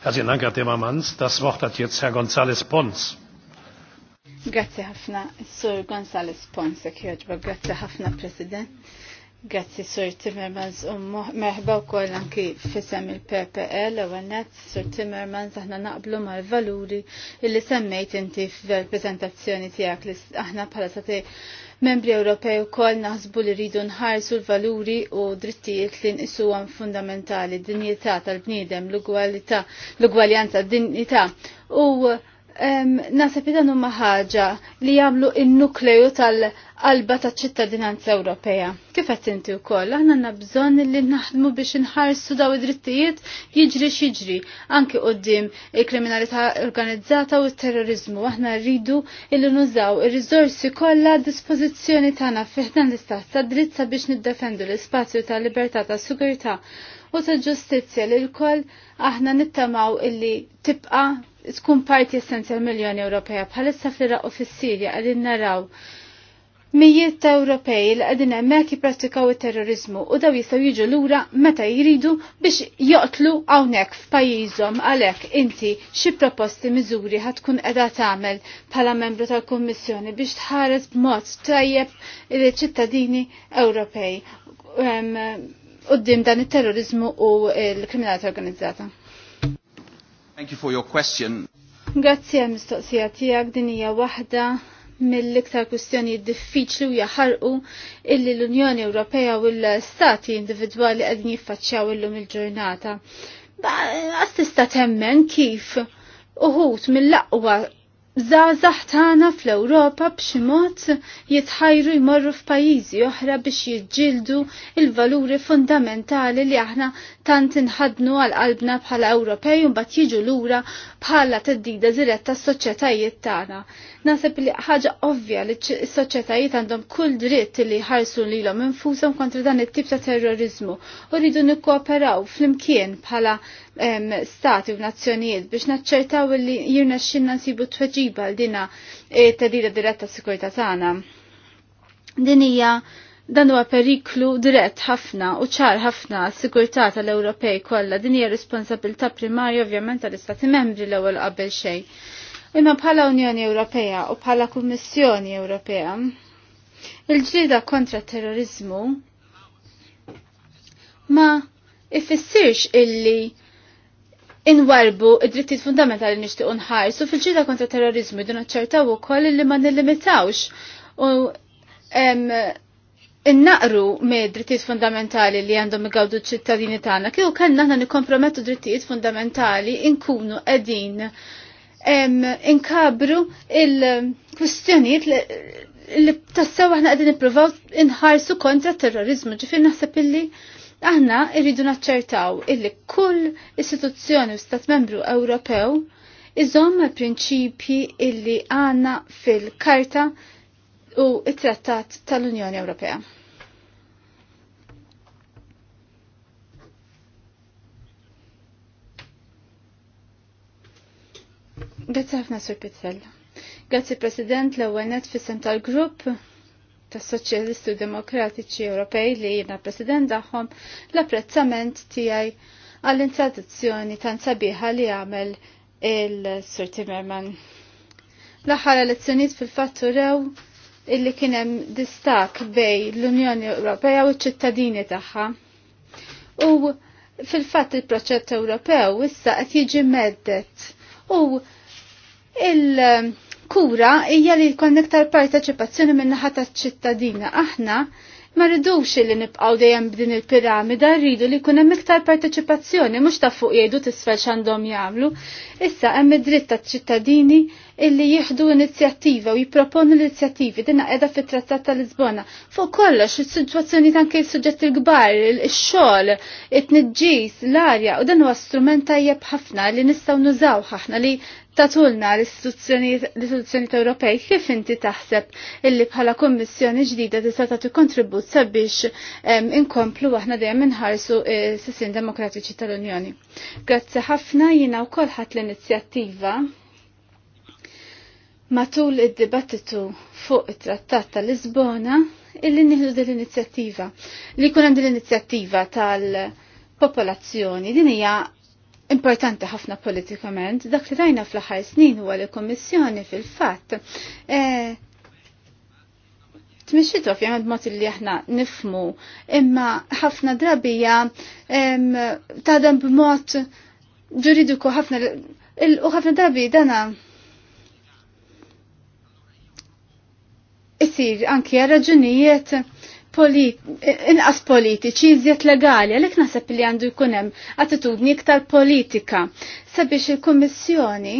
Għazin anka Timmermans, das Wort hat jetzt Herr González Pons. Grazie ħafna, Sur González Pons, jek joġba, grazie ħafna, President. Grazzi Sur Timmermans u meħba u koll anki fissem il-PPL u għannet Sur Timmermans aħna naqblu mal-valuri illi semmejt inti fil-prezentazzjoni tijak li aħna bħala sati membri Ewropej u koll naħsbu li rridu nħarsu l-valuri u drittijiet li nqisu għan fundamentali, dinjità tal-bniedem, l-ugwaljanza, l-ugwaljan dinjità u Nasib dan huma ħaġa li jagħmlu n-nukleu tal-qalba taċ-ċittadinanza Ewropea. Kif qed inti wkoll, aħna għandna bżonn li naħdmu biex inħarsu daw id-drittijiet jiġri x'jiġri anke quddiem il-kriminalità organizzata u t-terrorizmu. Aħna rridu illi nużaw ir-riżorsi kollha dispożizzjoni tagħna fih dan l-istat ta' dritt sabiex niddefendu l-ispazju ta' libertà ta' sigurità u ta' ġustizzja li l-koll aħna nittamaw illi tibqa' tkun parti essenzjal l-Miljoni Ewropea bħalissa fl-Iraq u fis-Sirja qegħdin naraw Mijiet ta' Ewropej li qegħdin hemmhekk jipprattikaw it-terrorizmu u daw jistgħu jiġu lura meta jridu biex joqtlu hawnhekk f'pajjiżhom għalhekk inti xi proposti miżuri ħad tkun qiegħda tagħmel bħala membru tal-Kummissjoni biex tħares b'mod tajjeb il-ċittadini Ewropej um, qudiem dan it-terrorizmu u l-kriminalità organizzata. Thank you for your question. Grazie mistoqsija tiegħek din hija waħda mill-iktar kwistjoni diffiċli u jaħarqu illi l-Unjoni Ewropea u l-Stati individwali qegħdin jiffaċċjaw illum il-ġurnata. Għas tista' temmen kif uħut mill-aqwa Zazax tagħna fl-Ewropa b'xi mod jitħajru jmorru f'pajjiżi oħra biex jiġġieldu il-valuri fundamentali li aħna tant inħadnu għal qalbna bħala Ewropej un bat jiġu lura bħala t-dida diretta ta' soċjetajiet tagħna. Nasib li ħaġa ovvja li s-soċjetajiet għandhom kull dritt li ħarsu lilhom infushom kontra dan it-tip ta' terrorizmu u rridu nikkooperaw flimkien bħala stati u nazzjonijiet biex naċċertaw li jirna xinna nsibu tweġiba l dina eh, teddida diretta s-sikurta tagħna. Din hija Dan huwa periklu dirett ħafna u ċar ħafna s-sigurtà tal-Ewropej kollha din hija responsabilità primarja ovvjament tal-Istati Membri l-ewwel qabel xejn. Imma bħala Unjoni Ewropea u bħala Kummissjoni Ewropea, il-ġlida kontra terrorizmu ma ifissirx illi inwarbu id-drittijiet fundamentali nixtiequ nħarsu fil-ġida kontra terrorizmu din iċċertaw ukoll illi ma nillimitawx u innaqru me drittijiet fundamentali li għandhom igawdu ċittadini tagħna, kieku kellna aħna nikkompromettu drittijiet fundamentali inkunu qegħdin inkabru il-kwistjonijiet li tassew aħna qegħdin nippruvaw inħarsu kontra terrorizmu, ġifier naħseb illi aħna rridu naċċertaw illi kull istituzzjoni u stat membru Ewropew iżomm prinċipji illi għandna fil-karta u it-trattat tal-Unjoni Ewropea. Grazie ħafna Sur Pizzella. Grazie President l-ewwel net fis-sem tal-grupp tas soċjalisti Demokratiċi Ewropej li jina President tagħhom l-apprezzament tiegħi għall intraduzzjoni tan sabiħa li għamel il-Sur Timmerman. L-aħħar elezzjonijiet fil-fatturew rew illi kienem distak bej l-Unjoni Ewropea u ċittadini tagħha. U fil-fatt il-proċett Ewropew issa qed jiġi meddet u il-kura hija li jkun iktar parteċipazzjoni minn naħa taċ-ċittadina. Aħna ma rridux li nibqgħu dejjem b'din il-piramida, rridu li jkun hemm iktar parteċipazzjoni mhux ta' fuq jgħidu tisfel x'għandhom jagħmlu. Issa hemm id-dritt taċ-ċittadini illi jieħdu inizjattiva u jipproponu l-inizjattivi dinna edha fit-Trattat ta' Lisbona. Fuq kollox is-sitwazzjoni tanke s-suġġetti l-kbar, ix-xogħol, it-tniġġis, l-arja u dan huwa strument tajjeb ħafna li nistgħu nużaw ħafna li tatulna l istituzzjoni Ewropej kif inti taħseb illi bħala kommissjoni ġdida tista' tagħti kontribut sabiex inkomplu aħna dejjem inħarsu e, s-sistin demokratiċi tal-Unjoni. Grazzi ħafna jiena wkoll ħadd l-inizjattiva matul id-dibattitu fuq it-trattat tal-Lisbona illi nieħdu din l-inizjattiva. Li kun għandi l-inizjattiva tal-popolazzjoni din hija importanti ħafna politikament, dak li rajna fl-aħħar snin huwa li kummissjoni fil-fatt eh, tmixxit ovvjament mod li aħna nifmu, imma ħafna drabija tadem b'mod ġuridiku ħafna u ħafna drabi dana isir anki raġunijiet inqas politiċi iżjed legali, għalik naħseb li għandu jkun hemm attitudni iktar politika sabiex il-Kummissjoni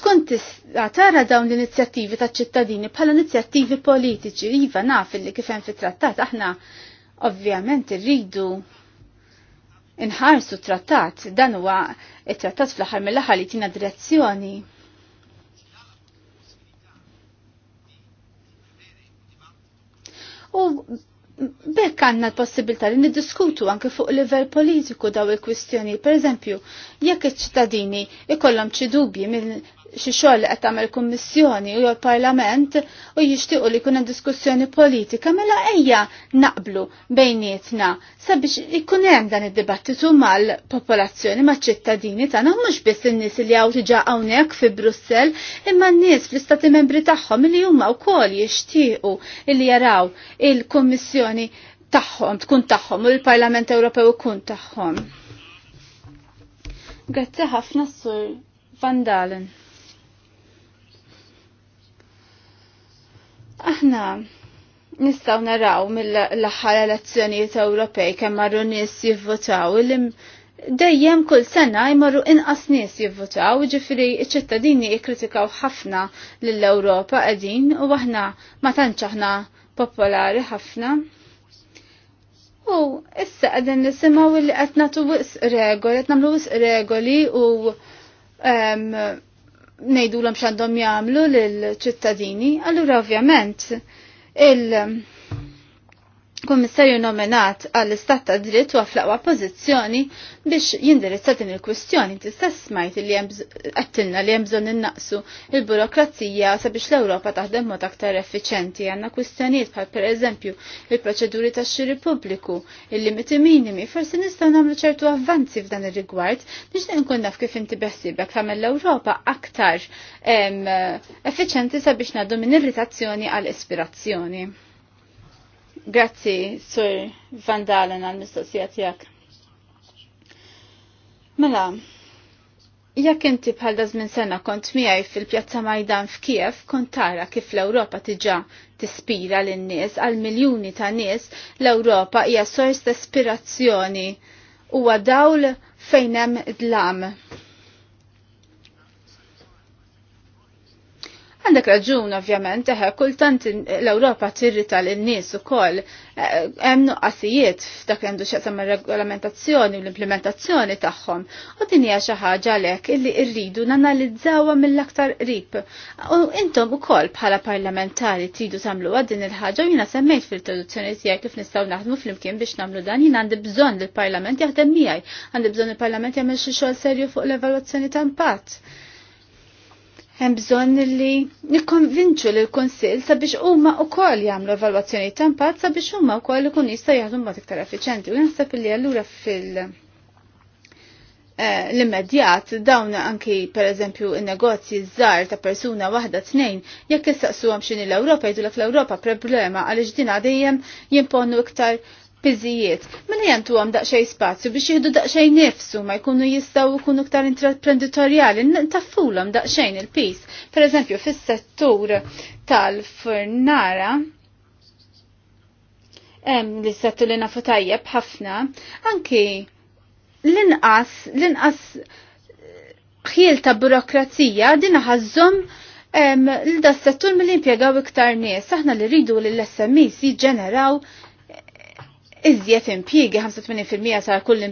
tkun tista' tara dawn l-inizjattivi taċ-ċittadini bħala inizjattivi politiċi, iva naf li kif hemm fit-trattat aħna ovvjament irridu inħarsu trattat, dan huwa it-trattat fl-aħħar mill-aħħar li tina direzzjoni u bekk għanna l-possibilità li niddiskutu anke fuq livell politiku daw il-kwistjoni. Per eżempju, jekk iċ-ċittadini ikollhom xi dubji xi xogħol qed tagħmel kummissjoni u l-Parlament u jixtiequ li jkun hemm diskussjoni politika mela ejja naqblu bejnietna sabiex ikun hemm dan id-dibattitu mal-popolazzjoni maċ-ċittadini tagħna mhux biss in-nies li hawn diġà hawnhekk fi Brussell imma n-nies fl-istati membri tagħhom li huma wkoll jixtiequ li jaraw il-Kummissjoni tagħhom tkun tagħhom u l-Parlament Ewropew ikun tagħhom. Grazzi ħafna sur Van Dalen. Aħna nistaw naraw mill-aħħar elezzjonijiet Ewropej kemm marru nies jivvotaw dejjem kull sena jmarru inqas nies jivvotaw, ġifri ċ-ċittadini jikkritikaw ħafna lill-Ewropa qegħdin u aħna ma tantx aħna popolari ħafna. U issa qegħdin nisimgħu li qed nagħtu wisq regoli, qed nagħmlu wisq regoli u ehm, nejdu l-om xandom jamlu l-ċittadini, allura ovvjament il- komissarju nominat għall-istat ta' dritt u għaflaqwa pozizjoni biex jindirizza din il-kwistjoni tista' smajt li għattilna li hemm bżonn innaqsu il-burokrazija sabiex l-Ewropa taħdem mod aktar effiċenti għandna kwistjonijiet bħal pereżempju il-proċeduri ta' xiri pubbliku, il-limiti minimi, forsi nistgħu nagħmlu ċertu avvanzi f'dan ir-rigward nixtieq nkun naf kif inti beħsibek tagħmel l-Ewropa aktar effiċenti sabiex ngħaddu minn irritazzjoni għall ispirazzjoni. Grazzi, Sur Vandalen, għal-mistoqsija tijak. Mela, jekk inti bħal dażmin sena kont miegħi fil-Pjazza Majdan f'Kiev, kont tara kif l-Ewropa tiġa tispira lin-nies għal miljuni ta' nies l-Ewropa hija sors ta' ispirazzjoni huwa dawl fejn hemm dlam. Għandek raġun ovvjament, eħe, kultant l-Ewropa tirrita l-nies ukoll e, hemm nuqqasijiet f'dak li għandu xaqsam ir-regolamentazzjoni u l-implementazzjoni tagħhom. U din hija xi ħaġa għalhekk illi rridu nanalizzawha mill-aktar qrib. U intom ukoll bħala parlamentari tridu tagħmluha din il-ħaġa u jiena semmejt fil-traduzzjoni tiegħek kif nistgħu naħdmu flimkien biex nagħmlu dan jien għandi bżonn li l-Parlament jaħdem miegħi, għandi bżonn il-Parlament jagħmel xi xogħol serju fuq l-evalwazzjoni ta' impatt hemm bżonn li nikkonvinċu lil kunsill sabiex huma wkoll jagħmlu evalwazzjoni ta' impatt sabiex huma wkoll ikun jista' jaħdmu mod iktar effiċenti. U naħseb li allura fil eh, l-immedjat dawn anki per eżempju il-negozji żgħar ta' persuna waħda tnejn jekk issaqsuhom x'inhi l-Ewropa jgħidulek l-Ewropa problema għaliex din għadejjem jimponnu iktar biżijiet. Mela jantu għam daqxej spazju biex jihdu daqxej nifsu ma jkunu jistaw ikunu ktar intraprenditoriali, taffulam daqxejn il-pis. Per eżempju, fis-settur tal-furnara, li settu li nafu tajjeb ħafna, anki l-inqas, l-inqas xiel ta' burokrazija din ħazzom l-da settur mill-impiegaw iktar nies, aħna li rridu li l-SMEs jiġġeneraw iżjed impjiegi 85% ta' kull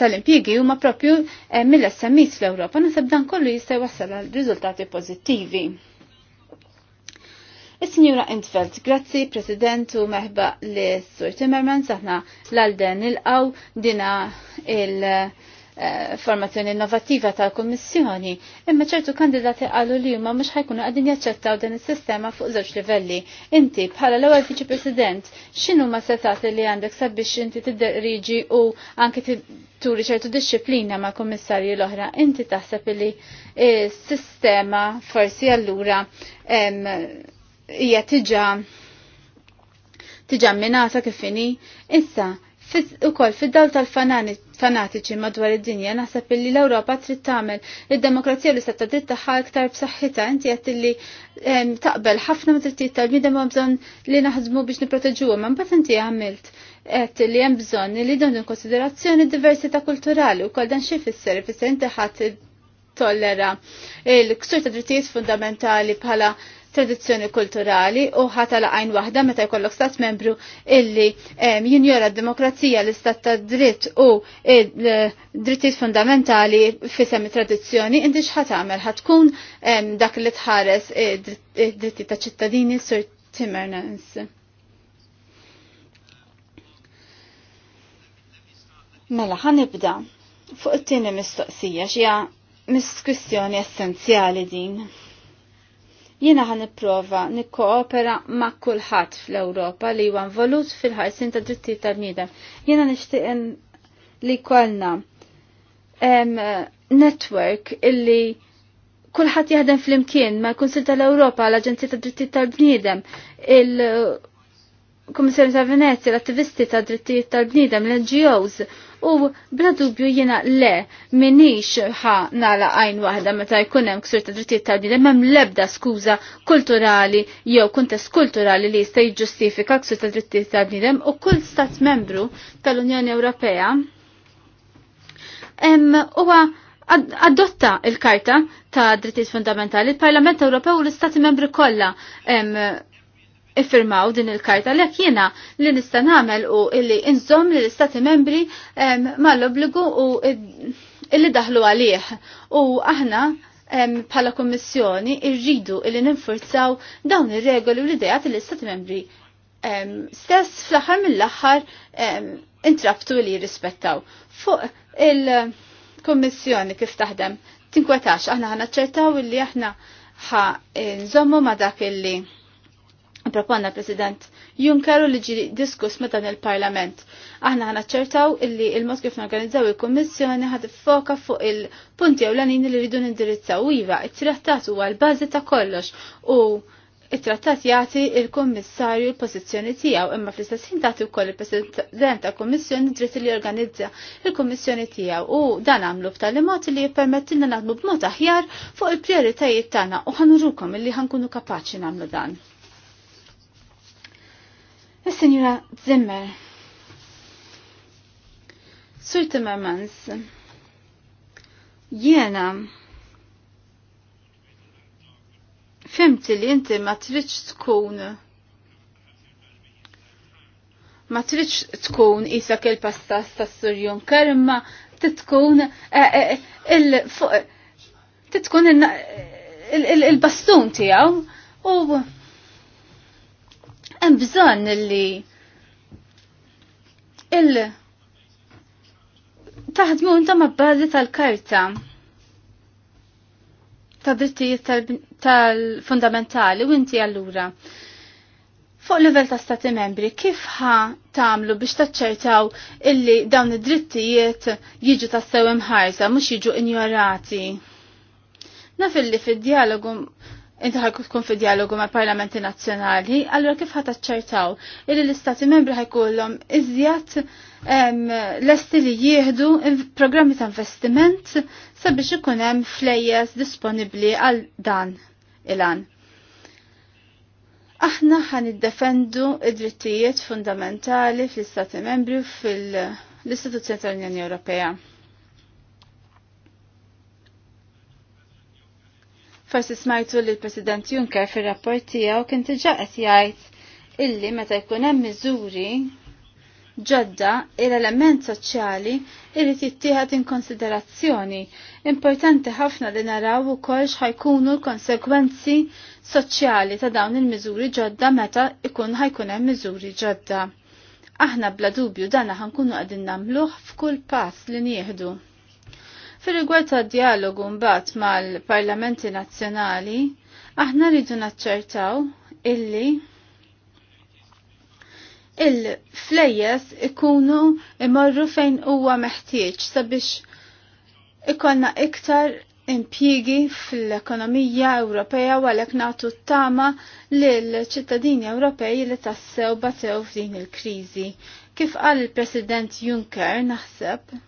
tal-impjiegi huma propju eh, mill-SMEs fl-Ewropa. Naseb dan kollu jista' jwassal għal riżultati pożittivi. Is-Sinjura Intfeld, grazzi President u meħba li Sur Timmermans, aħna l-Alden il-qaw dina il- Eh, formazzjoni innovattiva tal-Kummissjoni, imma ċertu kandidati qalu li huma mhux ħajkunu qegħdin jaċċettaw din is-sistema fuq żewġ livelli. Inti bħala l-ewwel viċi President, x'inhu ma setat li għandek sabiex inti tidderiġi u anke turi ċertu disċiplina ma' kummissarji l-oħra, inti taħseb li s-sistema forsi allura hija tiġa tiġa minata kif inhi issa Ukoll fid-dawl tal-fanatiċi madwar id-dinja naħseb illi l-Ewropa trid tagħmel id-demokrazija li istat ta' dritt tagħha iktar b'saħħitha inti qed li taqbel ħafna ma' drittijiet tal-bniedem ma' bżonn li naħdmu biex ma mbagħad inti għamilt qed li hemm bżonn li dawn konsiderazzjoni diversità kulturali u kol dan xi fisser fisser inti ħadd tollera il-ksur ta' drittijiet fundamentali bħala tradizzjoni kulturali u ħata laqajn waħda meta jkollok stat membru illi jinjora d-demokrazija l-istat ta' dritt u drittijiet fundamentali semi tradizzjoni inti xħat għamel ħatkun dak li tħares dritti ta' ċittadini sur Timmermans. Mela nibda fuq it-tieni mistoqsija xija mis-kwistjoni essenzjali din. Jiena ħan nipprova nikkoopera ma' kulħadd fl-Ewropa li huwa involut fil ħajsin ta' drittijiet tal-bniedem. Jiena nixtieq li kollna network illi kulħadd jaħdem fl-imkien ma' kunsil tal-Ewropa, l-Aġenzija ta' Drittijiet tal-Bniedem, il-Kummissarju ta' Venezia, l-attivisti ta' drittijiet tal-bniedem, l-NGOs U bla dubju jena le minix ħa nala għajn wahda meta jkun hemm ksur ta' drittijiet ta' bniedem hemm lebda skuża kulturali jew kuntest kulturali li jista' jiġġustifika ksur ta' drittijiet ta' bniedem u kull stat membru tal-Unjoni Ewropea huwa adotta il-karta ta' drittijiet fundamentali, il-Parlament Ewropew u l-Istati membri kollha iffirmaw din il-karta l jiena li nista' nagħmel u illi inżomm li l-istati membri mal-obbligu u illi daħlu għalih. U aħna bħala kommissjoni irridu illi ninfurzaw dawn ir-regoli u l-idejat li l-istati membri stess fl-aħħar mill-aħħar intrabtu li jirrispettaw. Fuq il-kommissjoni kif taħdem tinkwetax aħna ħana ċertaw illi aħna ħa nżommu ma dak illi Propanna, President Juncker li ġi diskus ma dan il-Parlament. Aħna ħana ċertaw illi il-mod kif organizzaw il-Kommissjoni ħad foka fuq il-punti ewlenin li rridu nindirizzaw iva. il trattat huwa l-bażi ta' kollox u il trattat jagħti il-Kummissarju l-pożizzjoni tiegħu imma fl-istess ħin tagħti wkoll il-President ta' Kummissjoni dritt li organizza il-Kummissjoni tiegħu u dan għamlu b'tali mod li jippermettilna naħdmu b'mod aħjar fuq il-prijoritajiet tagħna u ħanurukom illi ħankunu kapaċi nagħmlu dan. Is-Sinjura Zimmer. Sur Timmermans, jena femti li inti ma tridx tkun ma tridx tkun isak il-pastas ta' Surjon Karma, titkun il- titkun il-bastun tijaw u hemm bżonn illi il taħdmu intom ma' tal-karta ta' drittijiet tal-fundamentali u inti allura. Fuq level ta' stati membri, kif ħa tamlu biex taċċertaw illi dawn id-drittijiet jiġu ta' sew imħarsa, mux jiġu injorati? Naf illi fid-dialogu inti ħajku tkun fi dialogu ma' parlamenti nazzjonali, allura kif ħat ċertaw illi l-istati membri ħajkollhom iżjed lesti li jieħdu programmi ta' investiment sabiex ikun hemm flejjes disponibbli għal dan il Aħna ħan iddefendu id-drittijiet fundamentali fl-Istati membri fil-Istituzzjoni tal-Unjoni Ewropea. Forsi smajtu li l-President Juncker fir-rapport tiegħu kien diġà qed jgħid illi meta jkun hemm miżuri ġodda il-element soċjali irrid jittieħed in konsiderazzjoni. Importanti ħafna li naraw ukoll ħajkunu l-konsekwenzi soċjali ta' dawn il-miżuri ġodda meta ikun ħajkun hemm miżuri ġodda. Aħna bla dubju dan ħankunu qegħdin nagħmluh f'kull pass li nieħdu. Fil-rigward ta' dialogu mbagħad mal-parlamenti nazzjonali, aħna rridu naċċertaw illi il-flejjes ikunu imorru fejn huwa meħtieġ sabiex ikonna iktar impjiegi fl-ekonomija Ewropea u għalhekk nagħtu t-tama lill ċittadini Ewropej li tassew batew f'din il-kriżi. Kif qal il-President Juncker naħseb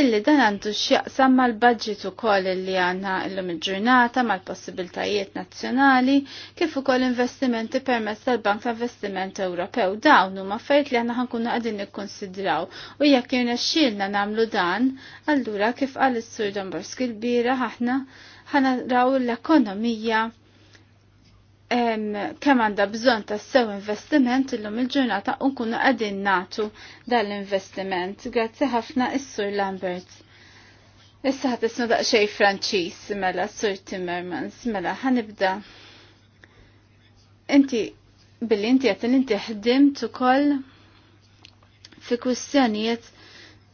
illi dan għandu x'jaqsam mal-budget ukoll illi għandna llum il-ġurnata mal-possibiltajiet nazzjonali kif ukoll investimenti permezz tal-Bank ta' Investiment Ewropew dawn huma fejt li aħna ħankunu qegħdin nikkonsidraw u jekk xilna nagħmlu dan, allura kif qal is-Sur Domborski l-bira aħna raw l-ekonomija kemm għandha bżonn ta' sew investiment illum il-ġurnata u nkunu qegħdin nagħtu dal-investiment. Grazzi ħafna is-Sur Lambert. Issa ħadd isma' daqsxej Franċiż mela Sur Timmermans mela ħanibda. Inti billi inti qed inti ħdimt ukoll fi kwistjonijiet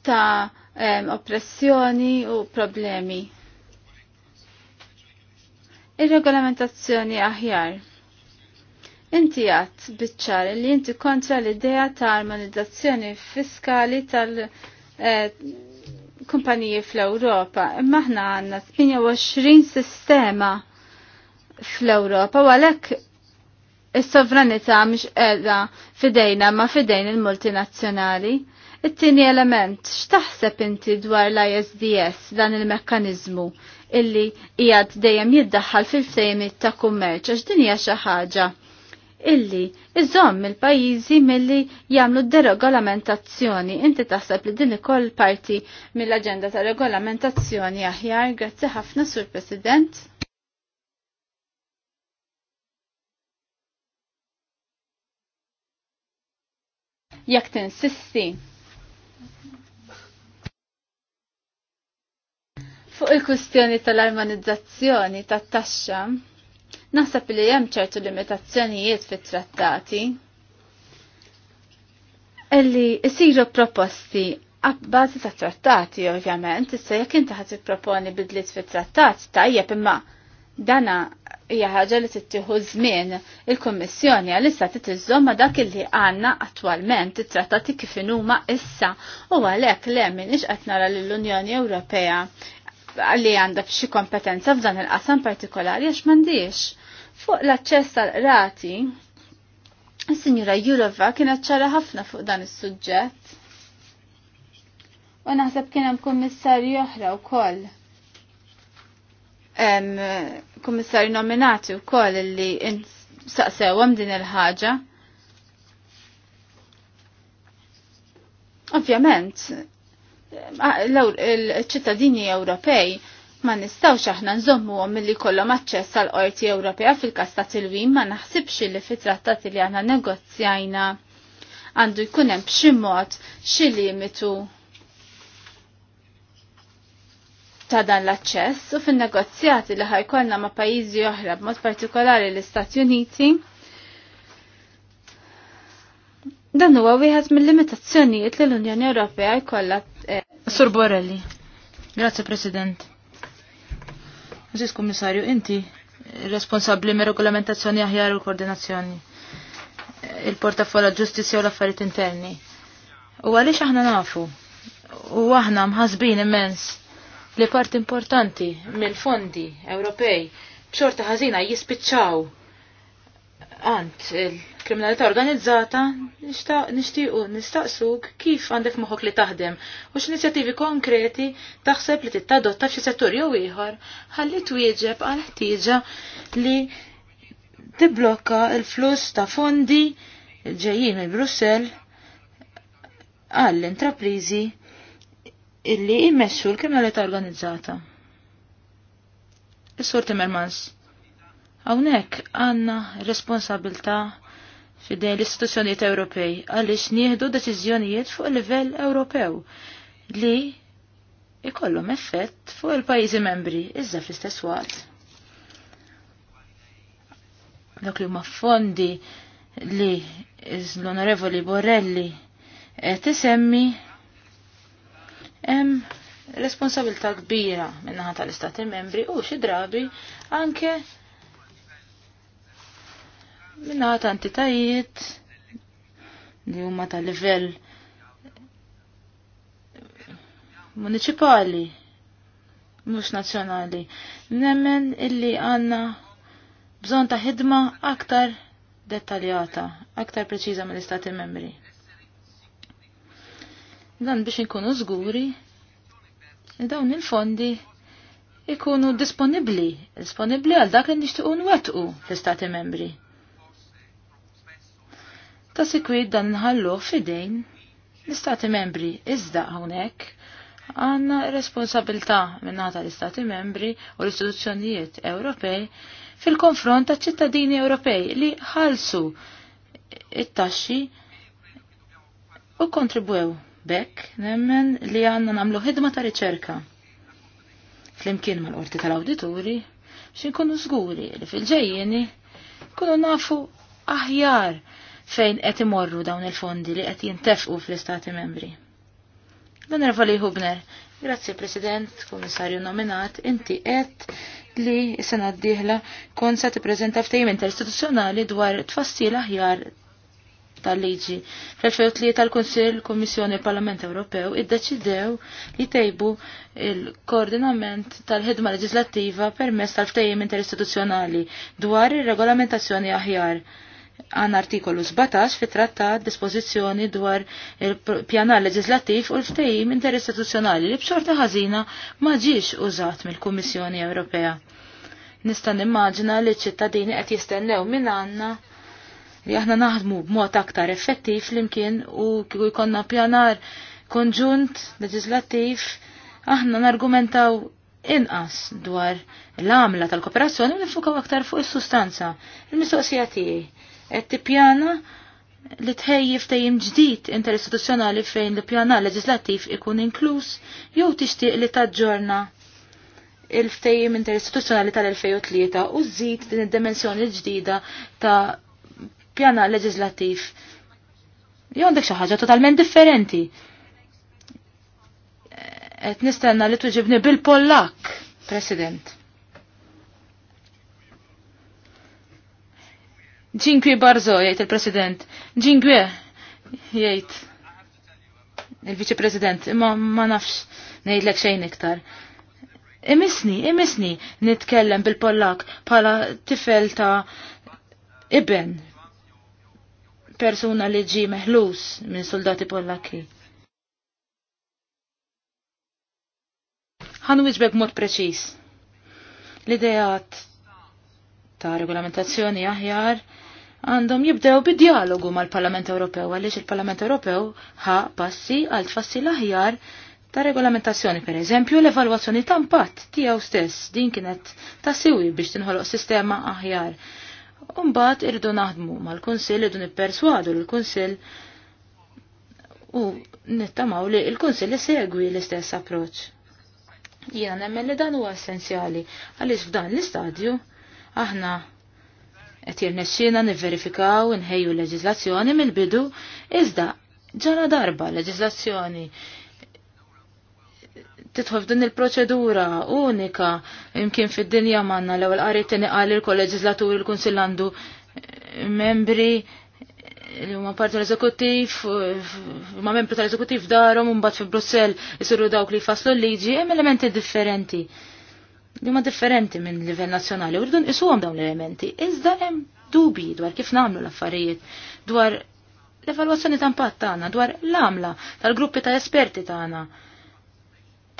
ta' oppressjoni u problemi Ir-regolamentazzjoni aħjar. Inti għat bitċar li inti kontra l-idea ta' armonizzazzjoni fiskali tal-kumpaniji eh, fl-Europa. Imma ħna għanna 28 sistema fl-Europa u għalek is-sovranità mhix qiegħda fidejna ma fidejn il-multinazzjonali. It-tieni element, x'taħseb inti dwar l-ISDS dan il-mekkaniżmu? illi ijad dejjem jiddaħħal fil-ftehimiet ta' kummerċ għax din hija xi ħaġa illi iżomm il-pajjiżi milli jagħmlu deregolamentazzjoni. Inti taħseb li din ikoll parti mill-aġenda ta' regolamentazzjoni aħjar, grazzi ħafna sur President. Jekk tinsisti Fuq il-kustjoni tal-armonizzazzjoni tat-taxxa, naħseb li hemm ċertu limitazzjonijiet fit-trattati illi jsiru proposti għabbażi ta' trattati ovvjament, issa jekk inti ħad tipproponi bidliet fit-trattat tajjeb imma dana hija ħaġa li tittieħu żmien il-Kummissjoni għalissa titiżżomm ma' dak li għandna attwalment it-trattati kif huma issa u għalhekk le m'iniex qed nara lill unjoni Ewropea għalli għandha f'xi kompetenza f'dan il-qasam partikolari għax m'għandix. Fuq l-aċċess tal-qrati, is-Sinjura Jurova kienet ċara ħafna fuq dan is-suġġett. U naħseb kien hemm oħra oħra wkoll kummissarju nominati u koll li għam din il-ħaġa. Ovvjament, il-ċittadini Ewropej ma nistawx aħna nżommu għom li kollom aċċess għal qorti Ewropea fil-kas ta' tilwim ma naħsibx li fi trattati li għana negozzjajna għandu jkun hemm b'xi mod xi limitu ta' dan l-aċċess u fin-negozjati li ħajkollna ma' pajjiżi oħra b'mod partikolari l-Istati Uniti Dan huwa wieħed mill-limitazzjonijiet li l-Unjoni Ewropea jkollha. Eh, Sur Borelli. Grazzi President. Aziz Kummissarju, inti responsabbli mir regolamentazzjoni aħjar u l-koordinazzjoni. Eh, il-portafolla ġustizzja u l-affarijiet interni. U għaliex aħna nafu u aħna mħasbin immens li parti importanti mill-fondi Ewropej b'xorta ħażina jispiċċaw għand kriminalità organizzata, nixtiequ nistaqsuk kif għandek moħok li taħdem u x'inizjattivi konkreti taħseb li tittadotta f'xi settur jew ieħor ħalli twieġeb għal ħtieġa li tibblokka l-flus ta' fondi ġejjin minn Brussell għall-intraprizi illi jmexxu l-kriminalità organizzata. Is-Sur Timmermans, hawnhekk għandna responsabilta' fidejn l-istituzzjonijiet Ewropej għaliex nieħdu deċiżjonijiet fuq livell Ewropew li ikollhom effett fuq il-pajjiżi membri iżda fl-istess waqt. Dak li huma fondi li l-Onorevoli Borrelli qed isemmi hemm responsabilità kbira minnaħa tal-Istati membri u xi drabi anke minna ta' entitajiet li huma ta' livell municipali mhux nazzjonali. Nemmen illi għanna bżon ta' ħidma aktar dettaljata, aktar preċiża mill-Istati membri. Dan biex inkunu żguri li dawn il-fondi ikunu disponibli, disponibli għal dak li nixtiequ nwettqu l-Istati membri. Ta' sikwit dan nħallu fidejn l-Istati membri iżda hawnhekk għandna responsabilità minnata l-Istati membri u l-istituzzjonijiet Ewropej fil-konfront ta' ċittadini Ewropej li ħalsu it-taxxi u kontribwew bekk nemmen li għandna nagħmlu ħidma ta' riċerka. Flimkien mal-qorti tal-awdituri x'inkunu żguri li fil-ġejjeni kunu nafu aħjar fejn qed imorru dawn il-fondi li qed jintefqu fl-Istati membri. L-Onorevoli Hubner, grazzi President, Komissarju nominat, inti qed li sena d-dieħla kon se tippreżenta ftejim interistituzzjonali dwar tfassil aħjar tal-liġi. fl li tal-Konsil Komissjoni Parlament Ewropew iddeċidew li tejbu il-koordinament tal-ħidma leġislattiva permess tal ftejim interistituzzjonali dwar ir-regolamentazzjoni aħjar għan artikolu 17 fit trattat dispozizjoni dwar il-pjanar leġislattiv u l-ftejim interistituzjonali li bxorta ħażina ma użat mill-Kummissjoni Ewropea. Nista' nimmaġina li ċ-ċittadini qed jistennew minn għanna li aħna naħdmu b'mod aktar effettiv flimkien u kieku jkollna pjanar konġunt leġislattiv aħna nargumentaw inqas dwar l-għamla tal-kooperazzjoni u nifukaw aktar fuq is-sustanza. Il-mistoqsija tiegħi qed tippjana li tħejji ftejjim ġdid interistituzzjonali fejn l pjana leġislattiv ikun inkluż jew tixtieq li taġġorna il-ftejjim interistituzzjonali tal-2003 u żżid din id-dimensjoni ġdida ta' pjana leġislattiv. Jew għandek xi ħaġa totalment differenti qed nistenna li tuġibni bil-Pollak, President. Ġinkwi Barzo, jgħid il-President. Ġinkwi, jgħid il-Viċi President, imma ma nafx ngħidlek xejn iktar. Imisni, imisni nitkellem bil-Pollak bħala tifel ta' iben persuna li ġi meħlus minn soldati Pollaki. ħan wieġbek mod preċis. L-idejat ta' regolamentazzjoni aħjar għandhom jibdew bid-dialogu mal-Parlament Ewropew għaliex il-Parlament Ewropew ħa passi għal tfassi l-aħjar ta' regolamentazzjoni per eżempju l-evalwazzjoni ta' impatt tiegħu stess din kienet ta' siwi biex tinħoloq sistema aħjar. Umbat irridu naħdmu mal-Kunsill irdu nipperswadu l-Kunsill u nittamaw li l-Kunsill isegwi l-istess approċ. Jiena nemmen li dan huwa essenzjali għaliex f'dan l-istadju aħna qed jirnexxina nivverifikaw inħejju leġiżlazzjoni mill-bidu iżda ġara darba l leġiżlazzjoni titħof din il-proċedura unika imkien fid-dinja manna l-ewwel qari tieni qal il-kolleġislatur il kunsillandu eh, membri li huma parti l-eżekuttiv, ma membru tal-eżekuttiv darhom u mbagħad fi Brussell isiru dawk li jfasslu l-liġi hemm elementi differenti. Li huma differenti minn livell nazzjonali u rridu nqisuhom dawn l-elementi. Iżda hemm dubji dwar kif nagħmlu l-affarijiet, dwar l-evalwazzjoni ta' impatt tagħna, dwar l-għamla tal-gruppi ta' esperti tagħna.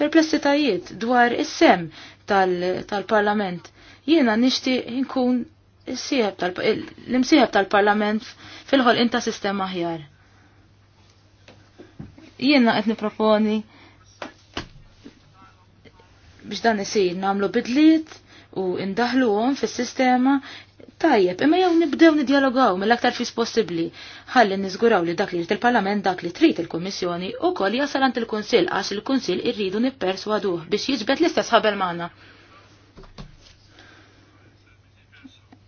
Perplessitajiet dwar is-sem tal-Parlament. Jiena nixtieq inkun l-imsieħeb tal-parlament fil-ħol inta sistema ħjar. Jiena qed niproponi biex dan isir namlu bidliet u indaħluhom fis-sistema tajjeb, imma jew nibdew nidjalogaw mill-aktar fis possibbli. Ħalli niżguraw li dak li il-Parlament dak li trid il-Kummissjoni ukoll jasal għand il-Kunsill għax il-Kunsill irridu nipperswaduh biex jiġbed l-istess ħabel magħna.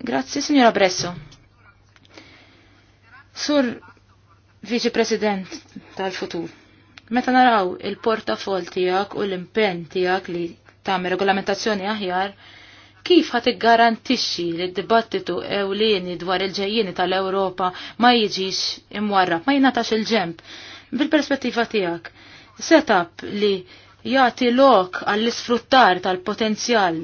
Grazzi, signora Bresso. Sur Viċi President tal-futur, meta naraw il-portafol tijak u l-impen tijak li tagħmel regolamentazzjoni aħjar, kif ħat garantixxi li d-dibattitu ewlieni dwar il-ġejjieni tal-Ewropa ma jiġix imwarrab, ma jingħatax il-ġemp. Bil-perspettiva tiegħek, setup li jagħti lok għall-isfruttar tal-potenzjal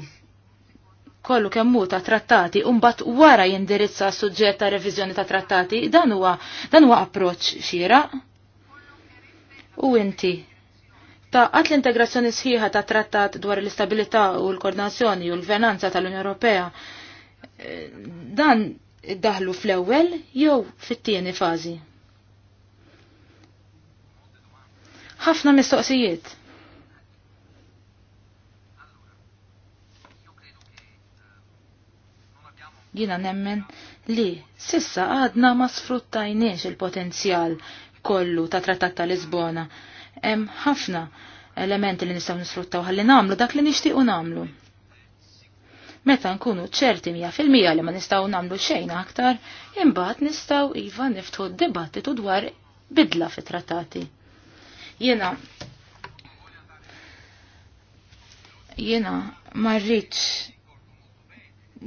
kollu kemmu ta' trattati u mbagħad wara jindirizza suġġett ta' reviżjoni ta' trattati, dan huwa dan huwa approċċ xieraq. U inti ta' għat l-integrazzjoni sħiħa ta' trattat dwar l-istabilità u l-koordinazzjoni u l-venanza tal-Unjoni Ewropea eh, dan daħlu fl-ewwel jew fit-tieni fażi. Ħafna mistoqsijiet Jina nemmen li sissa għadna ma sfruttajniex il-potenzjal kollu ta' trattat ta' Lisbona. Hemm ħafna elementi li nistgħu nisfruttaw ħalli nagħmlu dak li nixtiequ nagħmlu. Meta nkunu ċerti mija fil-mija li ma nistgħu nagħmlu xejn aktar, imbagħad nistgħu iva niftħu d-dibattitu dwar bidla fit-trattati. Jiena jiena ma rridx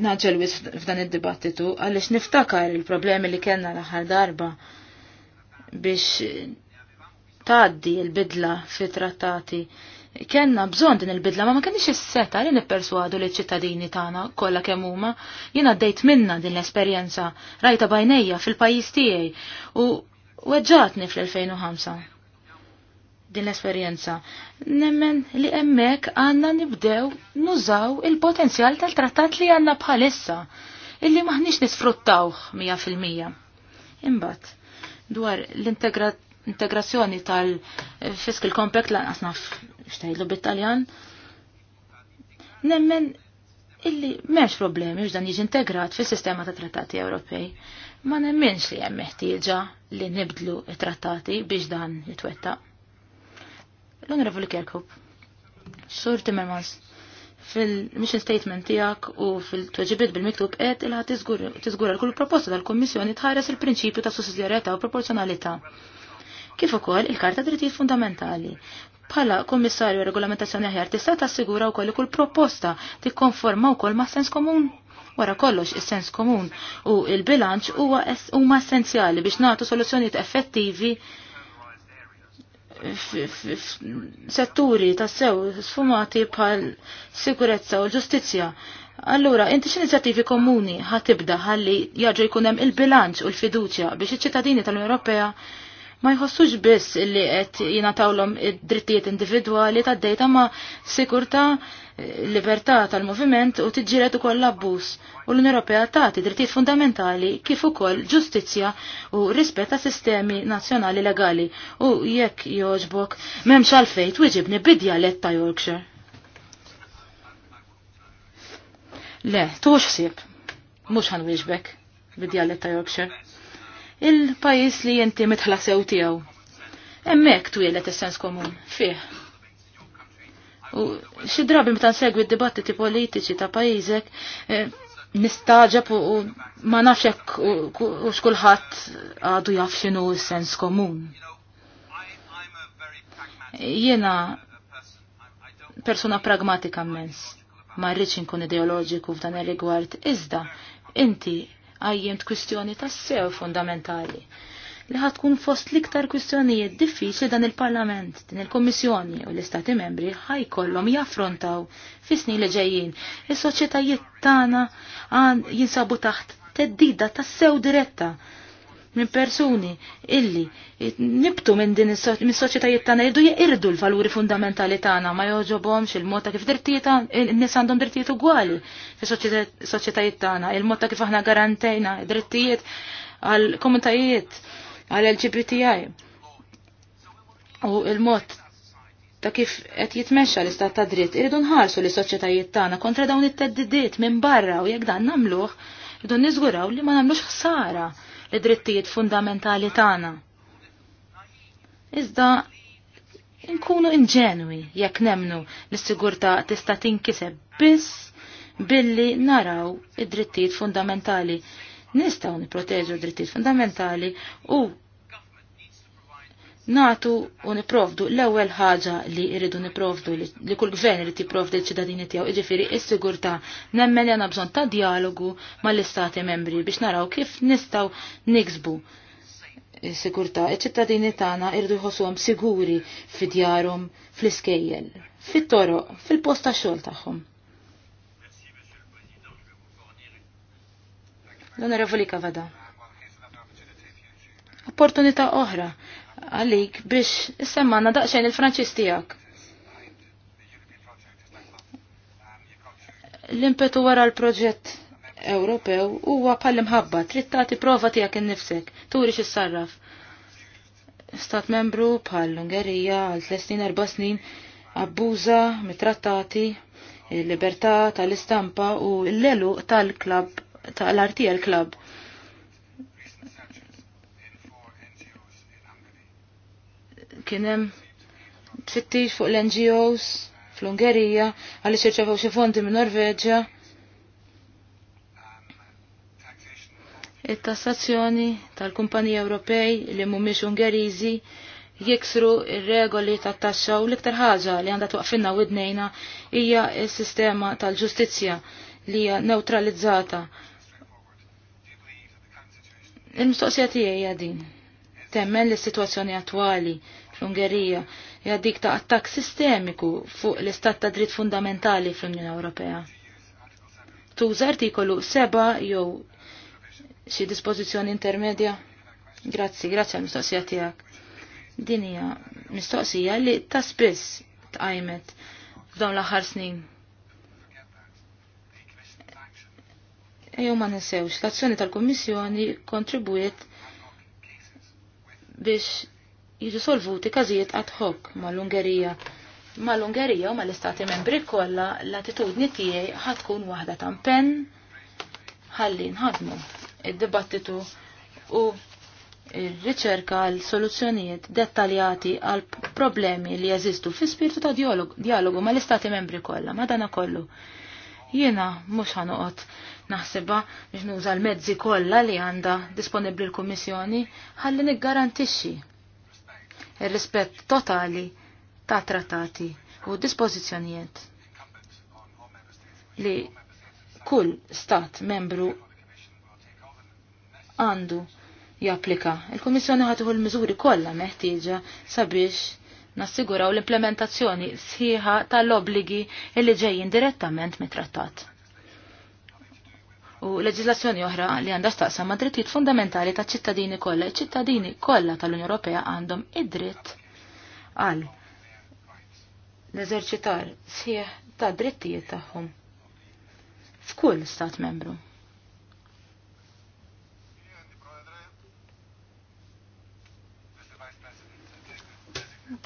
naġel wis f'dan id-dibattitu għaliex niftakar il-problemi li kellna l-aħħar darba biex tgħaddi l-bidla fi trattati. Kenna bżon din il-bidla ma ma kenix s seta li nipperswadu li ċittadini tagħna kollha kemm huma. Jiena għaddejt minna din l-esperjenza rajta bajnejja fil-pajjiż tiegħi u weġġatni fl-2005 din l-esperjenza. Nemmen li emmek għanna nibdew nużaw il-potenzjal tal-trattat li għanna bħalissa, illi maħnix nisfruttawħ 100%. Imbat, dwar l-integrazzjoni tal-Fiscal Compact lanqas naf xtajlu bit-Taljan, nemmen illi meħx problemi dan jiġi integrat fis sistema ta' trattati Ewropej. Ma nemmenx li hemm meħtieġa li nibdlu it-trattati biex dan jitwettaq L-Onorevoli Kirkhope, Sur Timmermans, fil-mission statement tijak u fil-tweġibiet bil-miktub qed il tiżgura għal kull proposta tal-Kommissjoni tħares il-prinċipju ta' sussidjarjetà u proporzjonalità. Kif ukoll il-Karta Drittijiet Fundamentali. Bħala Kommissarju Regolamentazzjoni aħjar tista' tassigura wkoll kull proposta tikkonforma wkoll ma' sens komun. Wara kollox is-sens komun u il-bilanċ huwa huma essenzjali biex nagħtu soluzzjonijiet effettivi setturi ta' sew sfumati bħal sikurezza u l-ġustizja. Allura, inti x'inizjattivi komuni tibda ħalli jaġu jkun hemm il-bilanċ u l-fiduċja biex iċ-ċittadini tal-Unjoni Ewropea ma jħossux biss li qed jingħatawhom id-drittijiet individwali tad-dejta ma' sikurtà libertà tal-moviment u tiġġiret ukoll l-abbuż u l-Unjoni Ewropea tagħti drittijiet fundamentali kif ukoll ġustizzja u rispett ta' sistemi nazzjonali legali u jekk jogħġbok m'hemmx għalfejn twiġibni bidjalett ta' Yorkshire. Le, tuħx ħsieb, mhux bid bidjalett ta' Yorkshire. Il-pajis li jinti mitħlaq sew tiegħu. Hemmhekk twielet is-sens komun fih. U xi drabi meta segwi d-dibattiti politiċi ta' pajjiżek eh, nistaġab u ma nafx hekk u xkulħadd għadu jaf x'inhu sens komun. Jiena persuna pragmatika mens, ma rridx inkun ideoloġiku f'dan ir-rigward, iżda inti għajjem kwistjoni tas sew fundamentali li ħatkun fost liktar kwistjonijiet diffiċli dan il-Parlament, din il-Kommissjoni u l-Istati membri ħajkollhom jaffrontaw fis-snin li ġejjin. Is-soċjetajiet tagħna jinsabu taħt teddida ta' sew diretta minn persuni illi nibtu minn din is-soċjetajiet tagħna jridu jeqirdu l-valuri fundamentali tagħna ma joġobhomx il-mod ta' kif drittijiet in-nies għandhom drittijiet ugwali fis-soċjetajiet tagħna, il-mod ta' kif aħna garantejna drittijiet għal komunitajiet għal-LGBTI. U il-mod ta' kif qed jitmexxa l-istat ta' dritt irridu nħarsu li soċjetajiet tagħna kontra dawn it-teddidiet minn barra u jekk dan nagħmluh irridu niżguraw li ma nagħmlux ħsara li drittijiet fundamentali tagħna. Iżda nkunu inġenwi jekk nemnu li s-sigurtà tista' tinkiseb biss billi naraw id-drittijiet fundamentali nistaw niprotezu drittijiet fundamentali u natu u niprovdu l-ewwel ħaġa li jridu niprovdu li kull gvern irid jipprovdi l-ċittadini tiegħu jiġifieri s-sigurtà nemmen li għandna bżonn ta' dialogu mal-istati membri biex naraw kif nistgħu niksbu sigurtà iċ-ċittadini tagħna jridu jħossuhom siguri fi djarhom fl-iskejjel, fit-toroq, fil-post tax-xogħol tagħhom. L-Onorevoli Kavada. Opportunità oħra għalik biex issemmanna daqsxejn il-Franċis tiegħek. L-impetu wara l-proġett Ewropew huwa bħal imħabba trittati tagħti prova tiegħek innifsek, turi sarraf Stat membru bħal l-Ungerija għal tliet snin erba' snin abbuża mit-trattati il-libertà tal-istampa u l-lelu tal-klab tal-RTL Club. Kienem tfittix fuq l-NGOs fl-Ungerija għaliex irċevew xi fondi minn Norveġġja. It-tassazzjoni tal-kumpaniji Ewropej li mhumiex Ungeriżi jiksru il regoli tat-taxxa u l-iktar ħaġa li għandha twaqfinna id-nejna hija s-sistema tal-ġustizzja li hija neutralizzata Il-mistoqsija tiegħi hija din. Temmen li s-sitwazzjoni attwali fl-Ungerija hija dik ta' attakk sistemiku fuq l-istat ta' dritt fundamentali fl-Unjoni Ewropea. Tuża artikolu seba' jew xi dispożizzjoni intermedja? Grazzi, grazzi għal mistoqsija tiegħek. Din hija mistoqsija li ta' spiss tqajmet f'dawn l-aħħar snin. Ejjew ma nisewx, l-azzjoni tal-Kummissjoni kontribwiet biex jiġu solvuti każijiet ad hoc mal-Ungerija. Mal-Ungerija u mal-Istati membri kollha l-attitudni tiegħi ħad tkun waħda tampen ħalli nħadmu id-dibattitu u riċerka għal soluzzjonijiet dettaljati għal problemi li jeżistu fi spirtu ta' dialogu, mal-Istati membri kollha, dana kollu. Jiena mhux ħanoqgħod naħseba biex nuża l-mezzi kollha li għandha disponibbli l-Kummissjoni ħalli niggarantixxi ir-rispett totali ta' trattati u dispożizzjonijiet li kull stat membru għandu japplika. Il-Kummissjoni ħatuħu l-miżuri kollha meħtieġa sabiex nassiguraw l-implementazzjoni sħiħa tal-obligi illi ġejjin direttament mit-trattat u leġislazzjoni oħra li għandha x'taqsam ma' drittijiet fundamentali ta' ċittadini kollha. Iċ-ċittadini kollha tal-Unjoni Ewropea għandhom id-dritt għal l-eżerċitar sħiħ ta' drittijiet tagħhom f'kull stat membru.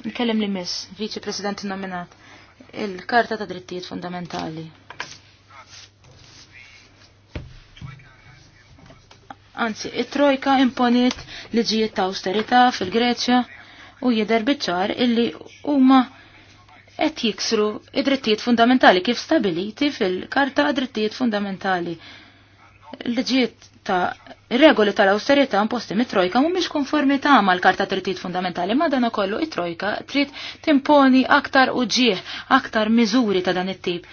Nkellem li miss, viċi president nominat, il-Karta ta' Drittijiet Fundamentali. Anzi, it-trojka imponiet liġijiet ta' austerità fil-Greċja u jidher biċ-ċar illi huma qed jiksru id-drittijiet fundamentali kif stabiliti fil-Karta Drittijiet Fundamentali. Liġijiet ta' regoli tal-austerità imposti mit-trojka mhumiex konformità mal-Karta Drittijiet Fundamentali ma dan kollu it-trojka trid timponi aktar uġieħ, aktar miżuri ta' dan it-tip.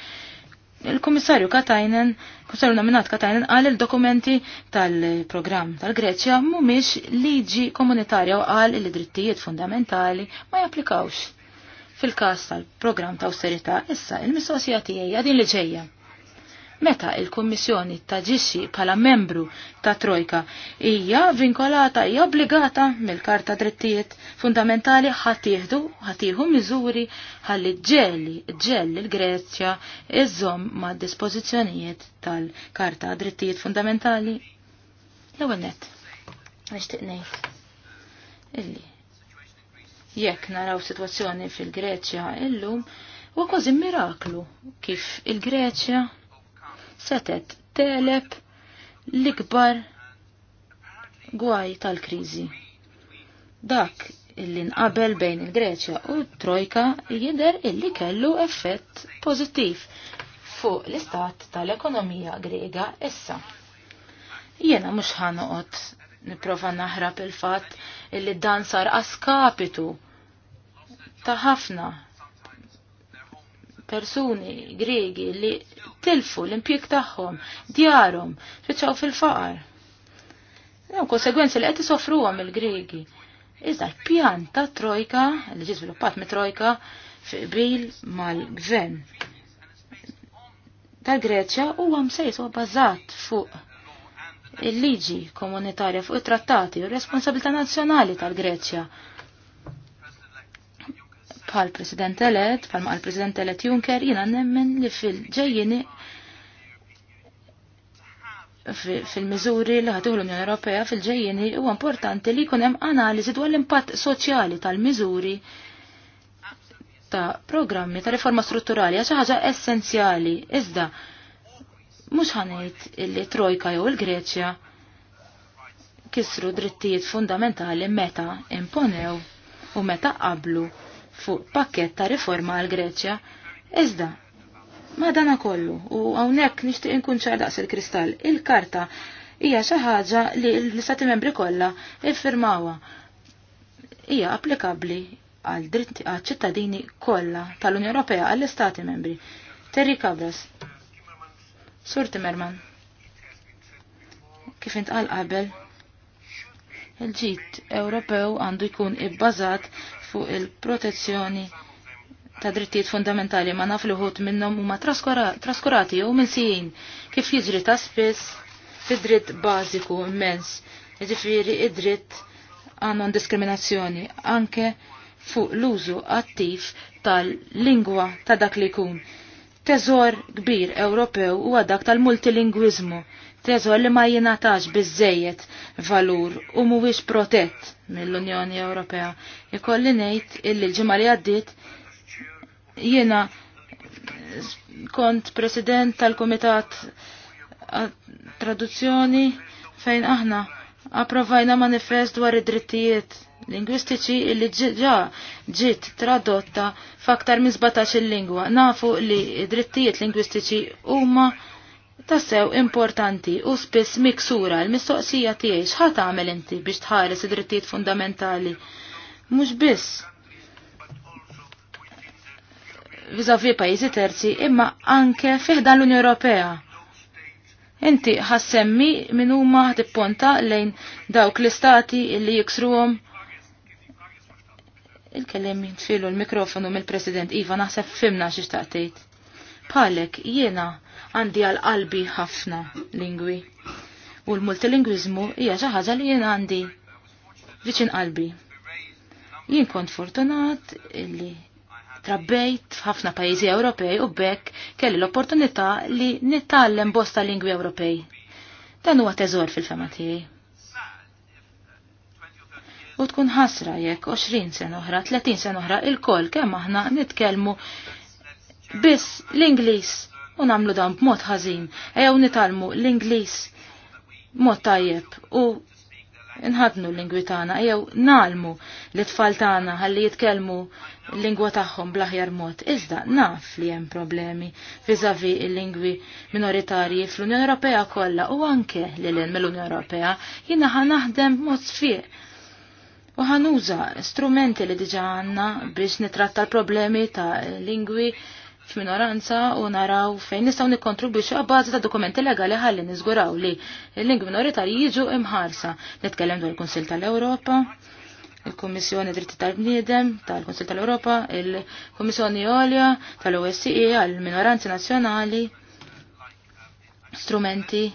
Il-Komissarju Katajnen, Komissarju nominat Katajnen, għal il-dokumenti tal-program tal-Greċja mumiex liġi komunitarja u għal il-drittijiet fundamentali ma japplikawx. Fil-kas tal-program ta' austerita, issa il-mistoqsija tiegħi għadin li ġejja meta il-Kummissjoni taġixxi bħala membru ta' Trojka hija vinkolata hija obbligata mill-Karta Drittijiet Fundamentali ħatieħdu ħatiħu miżuri ħalli ġelli ġelli l-Greċja iżżomm mad dispożizzjonijiet tal-Karta Drittijiet Fundamentali. L-ewwel nett. Nixtieq ngħid. Illi. Jekk naraw sitwazzjoni fil-Greċja illum huwa kważi miraklu kif il-Greċja setet teleb l-ikbar gwaj tal-krizi. Dak illi nqabel bejn il-Greċja u Trojka jider illi kellu effett pozittiv fuq l-istat tal-ekonomija grega issa. Jena mux ħanoqot niprofa naħrab il-fat illi dan sar askapitu ta' ħafna persuni Gregi li tilfu l-impjek tagħhom, djarhom, fiċċaw fil-faqar. Hemm konsegwenzi li qed isofruhom il-Gregi. Iżda l-pjan ta' trojka, li ġi żviluppat mit trojka, fi qbil mal-gvern tal-Greċja huwa msejs huwa bbażat fuq il-liġi komunitarja fuq it-trattati u r-responsabilità nazzjonali tal-Greċja. tal greċja bħal President elet, bħal ma' President elet Juncker, jina nemmen li fil-ġejjini fil-mizuri li ħatuħ l-Unjoni Ewropea fil-ġejjini huwa importanti li jkun hemm analiżi dwar l-impatt soċjali tal-miżuri ta' programmi ta' riforma strutturali għaxa ħaġa essenzjali. Iżda mhux il li Trojka jew il-Greċja kisru drittijiet fundamentali meta imponew u meta qablu fuq pakket ta' riforma għal Greċja, iżda ma dana kollu u hawnhekk nixtieq inkun ċar daqs il-kristall. Il-karta hija xi ħaġa li l-istati membri kollha iffirmawha. Hija applikabbli għal dritti għal ċittadini kollha tal unjoni Ewropea għall istati membri. Terry Cabras. Sur Timmerman. Kif intqal qabel, il-ġit Ewropew għandu jkun ibbażat fuq il-protezzjoni ta' drittijiet fundamentali ma naf liħut minnhom huma traskurati u minn kif jiġri ta' spiss fid-dritt bażiku immens, jiġifieri id-dritt għandhom diskriminazzjoni anke fuq l-użu attiv tal-lingwa ta' dak li jkun. Teżor kbir Ewropew huwa dak tal-multilingwiżmu trezor li ma jingħatax biżejjed valur u mhuwiex protett mill-Unjoni Ewropea. Ikolli ngħid illi l-ġimgħa li għaddiet jiena kont president tal-Kumitat Traduzzjoni fejn aħna approvajna manifest dwar id-drittijiet lingwistiċi illi ġa ġiet tradotta f'aktar minn 17 il-lingwa. Nafu li id-drittijiet lingwistiċi huma tassew importanti u spiss miksura l-mistoqsija tiegħi x'ħad tagħmel inti biex tħares id-drittijiet fundamentali. Mhux biss viżavi pajjiżi terzi imma anke fiħda l-Unjoni Ewropea. Inti ħassemmi min huma tipponta lejn dawk l-istati li jiksruhom il-kellem jintfilu l-mikrofonu mill-President Iva naħseb fimna xi xtaqtejt. Palek jiena għandi għal qalbi ħafna lingwi. U l-multilingwizmu hija xi ħaġa li jien għandi viċin qalbi. Jien kont fortunat li trabbejt f'ħafna pajjiżi Ewropej u bekk kelli l-opportunità li nittallem bosta lingwi Ewropej. Dan huwa teżor fil-fema tiegħi. U tkun ħasra jekk 20 sena oħra, 30 sen oħra il koll kemm aħna nitkellmu biss l-Ingliż u namlu dan b'mod ħażin. Ejjew nitalmu l-Ingliż mod tajjeb u nħadnu l-lingwi tagħna, jew nalmu li tfal tagħna ħalli jitkellmu l-lingwa tagħhom bl-aħjar mod. Iżda naf li hemm problemi viżavi l-lingwi minoritarji fl-Unjoni Ewropea kollha u anke lil mill-Unjoni Ewropea jiena ħa naħdem mod sfiq u ħanuża strumenti li diġa għanna biex nitratta l-problemi ta' lingwi f'minoranza u naraw fejn nistgħu nikkontribwixxu għabbażi ta' dokumenti legali ħalli niżguraw li l-lingwi minoritarji jiġu imħarsa. Nitkellem dwar il-Kunsill tal-Ewropa, il kummissjoni Dritti tal-Bniedem tal-Konsil tal-Europa, il kummissjoni Olja tal-OSCE għall minoranzi Nazzjonali, strumenti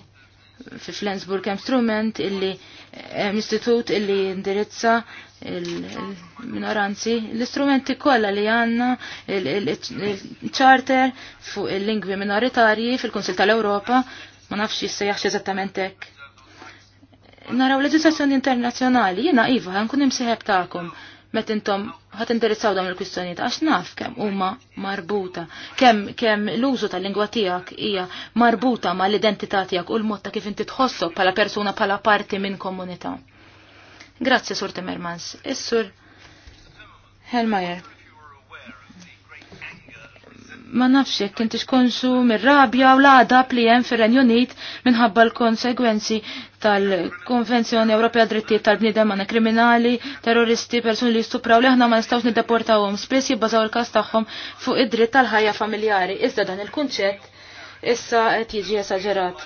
fi Flensburg hemm strument illi istitut illi indirizza il-minoranzi, l-istrumenti kollha li għanna il-charter fuq il-lingwi minoritarji fil-Konsil tal-Ewropa, ma nafx jissejjaħx eżattament hekk. Naraw leġislazzjoni internazzjonali, jiena iva, nkun imsiħeb tagħkom met intom ħat interessaw dawn il-kwistjonijiet għax naf kemm huma marbuta, kemm kemm l-użu tal-lingwa tiegħek hija marbuta mal identità tiegħek u l-mod ta' kif inti tħossok bħala persuna bħala parti minn komunità. Grazzi Sur Timmermans. Is-Sur Helmajer ma nafx jekk inti xkonsu mir-rabja u l-għada li hemm fir-Renju Unit minħabba l-konsegwenzi tal-Konvenzjoni Ewropea Drittijiet tal-Bniedem għana kriminali, terroristi, persuni li stupraw li ħna ma nistgħux niddeportawhom spiss jibbażaw il-każ tagħhom fuq id-dritt tal-ħajja familjari. Iżda dan il-kunċett issa qed jiġi esaġerat.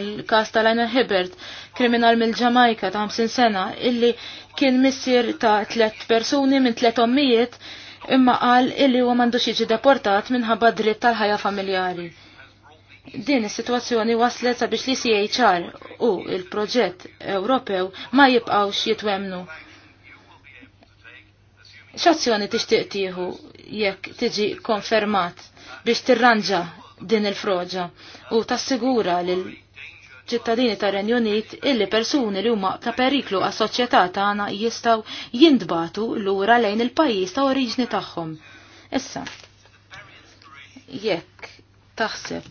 Il-każ tal-Einer Hibbert, kriminal mill-Ġamajka ta' 50 sena, illi kien missier ta' tliet persuni minn tliet ommijiet imma qal illi huwa m'għandux jiġi deportat minħabba dritt tal-ħajja familjari. Din is-sitwazzjoni waslet sabiex li CHR u il-proġett Ewropew ma jibqgħux jitwemnu. X'azzjoni tixtieq tieħu jekk tiġi konfermat biex tirranġa din il-froġa u tassigura lil ċittadini ta' Renjonit illi persuni li huma ta' periklu għas soċjetà tagħna jistgħu jintbatu lura lejn il-pajjiż ta' oriġni tagħhom. Issa, jekk taħseb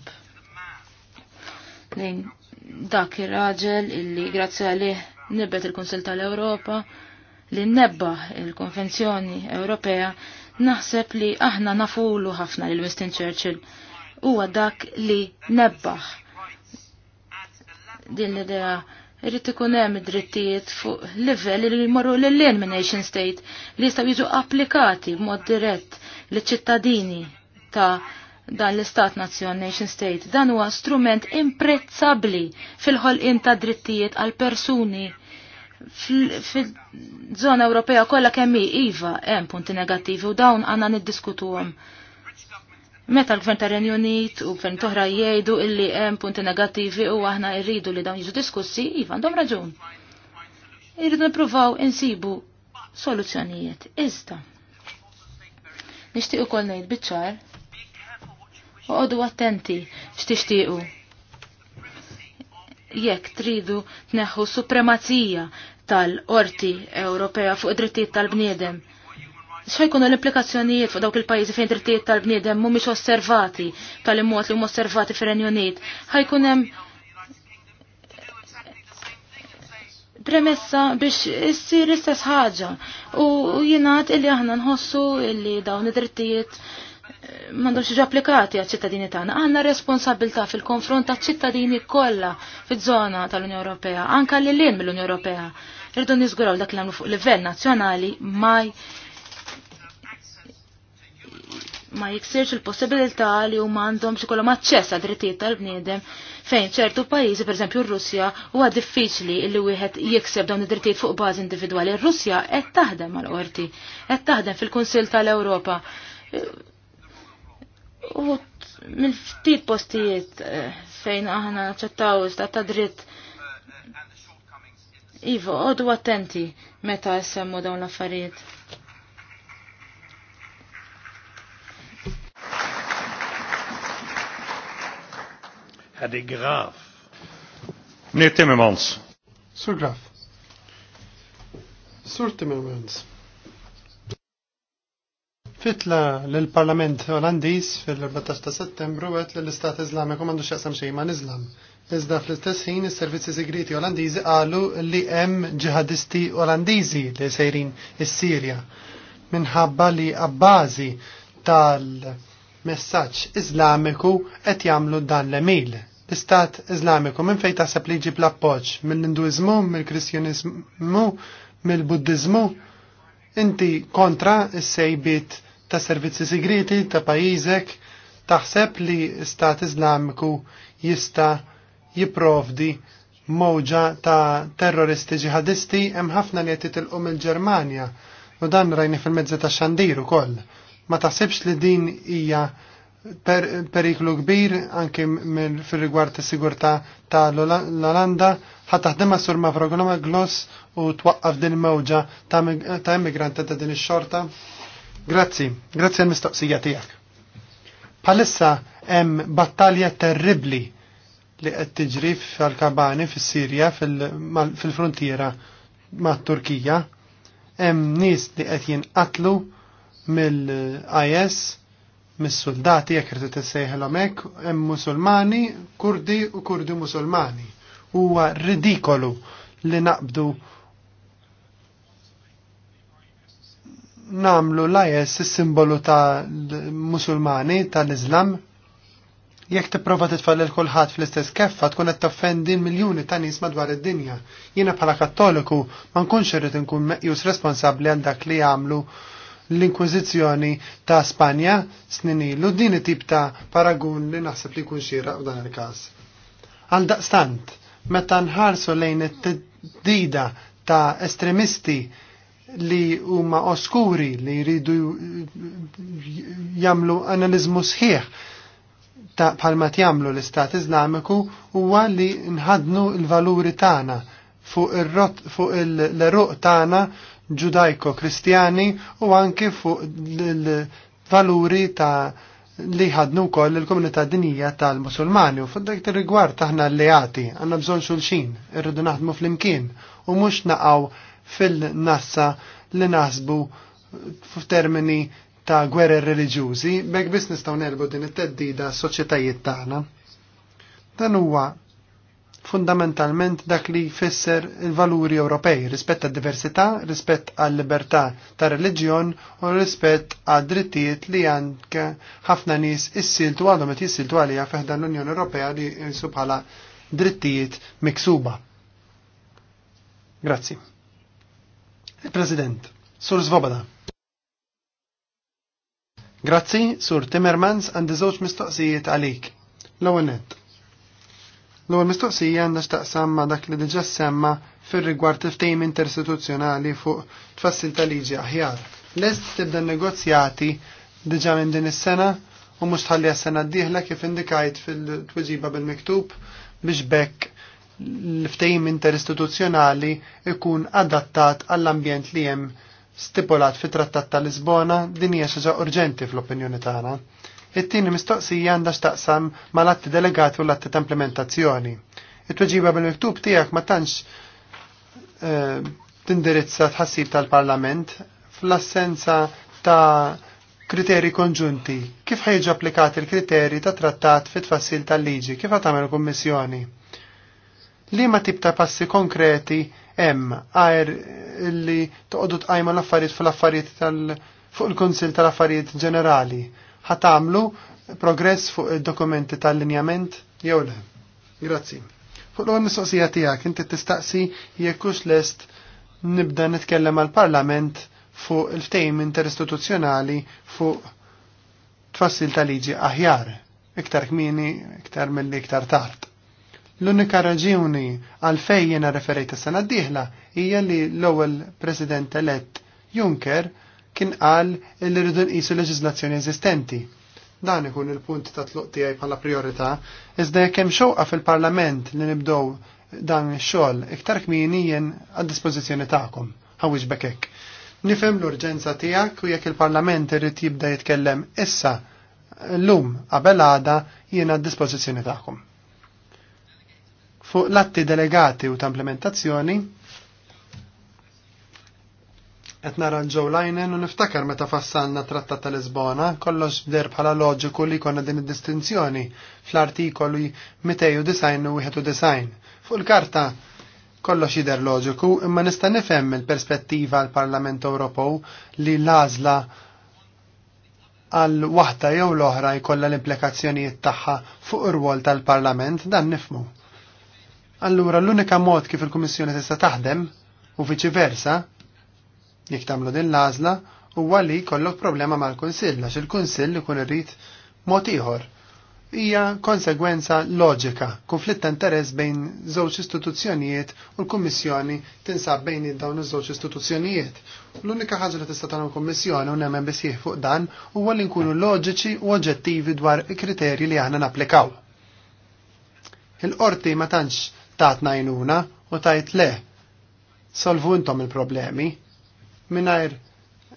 lejn dak ir-raġel illi grazzi għalih nibbet il-Kunsil tal-Ewropa li nebba il-Konvenzjoni Ewropea naħseb li aħna nafulu ħafna lil Winston Churchill huwa dak li nebbaħ din l-idea irrid ikun hemm drittijiet fuq livell li jmorru lil minn nation state li jistgħu jiġu applikati b'mod dirett liċ-ċittadini ta' dan l-istat nazzjon nation state. Dan huwa strument imprezzabbli fil-ħolqien ta' drittijiet għal persuni fil-żona Ewropea kollha kemm iva hemm punti negattivi u dawn għandna niddiskutuhom Meta l-gvern ta' Unit u gvern toħra jgħidu illi hemm punti negattivi u aħna rridu li dawn jiġu diskussi, iva għandhom raġun. Irridu nippruvaw insibu soluzzjonijiet. Iżda. Nixtieq ukoll ngħid biċ-ċar. Oqgħodu attenti x'tixtiequ. Jekk tridu tneħħu supremazija tal-Qorti Ewropea fuq id-drittijiet tal-bniedem xajkunu l-implikazzjonijiet fuq dawk il-pajjiżi fejn drittijiet tal-bniedem mhumiex osservati tal-immod li huma osservati fir-Renjoniet. Ħajkun hemm premessa biex issir istess ħaġa u jingħad illi aħna nħossu illi dawn id-drittijiet eh, m'għandhomx jiġu applikati għaċ-ċittadini tagħna. Għandna responsabilità fil-konfront taċ-ċittadini kollha fiż-żona tal-Unjoni Ewropea, anke lil lien mill-Unjoni Ewropea. Irridu niżguraw dak li fuq livell nazzjonali maj ma jiksirx il-possibilità li huma għandhom xi kollhom aċċess għad drittijiet tal-bniedem fejn ċertu pajjiżi pereżempju r-Russja huwa diffiċli li wieħed jikseb dawn id-drittijiet fuq bażi individwali. Ir-Russja qed taħdem għal qorti, qed taħdem fil-Kunsill tal-Ewropa. U mill-ftit postijiet eh, fejn aħna ċettaw stat ta' dritt Ivo, għoddu attenti meta jsemmu dawn l-affarijiet. Herr de Graaf. Meneer Timmermans. Sir Graaf. Sir Timmermans. Fitla l-Parlament Olandiż fil-14 ta' settembru għet l-Istat Islami komandu xaqsam xejn ma' Islam. Iżda fl-istess il is-servizzi segreti Olandiżi qalu li hemm ġihadisti Olandiżi li sejrin is-Sirja minħabba li abbażi tal- messaġġ Iżlamiku qed jagħmlu dan l-emil. L-Istat Iżlamiku minn fejn taħseb li jġib l-appoġġ mill-Induiżmu, mill-Kristjaniżmu, mill-Buddiżmu, inti kontra s-sejbiet ta' servizzi segreti ta' pajjiżek, taħseb li Stat Iżlamiku jista' jipprovdi mowġa ta' terroristi ġihadisti hemm ħafna li qed titilqu mill-Ġermanja u dan rajni fil-mezzi ta' xandir ukoll. Ma taħsibx li din hija periklu kbir anke fil-rigward is-sigurtà ta' l-Olanda ħa taħdem sur ma' programma gloss u twaqqaf din il mewġa ta' immigranti ta' din ix-xorta? Grazzi, grazzi għal mistoqsija tiegħek. Palissa hemm battalja terribli li qed tiġri fil-Kabani fis-Sirja fil-frontiera mat-Turkija. Hemm nies li qed jinqatlu mill-IS, mis-soldati jekk irid tissejħilhom hekk, hemm Musulmani, Kurdi u Kurdi Musulmani. Huwa ridikolu li naqbdu namlu l-IS simbolu ta' musulmani tal-Islam jekk tipprova titfall il kulħadd fl-istess keffa tkun qed toffendi miljuni ta' nies madwar id-dinja. Jiena bħala Kattoliku ma nkunx irrid inkun meqjus responsabbli għal dak li jagħmlu l-Inkwiżizzjoni ta' Spanja snin din it-tip ta' paragun li naħseb li jkun xieraq dan il-każ. Għal daqstant, meta nħarsu lejn it-tdida ta' estremisti li huma oskuri li jridu jagħmlu analiżmu sħiħ ta' palmat jamlu l-Istat Islamiku huwa li nħadnu l-valuri tagħna fuq il-rot fuq tagħna ġudajko-kristjani u anki fuq l-valuri ta' li ħadnu koll il-komunità dinija tal-musulmani u fuddek dak rigward taħna alleati għanna bżon xulxin, irridu naħdmu fl-imkien u mux naqaw fil-nassa li naħsbu f'termini ta' gwerer reliġjużi, bek biss nistgħu nerbu din it-teddida soċjetajiet tagħna. Dan huwa fundamentalment dak li jfisser il-valuri Ewropej, rispett għad diversità, rispett għal libertà ta' reliġjon u rispett għad drittijiet li anke ħafna nies issiltu għadhom qed jissiltu għalija feħdan l-Unjoni Ewropea li jinsu bħala drittijiet miksuba. Grazzi. Il-President, Sur Svoboda. Grazzi, Sur Timmermans, għandi żewġ mistoqsijiet għalik. L-ewwel nett l għol mistoqsija għandha x'taqsam ma' dak li diġa' semma fir-rigward il ftejm interstituzzjonali fuq tfassil ta' liġi aħjar. Lest tibda negozjati diġà minn din is-sena u mhux tħalli għas-sena d-dieħla kif indikajt fil-tweġiba bil-miktub biex bekk l-ftehim interistituzzjonali ikun adattat għall-ambjent li hemm stipulat fit trattat tal Lisbona din hija xi urġenti fl-opinjoni tagħna. It-tieni mistoqsija għandha x'taqsam mal-atti delegati u l-atti ta' implementazzjoni. It-tweġiba bil-miktub tiegħek ma tantx eh, tindirizza tħassib tal-Parlament fl-assenza ta' kriteri konġunti. Kif ħejġu applikati l-kriteri ta' trattat fit tfassil tal-liġi? Kif għatamel kummissjoni? Li ma tip ta' passi konkreti hemm għajr li toqgħodu tqajmu l-affarijiet fl-affarijiet tal- fuq il-Kunsil tal-Affarijiet Ġenerali ħatamlu progress fuq id-dokumenti tal-linjament jew le. Grazzi. Fuq l-għol mistoqsija tiegħek inti tistaqsi jekkux lest nibda nitkellem għal parlament fuq il-ftejm interistituzzjonali fuq tfassil ta' liġi aħjar, iktar kmini, iktar mill-li iktar tard. L-unika raġuni għal fejn jena referejt s-sena d-dihla hija li l-ewwel President elett Juncker kien qal li rridu nqisu leġiżlazzjoni eżistenti. Dan ikun il-punt ta' tluq tiegħi bħala priorità, iżda jekk hemm xewqa fil-Parlament li nibdew dan ix-xogħol iktar kmieni jien għad-dispożizzjoni tagħkom. Ħawiex bekek. Nifhem l-urġenza tiegħek u jekk il-Parlament irid jibda jitkellem issa llum qabel għada jien għad-dispożizzjoni tagħkom. Fuq l-atti delegati u ta' implementazzjoni, qed nara l-ġew lajnen u niftakar meta fassanna trattat ta' Lisbona kollox bder bħala loġiku li konna din id-distinzjoni fl artikoli 291 u design. Fuq il-karta kollox jidher loġiku imma nista' nifhem il-perspettiva għall parlament Ewropew li l-għażla għal waħda jew l-oħra jkollha l-implikazzjonijiet tagħha fuq ir-rwol tal-Parlament dan nifmu. Allura l-unika mod kif il-Kummissjoni tista' taħdem u viċi versa Jek tagħmlu din l-għażla, huwa li jkollok problema mal-Kunsill għax il-Kunsill ikun irrid mod ieħor. Hija konsegwenza loġika, konflitt ta' interess bejn żewġ istituzzjonijiet u l-Kummissjoni tinsab bejn dawn iż-żewġ istituzzjonijiet. L-unika ħaġa li tista' tagħmel kummissjoni u nemmen bisih fuq dan huwa li nkunu loġiċi u oġġettivi dwar il-kriterji li aħna napplikaw. Il-qorti ma tantx tatna jnuna u tajt le, solvu il-problemi, minnajr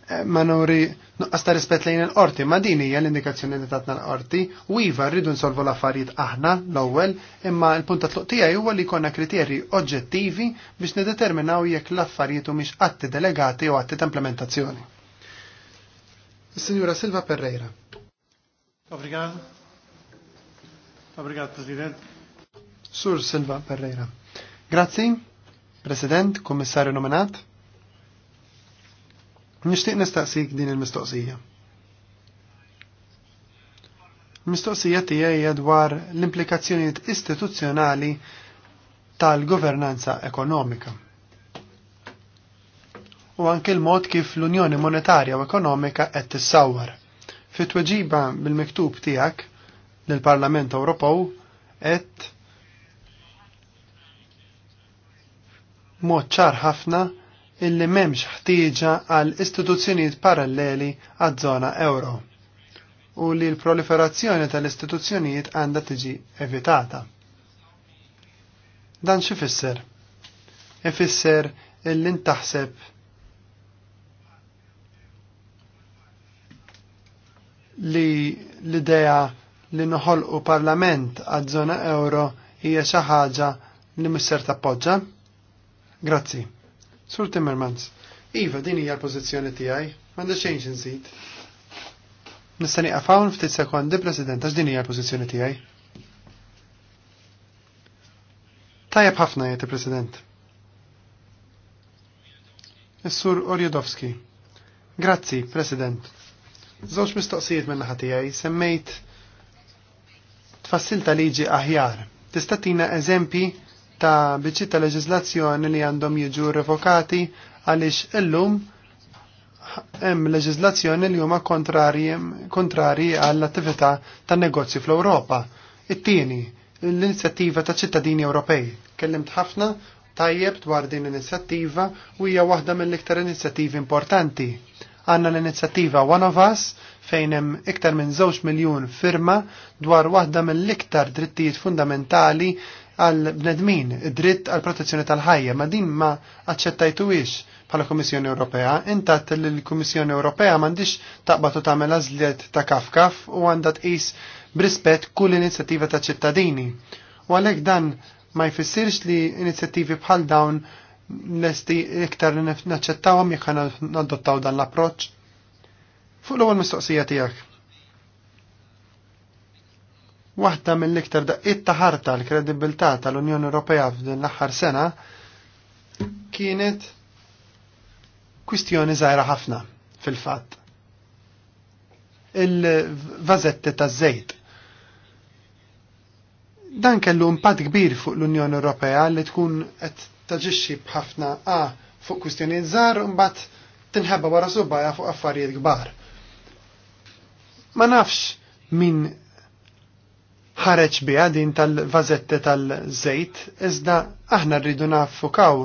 eh, manuri nuqqas ta' rispett lejn il-qorti, ma din hija l-indikazzjoni li tatna l-qorti, u iva rridu nsolvu l-affarijiet aħna l-ewwel, imma l-punt ta' tluq huwa li jkollna kriterji oġġettivi biex nideterminaw jekk l-affarijiet humiex atti delegati u atti ta' implementazzjoni. Signora Silva Perreira. Obrigado. Obrigado, President. Sur Silva Perreira. Grazie, President, Kommissarju nominat. Nishtiq nistaqsik din il-mistoqsija. mistoqsija tiegħi hija dwar l-implikazzjonijiet istituzzjonali tal-governanza ekonomika. U anke l-mod kif l-Unjoni Monetarja u Ekonomika qed tissawwar. Fit-tweġiba bil-miktub tiegħek lill-Parlament Ewropew qed mod ċar ħafna illi memx ħtieġa għal istituzzjonijiet paralleli għad-żona euro u li l-proliferazzjoni tal-istituzzjonijiet għandha tiġi evitata. Dan xi fisser? Ifisser illi ntaħseb li l-idea li noħolqu parlament għad-żona euro hija xi ħaġa li misser tappoġġa? Grazzi. Sur Timmermans, Iva, din hija l-pożizzjoni tiegħi, m'għandha xejn inżid. Nista' nieqaf hawn ftit sekondi, President, għax din hija l-pożizzjoni tiegħi. Tajjeb ħafna jgħid President. Is-Sur Orjodowski. Grazzi, President. Żewġ mistoqsijiet minn naħa tiegħi semmejt tfassilta liġi aħjar. Tista' tina eżempji ta' biċċi ta' leġiżlazzjoni li għandhom jiġu revokati għaliex illum hemm leġiżlazzjoni li huma kontrarji għall-attività tan negozju fl-Ewropa. It-tieni, l-inizjattiva ta' ċittadini Ewropej. Kellimt ħafna tajjeb dwar din l-inizjattiva u hija waħda mill-iktar inizjattivi importanti. Għanna l-inizjattiva One of Us fejn hemm iktar minn żewġ miljun firma dwar waħda mill-iktar drittijiet fundamentali għal bnedmin, dritt għal protezzjoni tal-ħajja, ma din ma aċċettajtuwix bħala Kummissjoni Ewropea, intat li l-Kummissjoni Ewropea m'għandix taqbad u tagħmel għażliet ta' kafkaf u għandha tqis brispett kull inizjattiva ta' ċittadini. U għalhekk dan ma jfissirx li inizjattivi bħal dawn lesti iktar naċċettawhom jekk adottaw dan l-approċċ. Fuq l għol mistoqsija tiegħek Waħda mill-iktar daqqiet taħarta l-kredibilità tal-Unjoni Ewropea f'din l-aħħar sena kienet kwistjoni żgħira ħafna fil-fatt. Il-vażetti taż-żejt. Dan kellu impatt kbir fuq l-Unjoni Ewropea li tkun qed taġixxi b'ħafna A fuq kwistjonijiet żgħar u mbagħad tinħebba wara subajja fuq affarijiet kbar. Ma nafx min ħareġ biha din tal vazette tal-żejt, iżda aħna rridu naffukaw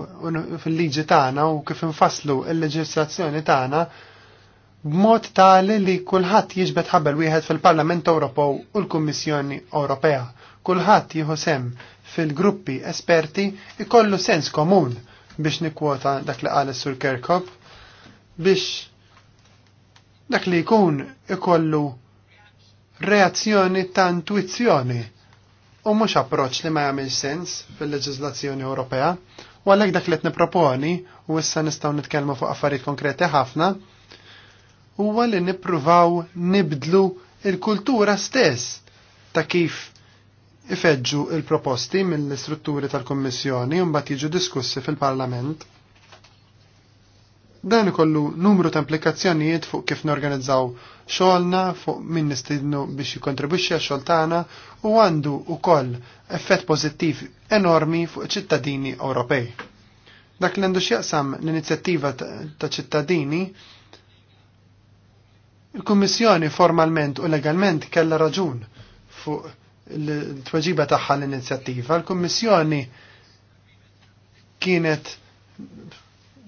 fil-liġi tagħna u kif infasslu l-leġislazzjoni tagħna b'mod tali li kulħadd jiġbed ħabel wieħed fil-Parlament Ewropew u l-Kummissjoni Ewropea. Kulħadd jieħu sem fil-gruppi esperti ikollu sens komun biex nikwota dak li qal sur Kerkop biex dak li jkun ikollu reazzjoni ta' intuizzjoni u mhux approċċ li ma jagħmel sens fil-leġiżlazzjoni Ewropea u għalhekk dak li qed niproponi u issa nistgħu nitkellmu fuq affarijiet konkreti ħafna huwa li nippruvaw nibdlu il-kultura stess ta' kif ifeġġu il-proposti mill-istrutturi tal-Kommissjoni u mbagħad jiġu diskussi fil-Parlament. Dan ikollu numru ta' implikazzjonijiet fuq kif norganizzaw xogħolna, fuq min nistidnu biex jikontribwixxi għax xogħol tagħna u għandu wkoll effett pożittiv enormi fuq ċittadini Ewropej. Dak li għandu x'jaqsam l-inizjattiva ta' ċittadini Il-Kummissjoni formalment u legalment kella raġun fuq l-tweġiba tagħha l-inizjattiva. Il-Kummissjoni kienet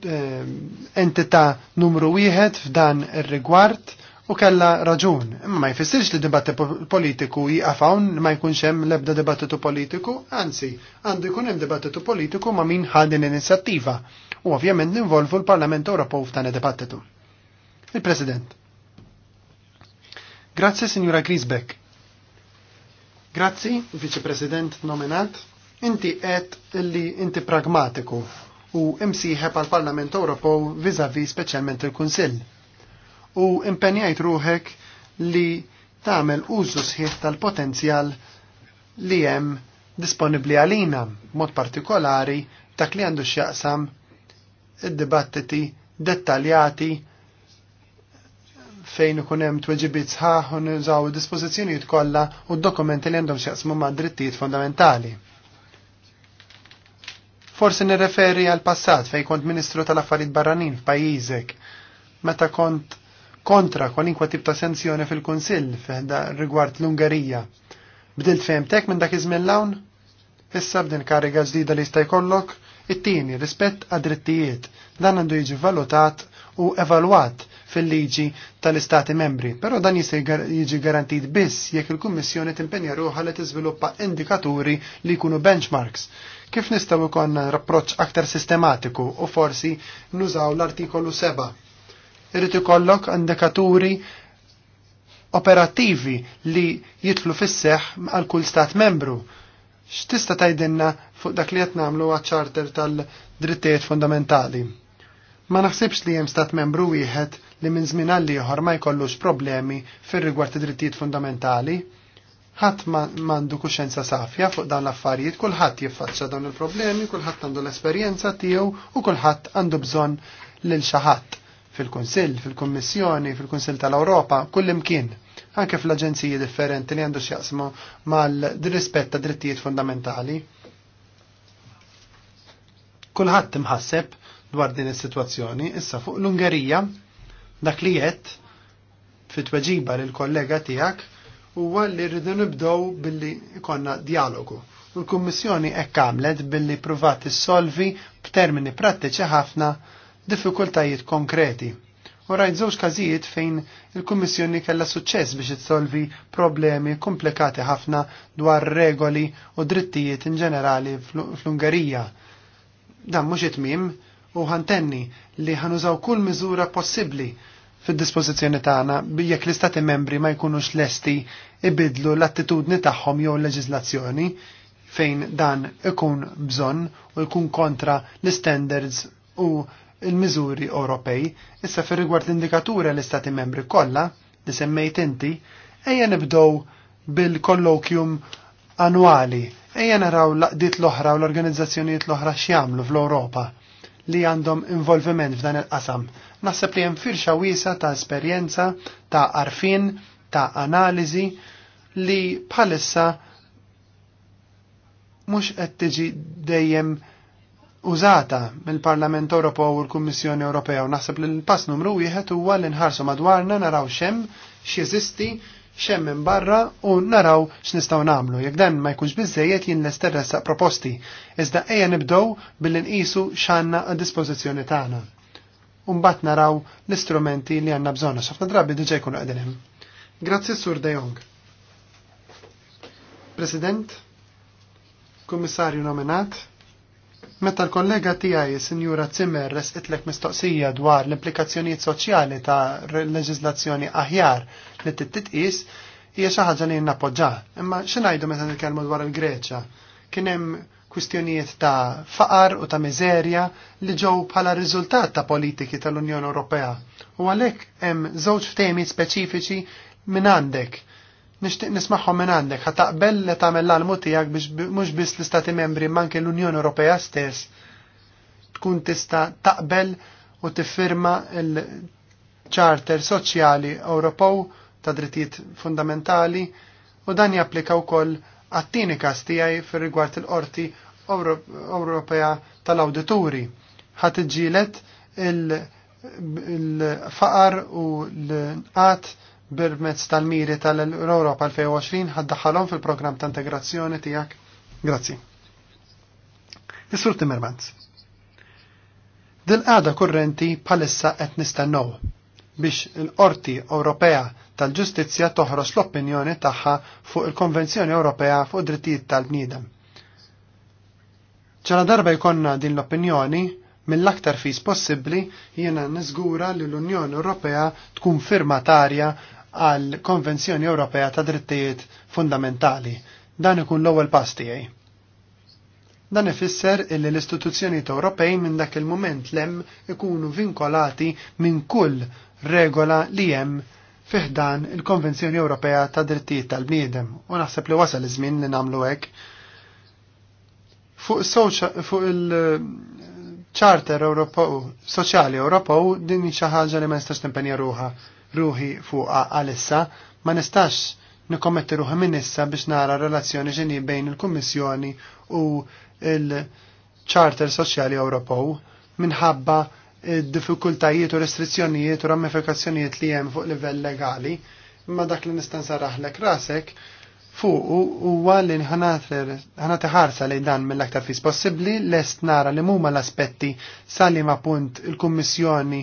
Ehm, entità numru wieħed f'dan ir-rigward u kella raġun. Imma ma jfissirx li dibatti politiku jiqafawn ma jkunx hemm l-ebda dibattitu politiku, anzi, għandu jkun hemm dibattitu politiku ma min ħadin l-inizjattiva u ovvjament ninvolvu l-Parlament Ewropew f'dan id-dibattitu. Il-President. Grazzi, Signora Grisbeck. Grazzi, Viċi President nominat. Inti qed li inti pragmatiku u imsieħeb għal Parlament Ewropew vizavi speċjalment il-Kunsill. U impenjajt ruħek li tagħmel użu sħiħ tal-potenzjal li hemm disponibbli għalina mod partikolari dak li għandu x'jaqsam id-dibattiti dettaljati fejn ikun hemm tweġibiet sħaħ u nużaw id-dispożizzjonijiet kollha u d-dokumenti li għandhom x'jaqsmu ma' drittijiet fondamentali. Forsi nirreferi għal passat fej kont ministru tal-affarijiet barranin f'pajjiżek, meta kont kontra kwalinkwa tip ta' sanzjoni fil-Kunsill rigward l-Ungerija. Bdilt fejmtek minn dak iż lawn? hawn Issa b'din kariga ġdida li jista' jkollok, it-tieni rispett għad-drittijiet. Dan għandu jiġi valutat u evalwat fil-liġi tal-istati membri, pero dan jista' jiġi garantit biss jekk il-Kummissjoni timpenja ruħa li tiżviluppa indikaturi li jkunu benchmarks Kif nistgħu ikon rapproċċ aktar sistematiku u forsi nużaw l-artikolu 7? Irid ikollok indikaturi operattivi li jitlu fis għal kull stat membru. X'tista' tgħidilna fuq dak li qed nagħmlu għaċ-charter tal-drittijiet fundamentali? Ma naħsibx li hemm stat membru wieħed li minn żmien għal ieħor ma jkollux problemi fir-rigward id-drittijiet fundamentali ħadd m'għandu kuxenza safja fuq dan l-affarijiet, kulħadd jiffaċċa dawn il-problemi, kulħadd għandu l-esperjenza tiegħu u kulħadd għandu bżonn lil xi ħadd fil-Kunsill, fil-Kummissjoni, fil-Kunsill tal-Ewropa, kull imkien, anke fl-aġenziji differenti li għandu x'jaqsmu mal-rispett ta' drittijiet fundamentali. Kulħadd imħasseb dwar din is-sitwazzjoni, issa fuq l-Ungerija dak li jett fit-tweġiba lill kollega tiegħek huwa li rridu nibdew billi konna dialogu. U l-Kummissjoni hekk għamlet billi pruvat issolvi b'termini prattiċi ħafna diffikultajiet konkreti. U rajt żewġ każijiet fejn il-Kummissjoni kellha suċċess biex issolvi problemi komplikati ħafna dwar regoli u drittijiet in ġenerali fl-Ungerija. Dan mhux itmim u ħantenni li ħanużaw kull miżura possibbli fid-dispożizzjoni tagħna jekk l-istati membri ma jkunux lesti ibidlu l-attitudni tagħhom jew l-leġiżlazzjoni fejn dan ikun bżonn u jkun kontra l-standards u l-miżuri Ewropej. Issa fir rigward l-indikatura l-istati membri kollha li semmejt inti, ejja nibdow bil-kollokjum annwali, ejja naraw laqdiet l-oħra u l-organizzazzjonijiet l-oħra x'jagħmlu fl-Ewropa li għandhom involviment f'dan il-qasam. Naħseb li hemm firxa wiesa ta' esperjenza, ta' arfin, ta' analiżi li bħalissa mhux qed tiġi dejjem użata mill-Parlament Ewropew u l-Kummissjoni Ewropea u naħseb li l-pass numru wieħed huwa li nħarsu madwarna naraw xem x'jeżisti xem minn barra u naraw x'nistgħu nagħmlu. Jekk dan ma jkunx biżejjed jien nesterressaq proposti, iżda ejja nibdew billi nqisu x'għandna a dispożizzjoni tagħna. mbagħad naraw l-istrumenti li għandna bżonna, xafna drabi diġà jkunu qegħdin hemm. Grazzi Sur De Jong. President, Kummissarju nominat, Meta l-kollega tiegħi Sinjura Zimmer resqitlek mistoqsija dwar l-implikazzjonijiet soċjali ta' leġiżlazzjoni aħjar li titqis, hija xi ħaġa li nappoġġa. Imma x'ngħidu meta nitkellmu dwar il-Greċja? Kien hemm kwistjonijiet ta' faqar u ta' miżerja li ġew bħala riżultat ta' politiki tal-Unjoni Ewropea. U għalhekk hemm żewġ temi speċifiċi minn għandek nixtieq nisma'hom minn għandek ħa taqbel li tagħmel l-almu tiegħek biex mhux biss l-Istati Membri manke l-Unjoni Ewropea stess tkun tista' taqbel u tiffirma il-Charter Soċjali Ewropew ta' drittijiet fundamentali u dan japplika wkoll għat-tieni każ tiegħi fir-rigward il-Qorti Ewropea tal-Awdituri. Ħa tiġġielet il-faqar u l qatt bil-mezz tal-miri tal-Europa 2020 ħaddaħħalhom fil-programm ta' integrazzjoni tiegħek? Grazzi. is Timmermans. dil għada kurrenti palissa qed nistennew biex il-Qorti Ewropea tal-Ġustizzja toħroġ l-opinjoni tagħha fuq il-Konvenzjoni Ewropea fuq drittijiet tal-bniedem. ċala darba jkonna din l-opinjoni, mill-aktar fis possibbli jiena niżgura li l-Unjoni Ewropea tkun firmatarja għal Konvenzjoni Ewropea ta' Drittijiet Fundamentali. Dan ikun l-ewwel pass tiegħi. Dan ifisser illi l-istituzzjonijiet Ewropej minn dak il-mument lem ikunu vinkolati minn kull regola li hemm fiħdan il-Konvenzjoni Ewropea ta' Drittijiet tal-Bniedem u naħseb li wasal iż-żmien li nagħmlu hekk. Fuq, fuq il-Charter Ewropew, Soċjali Ewropew din xi ħaġa li ma nistax nimpenja ruħha ruħi fuqa għalissa, ma nistax nikommetti ruħi minn issa biex nara relazzjoni ġeni bejn il-Kummissjoni u il-Charter Soċjali Ewropew minħabba diffikultajiet u restrizzjonijiet u ramifikazzjonijiet li hemm fuq livell legali, imma dak li nista' nsarraħlek rasek fuq huwa li ħanati ħarsa li dan mill-aktar fis possibbli lest nara li huma l-aspetti sali ma punt il-Kummissjoni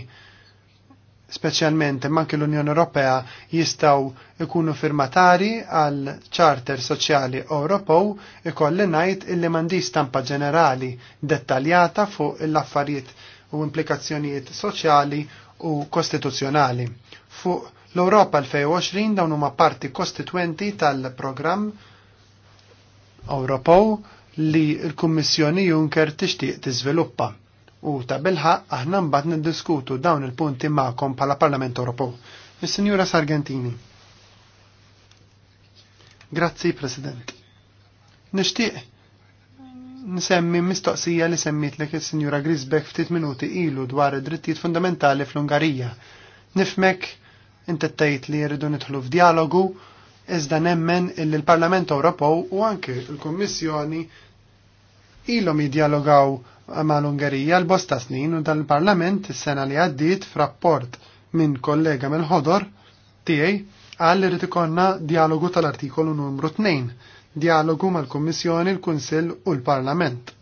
speċjalment ma anke l-Unjoni Ewropea jistgħu ikunu firmatari għal Charter Soċjali Ewropew ikolli ngħid illi m'għandi stampa ġenerali dettaljata fuq l-affarijiet u implikazzjonijiet soċjali u kostituzzjonali. Fuq l-Ewropa 2020 dawn huma parti kostitwenti tal-programm Ewropew li l-Kummissjoni Juncker tixtieq tiżviluppa u ta' bilħa aħna mbagħad niddiskutu dawn il-punti magħkom bħala Parlament Ewropew. Is-Sinjura Sargentini. Grazzi, President. Nixtieq nsemmi mistoqsija li semmitlek is-Sinjura Grisbeck ftit minuti ilu dwar id-drittijiet fundamentali fl-Ungarija. Nifmek inti tgħid li jridu nidħlu f'dialogu iżda nemmen illi l-Parlament Ewropew u anke l-Kummissjoni ilhom jiddialogaw mal-Ungerija l-bosta snin u dal-Parlament is-sena li għaddiet f'rapport minn kollega mill-ħodor tiegħi għal li rid ikonna dialogu tal-artikolu numru 2, dialogu mal-Kummissjoni, l-Kunsill u l-Parlament.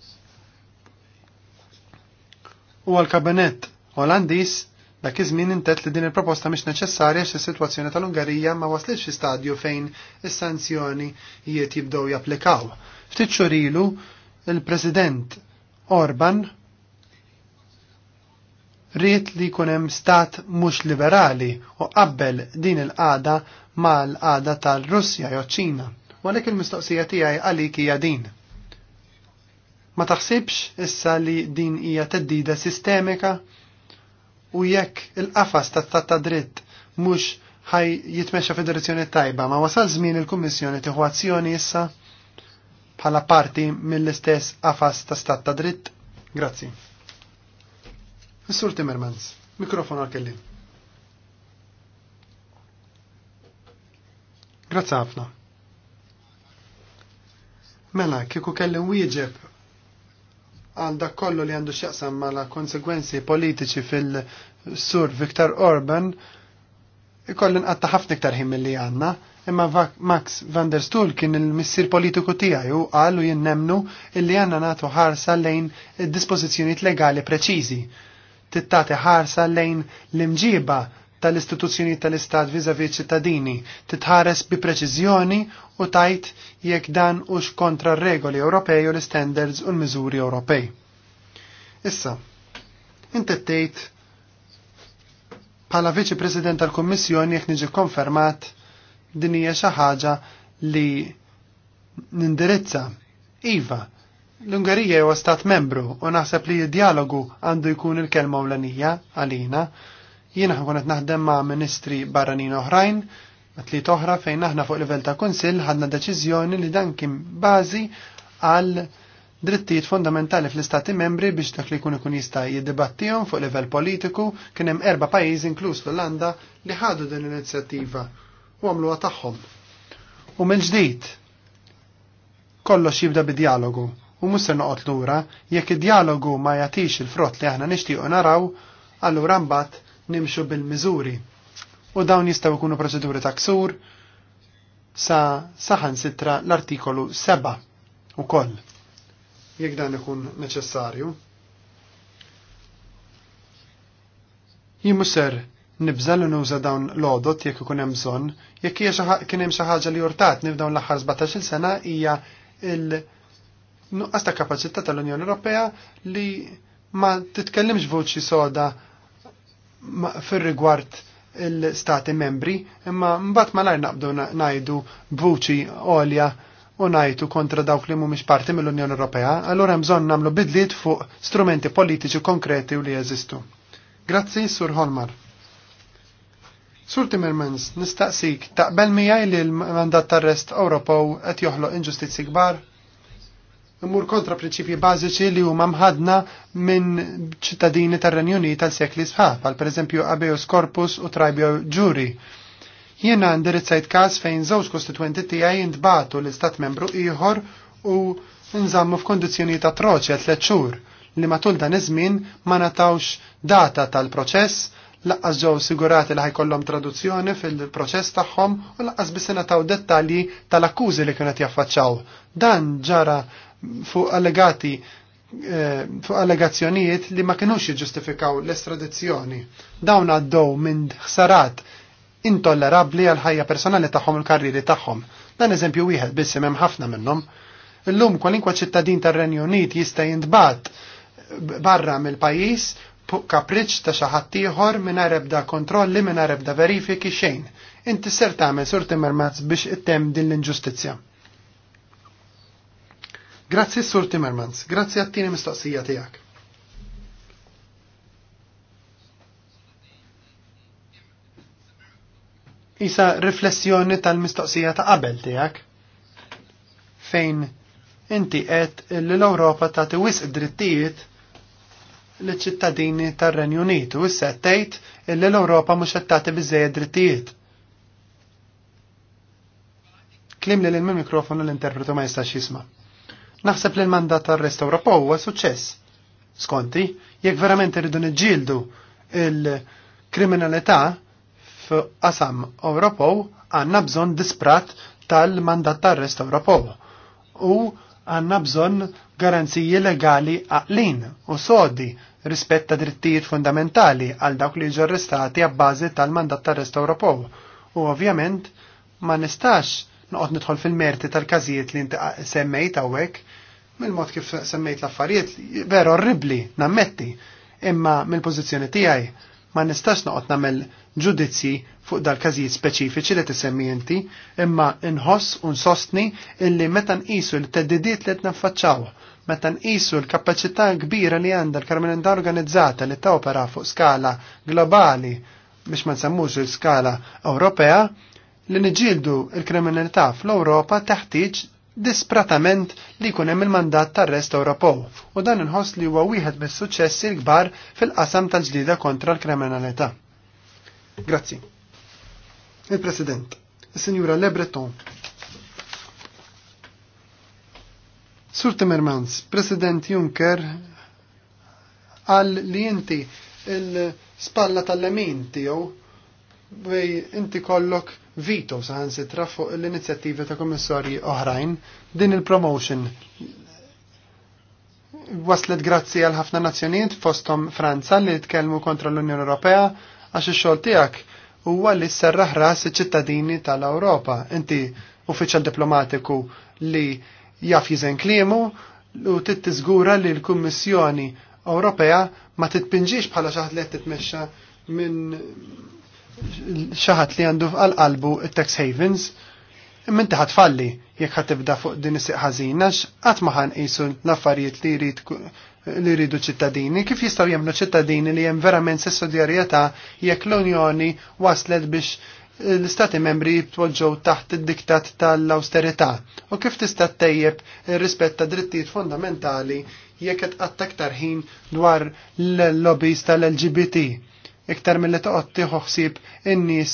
U għal-Kabinett Olandis dak iż-żmien intet li din il-proposta mhix neċessarja xi sitwazzjoni tal-Ungerija ma waslitx fi stadju fejn is-sanzjoni jiet jibdew japplikaw. Ftit xurilu il-President Orban rrit li kunem stat mux liberali u qabbel din il-qada mal-qada tal-Russja jo ċina. Walek il-mistoqsija tiegħi għalik hija din. Ma taħsibx issa li din hija teddida sistemika u jekk il-qafas tat ta' dritt mhux ħaj jitmexxa fid-direzzjoni tajba, ma wasal żmien il-Kummissjoni tieħu azzjoni issa? bħala parti mill-istess qafas ta' stat ta' dritt? Grazzi. Missur sur Timmermans, mikrofon għal kelli. Grazzi ħafna. Mela, kieku kelli wieġeb għal dak kollu li għandu x'jaqsam mala konsegwenzi politiċi fil-Sur Viktor Orban, ikolli nqatta ħafna iktar ħin milli għandna, imma Max van der Stoel kien il-missir politiku tiegħi u qal u jinnemnu illi għandna nagħtu ħarsa lejn dispożizzjonijiet legali preċiżi. Tittati ħarsa lejn l-imġiba tal-istituzzjoni tal-istat vizavi ċittadini titħares bi preċiżjoni u tajt jekk dan ux kontra regoli Ewropej u l-standards u l-miżuri Ewropej. Issa, inti tgħid Pala viċi President tal-Kommissjoni jekk niġi konfermat din hija xi ħaġa li nindirizza. Iva, l-Ungerija huwa stat membru u naħseb li d-dialogu għandu jkun il-kelma ewlenija għalina. Jiena ħankun qed naħdem ma' ministri barranin oħrajn tliet oħra fejn aħna fuq livell ta' kunsill ħadna deċiżjoni li dan kien bażi għal drittijiet fundamentali fl-istati membri biex dak li kun ikun jista' jiddibattihom fuq livell politiku kien hemm erba' pajjiżi inkluż l-Olanda li ħadu din l-inizjattiva u għamluha tagħhom. U minn ġdid kollox jibda bid-dialogu u mhux se noqgħod lura jekk id-dialogu ma jagħtix il-frott li aħna nixtiequ naraw, allura mbagħad nimxu bil-miżuri. U dawn jistgħu jkunu proċeduri ta' ksur sa saħan sitra l-artikolu 7 u koll jekk dan ikun neċessarju. Jimuser, nibżallu li nuża dawn l-odot jekk ikun hemm bżonn, jekk hija kien hemm xi ħaġa li urtat nibdaw l-aħħar 17-il sena hija il nuqqas ta' kapaċità tal-Unjoni Ewropea li ma titkellimx voċi soda fir-rigward il-stati membri, imma mbagħad malajr naqbdu ngħidu b'vuċi għolja u najtu kontra dawk li mhumiex parti mill-Unjoni Ewropea, allura hemm bżonn nagħmlu bidliet fuq strumenti politiċi konkreti u li jeżistu. Grazzi, Sur Holmar. Sur Timmermans, nistaqsik, taqbel miegħi li l-mandat tar-rest Ewropew qed joħloq inġustizzi kbar? Immur kontra prinċipji bażiċi li huma mħadna minn ċittadini tar-Renju Unit tal-sekli sħaħ, għal pereżempju Abeus Corpus u Tribio Juri Jiena ndirizzajt każ fejn żewġ kostituenti tiegħi jintbagħtu l-istat membru ieħor u nżammu f'kondizzjonijiet atroċi għal tliet xhur li matul dan iż-żmien ma natawx data tal-proċess laqqas ġew sigurati li ħajkollhom traduzzjoni fil-proċess tagħhom u laqqas biss nataw dettalji tal-akkużi li kienet qed jaffaċċaw. Dan ġara fuq allegati eh, fuq allegazzjonijiet li ma kinux jiġġustifikaw l-estradizzjoni. Dawn għaddew minn ħsarat intollerabbli għal ħajja personali tagħhom il-karrieri karriri tagħhom. Dan eżempju wieħed biss hemm ħafna minnhom. Illum kwalinkwa ċittadin tar-Renju Unit jista' jintbagħat barra mill-pajjiż kapriċ ta' xi ħadd ieħor mingħajr ebda kontrolli mingħajr ebda verifiki xejn. Inti ser tagħmel sur Timmermans biex ittem din l-inġustizzja. Grazzi Sur Timmermans, grazzi għat-tieni mistoqsija tiegħek. isa riflessjoni tal-mistoqsija ta' qabel tiegħek fejn inti qed li l-Ewropa tagħti wisq drittijiet liċ ċittadini tar-Renju Unit u issa qed tgħid illi l-Ewropa mhux qed tagħti biżejjed drittijiet. Klim li l-mikrofonu l-interpretu ma jistax jisma'. Naħseb li l-mandat tar-Rest Ewropa huwa suċċess. Skonti, jekk verament irridu niġġieldu il-kriminalità, f'qasam Ewropew għandna bżonn disprat tal-mandat tar-rest Ewropew u għandna bżonn garanziji legali għaqlin u sodi rispett ta' drittijiet fundamentali għal dawk li ġo arrestati għabbażi tal-mandat tar-rest Ewropew. U ovvjament ma nistax noqgħod nidħol fil-merti tal-każijiet li inti semmejt hawnhekk mill-mod kif semmejt l-affarijiet vera orribli, nammetti, imma mill-pożizzjoni tiegħi ma nistax noqgħod nagħmel ġudizzi fuq dal-każijiet speċifiċi li tisemmi inti, imma inħoss u nsostni illi meta nqisu l-teddidiet li qed naffaċċaw, meta nqisu l-kapaċità kbira li għandha l-kriminalità organizzata li opera fuq skala globali biex ma nsemmux l skala Ewropea, li niġildu l kriminalità fl-Ewropa teħtieġ dispratament li jkun hemm il-mandat tar-rest Ewropew u dan inħoss li huwa wieħed mis-suċċessi l-kbar fil-qasam tal ġdida kontra l-kriminalità. Grazzi. Il-President, il-Sinjura Le Breton. Sur Timmermans, President Juncker għal li inti il-spalla tal-lemin tiegħu vej inti kollok vito saħansitra fuq l-inizjattivi ta' kommissarji oħrajn din il-promotion waslet grazzi għal ħafna nazzjonijiet fostom Franza li tkellmu kontra l-Unjoni Ewropea għax ix-xogħol tiegħek huwa li serraħ ras iċ-ċittadini tal-Ewropa. Inti uffiċjal diplomatiku li jaf jiżen kliemu u tittiżgura li l-Kummissjoni Ewropea ma titpinġix bħala xi li qed titmexxa minn xaħat li għandu għal-qalbu tax havens, imman ta' falli jekk ħat tibda fuq din is ħażinax, qatt ma ħanqisu l-affarijiet li jrid li jridu ċittadini, kif jistgħu jemlu ċittadini li hemm verament sussidjarjetà jekk l-Unjoni waslet biex l-istati membri jitpoġġew taħt id-diktat tal-austerità u kif tista' tejjeb ir-rispett ta' drittijiet fundamentali jekk qed aktar ħin dwar l-lobbies tal-LGBT iktar mill-li toqgħod tieħu ħsieb in-nies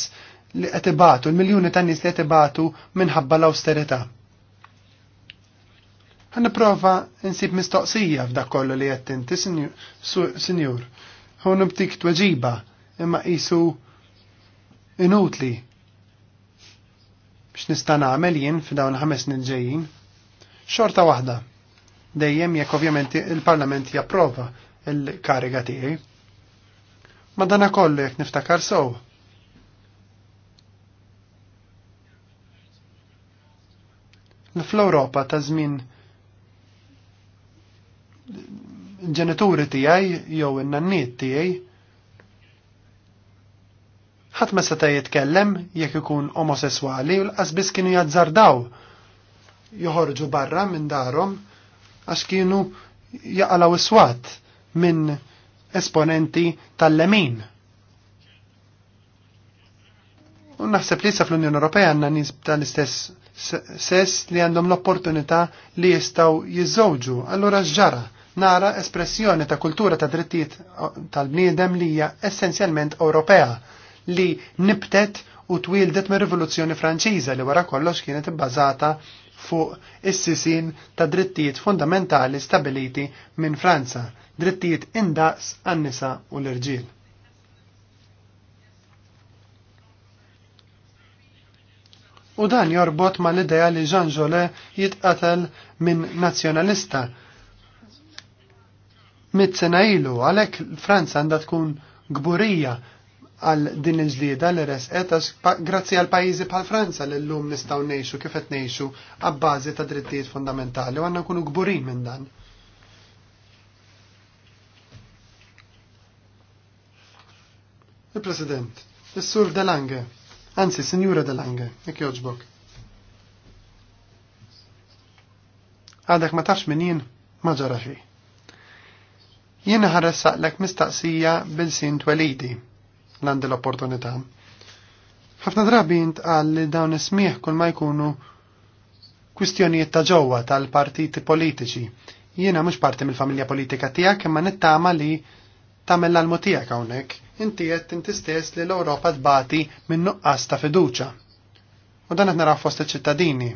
li qed ibatu, l-miljuni ta' nies li qed ibatu minħabba l-awsterità. nipprova nsib mistoqsija f'dak kollu li qed inti, Sinjur. ħu nibtik tweġiba imma qisu inutli biex nista' nagħmel jien f'dawn ħames snin ġejjin. Xorta waħda. Dejjem jekk ovvjament il-Parlament japprova l kariga tiegħi. Ma dana kollu jek niftakar sow. Fl-Europa ta' żmien ġenituri tiegħi jew in-nanniet tiegħi ħadd ma seta' jitkellem jekk ikun omosessuali u l-qasbis kienu jazzardaw joħorġu barra minn darhom għax kienu jaqalaw iswat minn esponenti tal-lemin. U naħseb li sa fl-Unjoni Ewropea għandna nies tal-istess sess li għandhom l-opportunità li jistgħu jiżżewġu. Allura ġara nara espressjoni ta' kultura ta' drittijiet uh, tal-bniedem li hija essenzjalment Ewropea li nibtet u twildet mir rivoluzzjoni Franċiża li wara kollox kienet ibbażata fuq is-sisin ta' drittijiet fundamentali stabiliti minn Franza drittijiet indaqs għan-nisa u l-irġiel. U dan jorbot ma l-ideja li Jean Jolet jitqatel minn nazjonalista. Mit sena ilu, għalek Franza għanda tkun gburija għal din il-ġlida li resqet grazzi għal pajizi bħal Franza li l-lum nistaw kif kifet ngħixu għabbażi ta' drittijiet fundamentali u għanna kunu gburin minn dan. Il-President, il-Sur Delange, anzi, Signora Delange, jek joġbok. Għadek ma tafx minn jien, ma ġaraxi. Jien lek mistaqsija bil sint twelidi, l-għandi l-opportunità. ħafna drabi għal li dawn ismiħ kull ma jkunu kwistjonijiet ta' ġewwa tal-partiti politiċi. Jiena mhux parti mill-familja politika tiegħek imma nittama li tagħmel l-almu tiegħek hawnhekk, inti jett inti stess li l-Ewropa tbati minn nuqqas ta' fiduċa. U dan qed naraw fost iċ-ċittadini.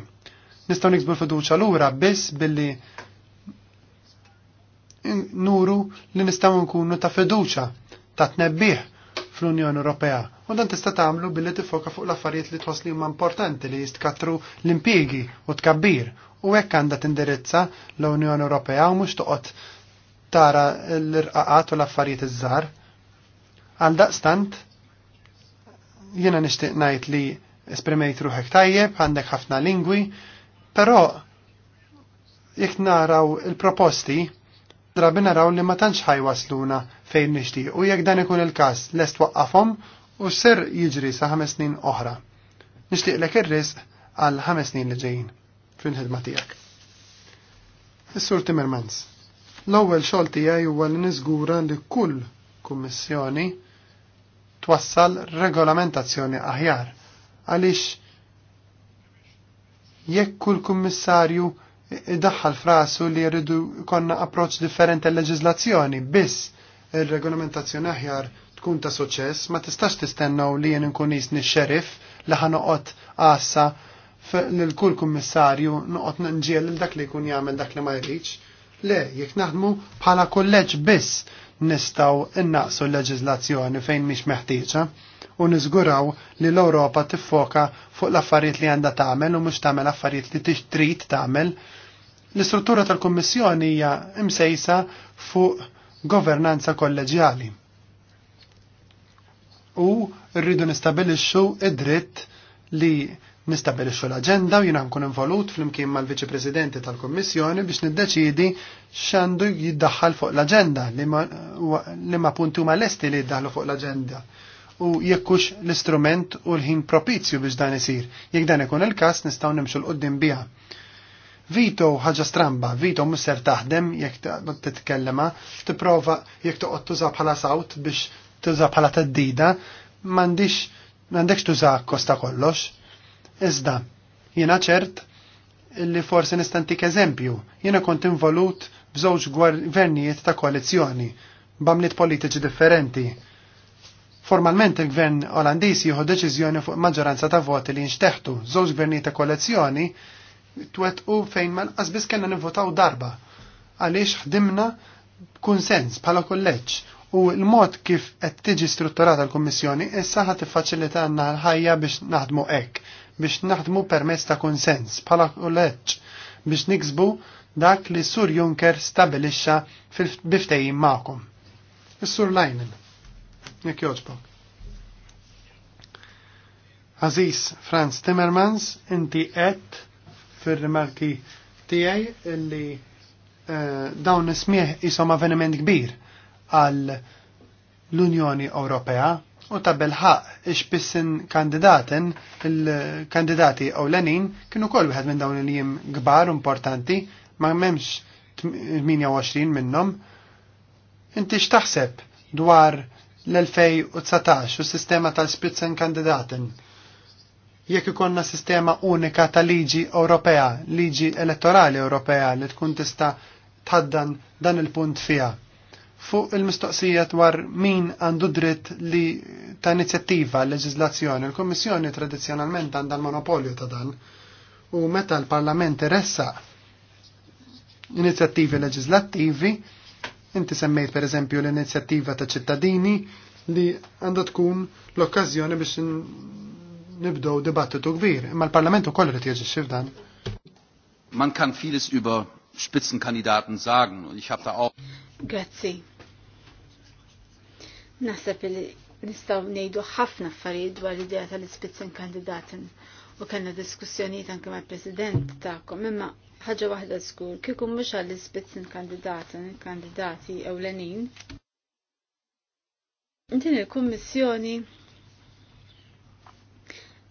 Nistgħu nixbu l-fiduċa lura biss billi nuru li nistgħu nkunu ta' fiduċa, ta' tnebbih fl-Unjoni Ewropea. U dan tista' tagħmlu billi tifoka fuq l-affarijiet li tħoss li huma importanti li jistkatru l-impjiegi u tkabbir. U hekk għandha tindirizza l-Unjoni Ewropea u mhux toqgħod tara l-irqaqat u l-affarijiet iż-żgħar. Għal daqstant, jiena nixtieq ngħid li esprimejt ruħek tajjeb, għandek ħafna lingwi, però jekk naraw il-proposti, drabi naraw li ma tantx ħajwasluna fejn nixtieq u jekk dan ikun il-każ lest waqqafhom u ser jiġri sa ħames snin oħra. Nixtieqlek ir-risq għal ħames snin li ġejjin fil-ħidma tiegħek. Is-Sur Timmermans. L-ewwel xogħol tiegħi huwa li niżgura li kull kummissjoni twassal regolamentazzjoni aħjar għaliex jekk kull kummissarju idaħħal frasu li jridu konna approċ differenti għal leġizlazzjoni biss il-regolamentazzjoni aħjar tkun ta' suċess, ma tistax tistennaw li jien nkun jisni xerif li ħanoqot għassa l-kull kummissarju noqot nġiel l dak li jkun jagħmel dak li ma jridx. Le, jek naħdmu bħala kolleġ biss nistaw innaqsu l-leġizlazzjoni fejn mhix meħtieġa u niżguraw li l-Ewropa tiffoka fuq l-affarijiet li għandha tagħmel u mhux tagħmel affarijiet li trid tagħmel. L-istruttura tal-Kummissjoni hija msejsa fuq governanza kolleġjali. U rridu nistabilixxu id-dritt li nistabilixxu l-aġenda u jiena nkun involut flimkien mal-Viċi Presidenti tal-Kommissjoni biex niddeċidi x'għandu jiddaħħal fuq l-aġenda li ma punti huma lesti li jiddaħħlu fuq l-aġenda u jekkux l-istrument u l-ħin propizju biex dan isir. Jekk dan ikun il-każ nistgħu nimxu l qudiem biha. Vito ħaġa stramba, Vito musser taħdem jekk titkellema, tipprova jekk toqgħod tuża bħala sawt biex tuża bħala teddida, m'għandix m'għandekx tuża kosta kollox Iżda, jiena ċert li forsi nistantik eżempju, jiena kont involut b'żewġ gvernijiet ta' koalizzjoni, b'amliet politiċi differenti. Formalment il-gvern Olandiż jieħu deċiżjoni fuq maġġoranza ta' voti li nxteħtu żewġ gvernijiet ta' koalizzjoni twettqu fejn ma biss kellna nivvotaw darba għaliex ħdimna kunsens bħala kolleġġ u l-mod kif qed tiġi strutturata l-Kummissjoni issa ħad tiffaċilita għandna l-ħajja biex naħdmu hekk biex naħdmu permezz ta' konsens bħala kulleġġ biex niksbu dak li Sur Juncker stabilixxa biftejjin magħkom. Is-Sur Lajnen. Jekk jogħġbok. Aziz Franz Timmermans, inti qed fir-rimarki tiegħi illi uh, dawn ismieħ isom avveniment kbir għal l-Unjoni Ewropea u ta' belħaq ixbissin kandidaten, il-kandidati ewlenin kienu kol wieħed minn dawn il jim gbar importanti, ma' memx 28 minnom. Inti x'taħseb dwar l-2019 u s-sistema tal-spitzen kandidaten? Jekk ikonna sistema unika ta' liġi Ewropea, liġi elettorali Ewropea li tkun tista' tħaddan dan il-punt fija fuq il-mistoqsija dwar min għandu dritt li ta' inizjattiva l-leġizlazzjoni. Il-Kommissjoni tradizjonalment għandha l-monopolju ta' dan u meta l-Parlament ressa inizjattivi leġizlattivi, inti semmejt per eżempju l-inizjattiva ta' ċittadini li għandha tkun l-okkazjoni biex nibdow dibattitu kbir. Imma l-Parlament ukoll rid jeġixxi f'dan. Man kan vieles über Spitzenkandidaten sagen und ich habe da auch Grazie. Naħseb li nistaw nejdu ħafna affarijiet dwar l-idea tal-ispizzin kandidatin u kellna diskussjonijiet anke mal-President tagħkom, imma ħaġa waħda żgur kieku mhux għall-ispizzin kandidatin, kandidati ewlenin. Din il-Kummissjoni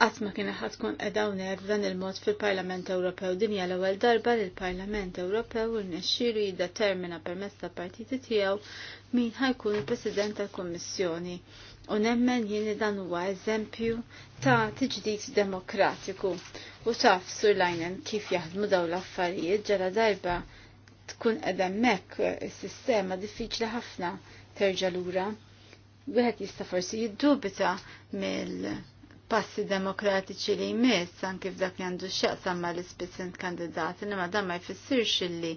Għatma kien ħad tkun edawnek dan il-mod fil-Parlament Ewropew dinja l-ewwel darba li l-Parlament Ewropew irnexxielu jiddetermina permezz ta' partiti tiegħu min ħajkun il-President tal-Kummissjoni u nemmen jien dan huwa eżempju ta' tiġdid demokratiku u taf sur lajnen kif jaħdmu daw l-affarijiet ġara darba tkun edemmek is-sistema diffiċli ħafna terġa' lura. Wieħed jista' forsi jiddubita mill- passi demokratiċi li jmiss anki f'dak li għandu x'jaqsam l ispizzent kandidati imma dan ma jfissirx li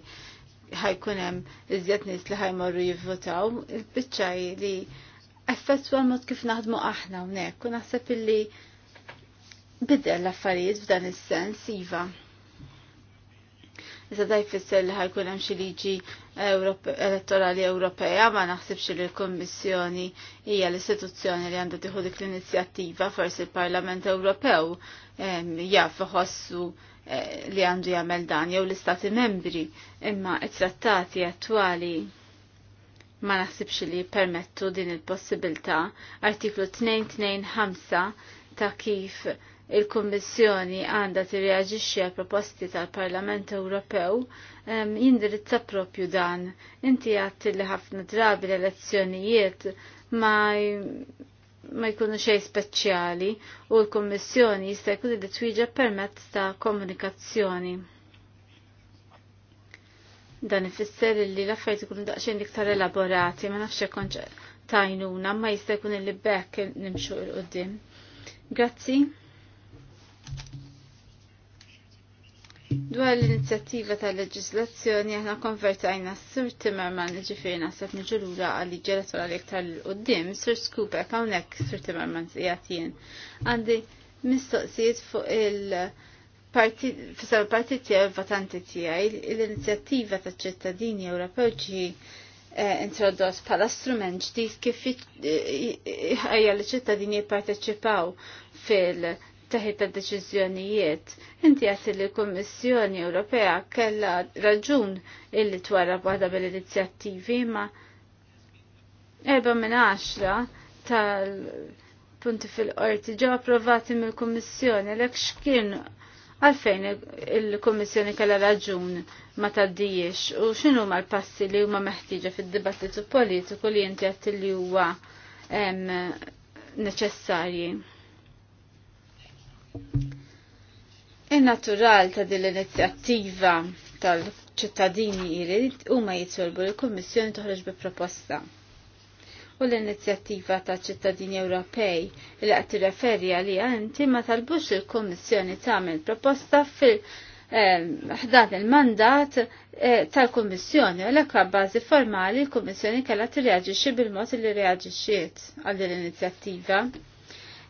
ħajkun hemm iżjed nies li ħajmorru jivvotaw il-biċċaj li effettwa mod kif naħdmu aħna hawnhekk u naħseb illi bidel l-affarijiet f'dan is-sens iva. Iżda da jfisser li ħajkun hemm xi liġi elettorali Ewropea ma naħsibx li l-Kummissjoni hija l-istituzzjoni li għandha tieħu dik l-inizjattiva forsi l-Parlament Ewropew jaf ħossu eh, li għandu jagħmel dan jew l-Istati membri imma t-trattati attwali ma naħsibx li permettu din il-possibilità artiklu 225 ta' kif il-Kummissjoni għandha tirreaġixxi għal proposti tal-Parlament Ewropew jindirizza propju dan. Inti għatt li ħafna drabi l-elezzjonijiet ma ma jkunu xej speċjali u l-Kommissjoni jista' jkun li twieġeb permezz ta' komunikazzjoni. Dan ifisser li l-affarijiet ikunu daqsxejn iktar elaborati, ma nafx hekk tajnuna, ma jista' jkun li bekk nimxu il qudiem Grazzi. Dwar l-inizjattiva tal-leġislazzjoni aħna konvertajna s-Sur Timmerman ġifiri nasab nġulura għalli ġelet wara l-iktar l-qoddim, sir Skupek hawnhekk Sur Timmerman jien. Għandi mistoqsijiet fuq il- Fisal partit tiegħu votanti tiegħi l-inizjattiva ta' ċittadini Ewropew ġi eh, introdott bħala strument ġdijt kif ħajja li ċittadini jipparteċipaw fil- it ta' deċiżjonijiet. Inti għati li l-Kommissjoni Ewropea kella raġun illi twara waħda bil-inizjattivi ma erba minn għaxra tal-punti fil-qorti ġew approvati mill-Kommissjoni l xkien għalfejn il-Kommissjoni kella raġun ma taddijiex u xinu ma l-passi li huma meħtieġa fid-dibattitu politiku li inti għati li huwa neċessarji. Il-natural ta' din l-inizjattiva tal-ċittadini irid huma jitolbu l-Kummissjoni toħroġ bi proposta. U l-inizjattiva ta' ċittadini Ewropej li qed tirreferi għalija inti ma talbux il-Kummissjoni tagħmel proposta fil- ehm, ħdan il-mandat eh, tal-Kommissjoni, għalek bazi formali l-Kommissjoni kellha tirreaġixxi bil-mod li reaġixxiet għal din l-inizjattiva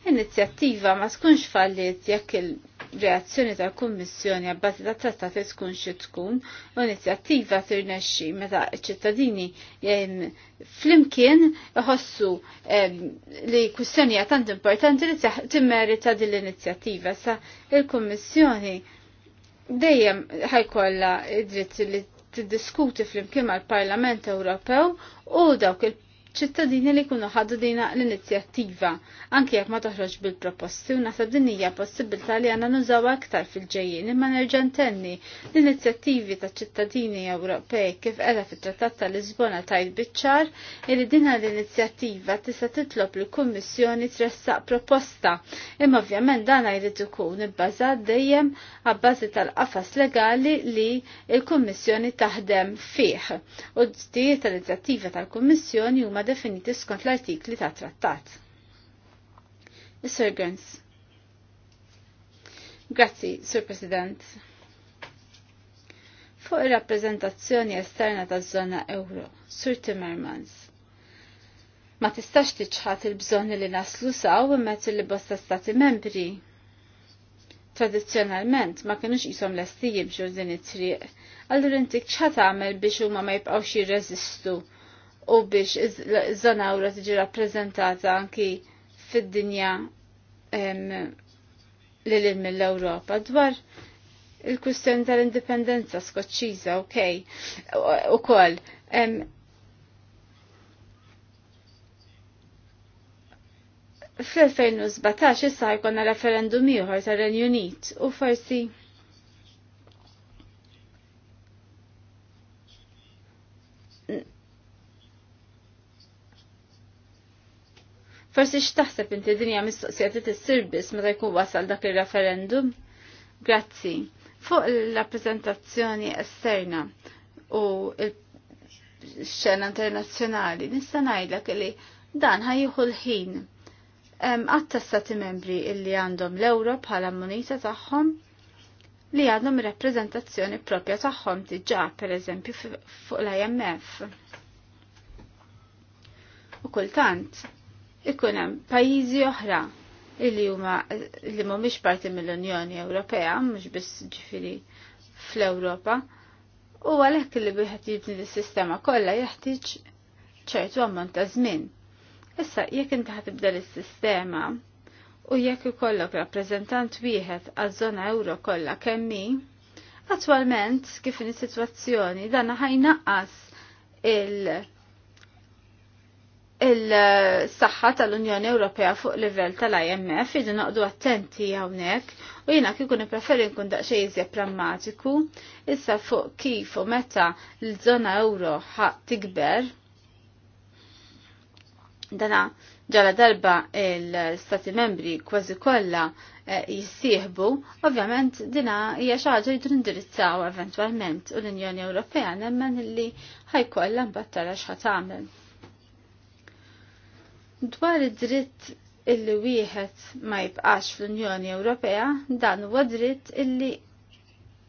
inizjattiva ma tkunx fallit jekk il-reazzjoni tal-Kummissjoni għabbażi ta' trattati tkun xi tkun u inizjattiva tirnexxi meta ċ-ċittadini flimkien iħossu li kwistjonija tant importanti li timmerita din l-inizjattiva sa il-Kummissjoni dejjem ħajkolla id-dritt li tiddiskuti flimkien mal-Parlament Ewropew u dawk il ċittadini li kunu ħaddu dina l-inizjattiva, anki jekk ma toħroġ bil-proposti u naħseb din hija possibilità li għandna nużawha aktar fil-ġejjin imma nerġa' ntenni l-inizjattivi ta' ċittadini Ewropej kif qiegħda fit-Trattat ta' Lisbona tajt biċ-ċar li dina l-inizjattiva tista' titlob l kummissjoni tressaq proposta. Imma ovvjament dan jrid ikun ibbażat dejjem għabbażi tal-qafas legali li l-Kummissjoni taħdem fih. U d-dijiet tal-inizjattiva tal-Kummissjoni huma definiti skont l-artikli ta' trattat. sir Gerns. Grazzi, Sir President. Fuq ir-rappreżentazzjoni esterna taż-żona Ewro, Sir Timmermans. Ma tistax tiċħat il-bżonn li naslu saw immet li bosta stati membri. Tradizzjonalment ma kienux jisom lesti estijib din it-triq, allura intik ċħat għamel biex huma ma jibqgħux jirreżistu u biex iż-żona ewra tiġi rappreżentata anki fid-dinja li l mill-Ewropa dwar il-kustjoni tal-indipendenza skoċċiża, ok, u koll. Fl-2017 issa jkonna referendum ieħor tal-Renju Unit u forsi Forsi x'taħseb inti dinja mistoqsija trid issir biss meta jkun wasal dak ir-referendum? Grazzi. Fuq l-rappreżentazzjoni esterna u l-xena internazzjonali, nista' ngħidlek li dan ħajjuħu l-ħin għatta stati membri illi għandhom l ewro bħala moneta tagħhom li għandhom rappresentazzjoni propja tagħhom diġà per eżempju fuq l-IMF. U kultant ikun hemm pajjiżi oħra illi huma li mhumiex parti mill-Unjoni Ewropea, mhux biss ġifiri fl-Ewropa, u għalhekk li wieħed jibni l-sistema kollha jeħtieġ ċertu ammont ta' żmien. Issa jekk inti ħatibda l-sistema u jekk ikollok rappreżentant wieħed għaż-żona Ewro kollha kemm attwalment kif in-sitwazzjoni dan ħajnaqqas il- il-saħħa tal-Unjoni Ewropea fuq livell tal-IMF, idu naqdu attenti hawnhekk u jiena kieku nippreferi nkun daqsxejn iżjed prammatiku issa fuq kif u meta l-żona euro ħaq tikber. Dana ġala darba l-Stati membri kważi kollha eh, jissieħbu, ovvjament dina hija xi ħaġa jidru indirizzaw eventwalment u l-Unjoni Ewropea nemmen li ħajkollha mbagħad tara x'ħadd tagħmel. Dwar id-dritt illi wieħed ma jibqax fl-Unjoni Ewropea, dan huwa dritt illi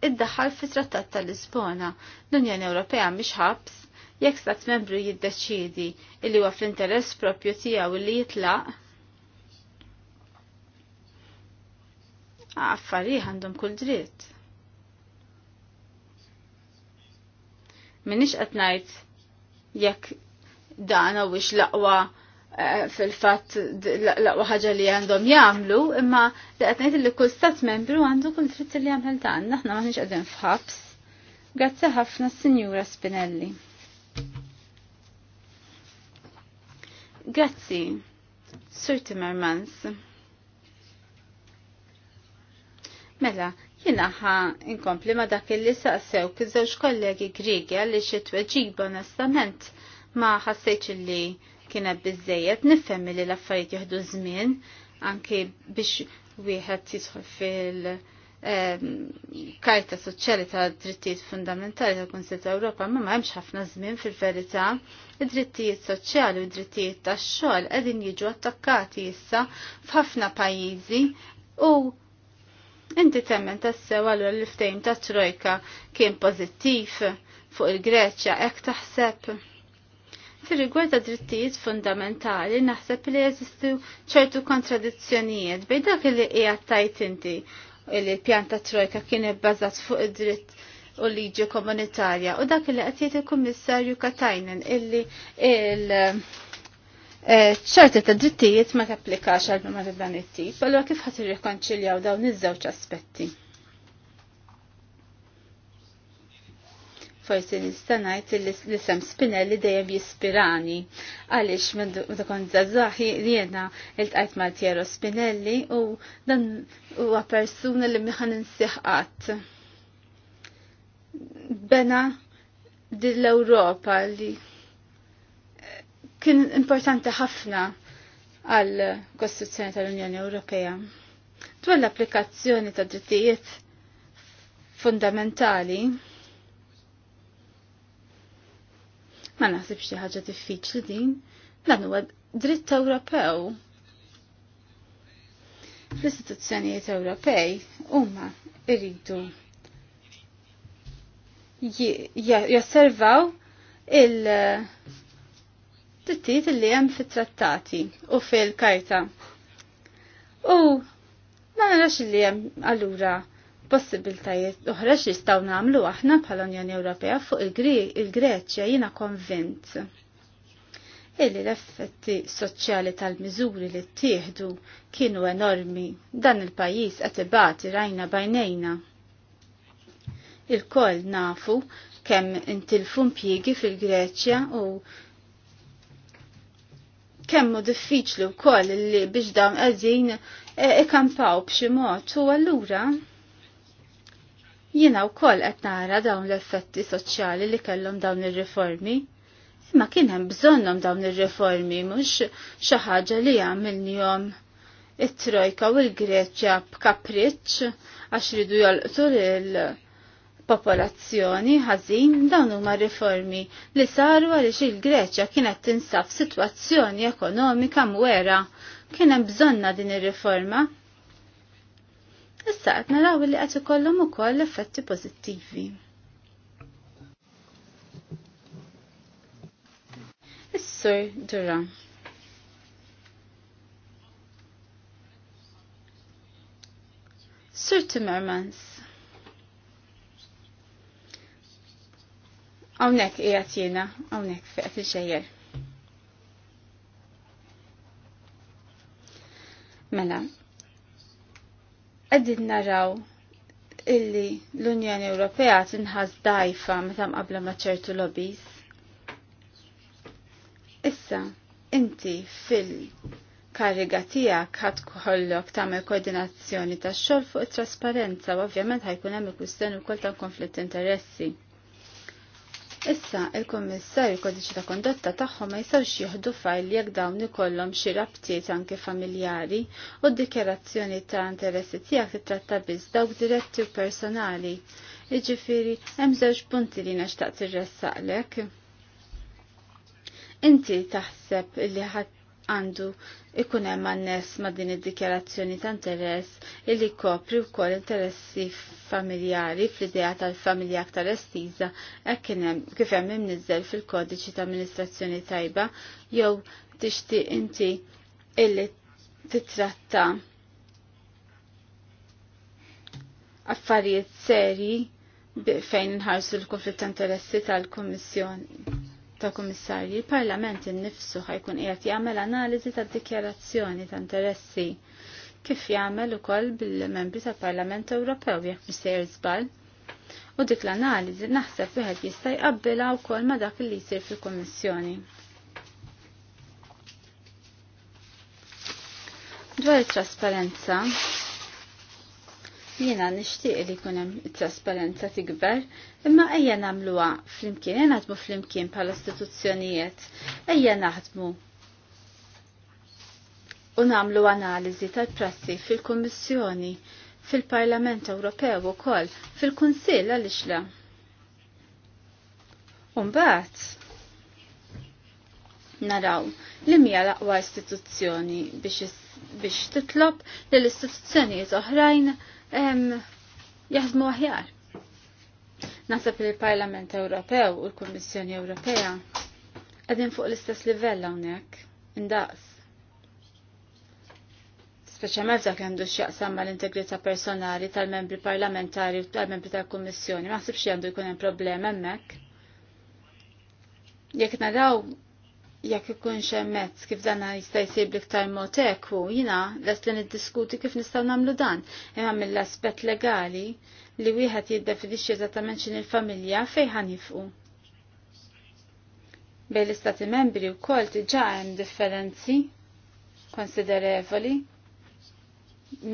iddaħħal fi trattat tal-Lisbona. L-Unjoni Ewropea mhix ħabs jekk stat membru jiddeċidi illi huwa fl-interess propju tiegħu li jitlaq. Affarijiet għandhom kull dritt. Minix qed ngħid jekk dan huwiex l-aqwa Eh, fil-fat laqwa ħaġa li għandhom jagħmlu, imma li qed ngħid li kull stat membru għandu kull dritt li jagħmel dan, aħna maħniex qegħdin f'ħabs. Grazzi ħafna Sinjura Spinelli. Grazzi, Sur Timmermans. Mela, jina ħa inkompli ma dak li saqsew kiż kollegi Grigja li xi tweġiba onestament ma ħassejx li kienet bizzejet, nifhem li l-affarijiet jieħdu żmien anke biex wieħed jidħol fil- ehm, karta soċjali ta' drittijiet fundamentali ta' Kunsil ta' Ewropa ma hemmx ħafna żmien fil-verità id-drittijiet soċjali u d-drittijiet tax-xogħol qegħdin jiġu attakkati issa f'ħafna pajjiżi u inti temmen tassew allura l-ftehim ta' Trojka kien pożittiv fuq il-Greċja hekk taħseb. Fi rigward drittijiet fundamentali naħseb li jeżistu ċertu kontradizzjonijiet bejn dak li qiegħed tajt inti li l-pjanta trojka kien ibbażat fuq id-dritt u liġi komunitarja u dak li qed jgħid il-Kummissarju Katajnen illi il- eh, ċerti ta' drittijiet ma tapplikax għal ma dan it-tip, allura kif ħat irrikonċiljaw dawn iż-żewġ aspetti? forsi nistanajt l-isem Spinelli dejjem jispirani għaliex minn kont zazzaħi jiena il tajt Maltiero Spinelli u dan huwa persuna li miħan nsiħqat. Bena dill-Ewropa li kien importanti ħafna għal Kostituzzjoni tal-Unjoni Ewropea. Dwar l-applikazzjoni ta' drittijiet fundamentali, ma naħsibx xi ħaġa diffiċli din, dan huwa dritt Ewropew. L-istituzzjonijiet Ewropej huma irridu josservaw il-tittit li hemm fit-trattati u fil-karta. U ma narax li hemm allura possibiltajiet oħra x'jistgħu nagħmlu aħna bħala Unjoni Ewropea fuq il-Greċja jiena konvint illi l-effetti soċjali tal-miżuri li ttieħdu kienu enormi dan il-pajjiż qed ibati rajna bajnejna. Il-koll nafu kemm intilfu impjiegi fil-Greċja u kemmu diffiċli wkoll li biex dawn qegħdin e- ikampaw b'xi mod u allura Jiena wkoll qed nara dawn l-effetti soċjali li kellhom dawn ir-riformi. Imma kien hemm bżonnhom dawn ir-riformi mhux xi ħaġa li jagħmilnihom it-Trojka u l-Greċja b'kapriċċ għax ridu jolqtu lil popolazzjoni ħażin dawn huma riformi li saru għaliex il-Greċja kienet tinsab f'sitwazzjoni ekonomika mwera kien hemm bżonna din ir-riforma Issa qed naraw li qed ikollhom ukoll effetti pożittivi. Is-sur Dura. Sir Timmermans. Hawnhekk qiegħed jiena, hawnhekk feqet il Mela, qegħdin naraw illi l-Unjoni Ewropea tinħas dajfa meta qabla ma' ċertu lobbies. Issa, inti fil-kariga tiegħek ħadd kollok tagħmel koordinazzjoni tax-xogħol fuq it-trasparenza u ovvjament ħajkun hemm il-kwistjoni wkoll ta' konflitt interessi. Issa il-Kummissarju kodiċi ta' kondotta tagħhom ma jistgħux jieħdu fajl jekk dawn ikollhom xi rabtiet anke familjari u d-dikjerazzjoni ta' interessi tiegħek titratta biss dawk diretti u personali. Jiġifieri hemm żewġ punti li nextaq tirressaqlek. Inti taħseb li ħadd għandu ikun hemm annes ma' din id-dikjarazzjoni ta' interess illi kopri wkoll interessi familjari fl-idea tal-familja aktar estiża hekk kif hemm imniżżel fil-kodiċi ta' amministrazzjoni tajba jew tixtieq inti illi titratta affarijiet seri fejn nħarsu l-konflitt ta' interessi tal-Kummissjoni ta' kummissarji, il-Parlament innifsu ħajkun qiegħed jagħmel analiżi tad-dikjarazzjoni ta' interessi kif jagħmel ukoll bil-membri tal-Parlament Ewropew jekk misejjer Zbal. U dik l-analiżi naħseb wieħed jista' jqabbilha wkoll ma' dak li jsir fil-Kummissjoni. Dwar it-trasparenza, Jiena nixtieq li jkun hemm trasparenza tikber, imma ejja nagħmluha flimkien, ejja naħdmu flimkien bħala istituzzjonijiet, ejja naħdmu u nagħmlu analiżi tal-prassi fil-Kummissjoni, fil-Parlament Ewropew ukoll, fil-Kunsill għaliex le. Umbagħad naraw li mija l-aqwa istituzzjoni biex, biex titlob li l-istituzzjonijiet oħrajn jaħdmu aħjar. Nasab il-Parlament Ewropew u l-Kummissjoni Ewropea għedin fuq l-istess livell hawnhekk, indaqs. Speċjalment dak għandu x'jaqsam l integrità personali tal-membri parlamentari u tal-membri tal-Kummissjoni, ma ħsibx għandu jkun hemm emmek. hemmhekk. Jekk naraw jekk ikun mezz kif dan jista' jsir iktar mod ekku, jina lest li niddiskuti kif nistgħu nagħmlu dan, imma mill-aspett legali li wieħed jiddefinixxi eżattament x'in il-familja fejn ħanifqu. Bej l-istati membri wkoll diġà hemm differenzi konsiderevoli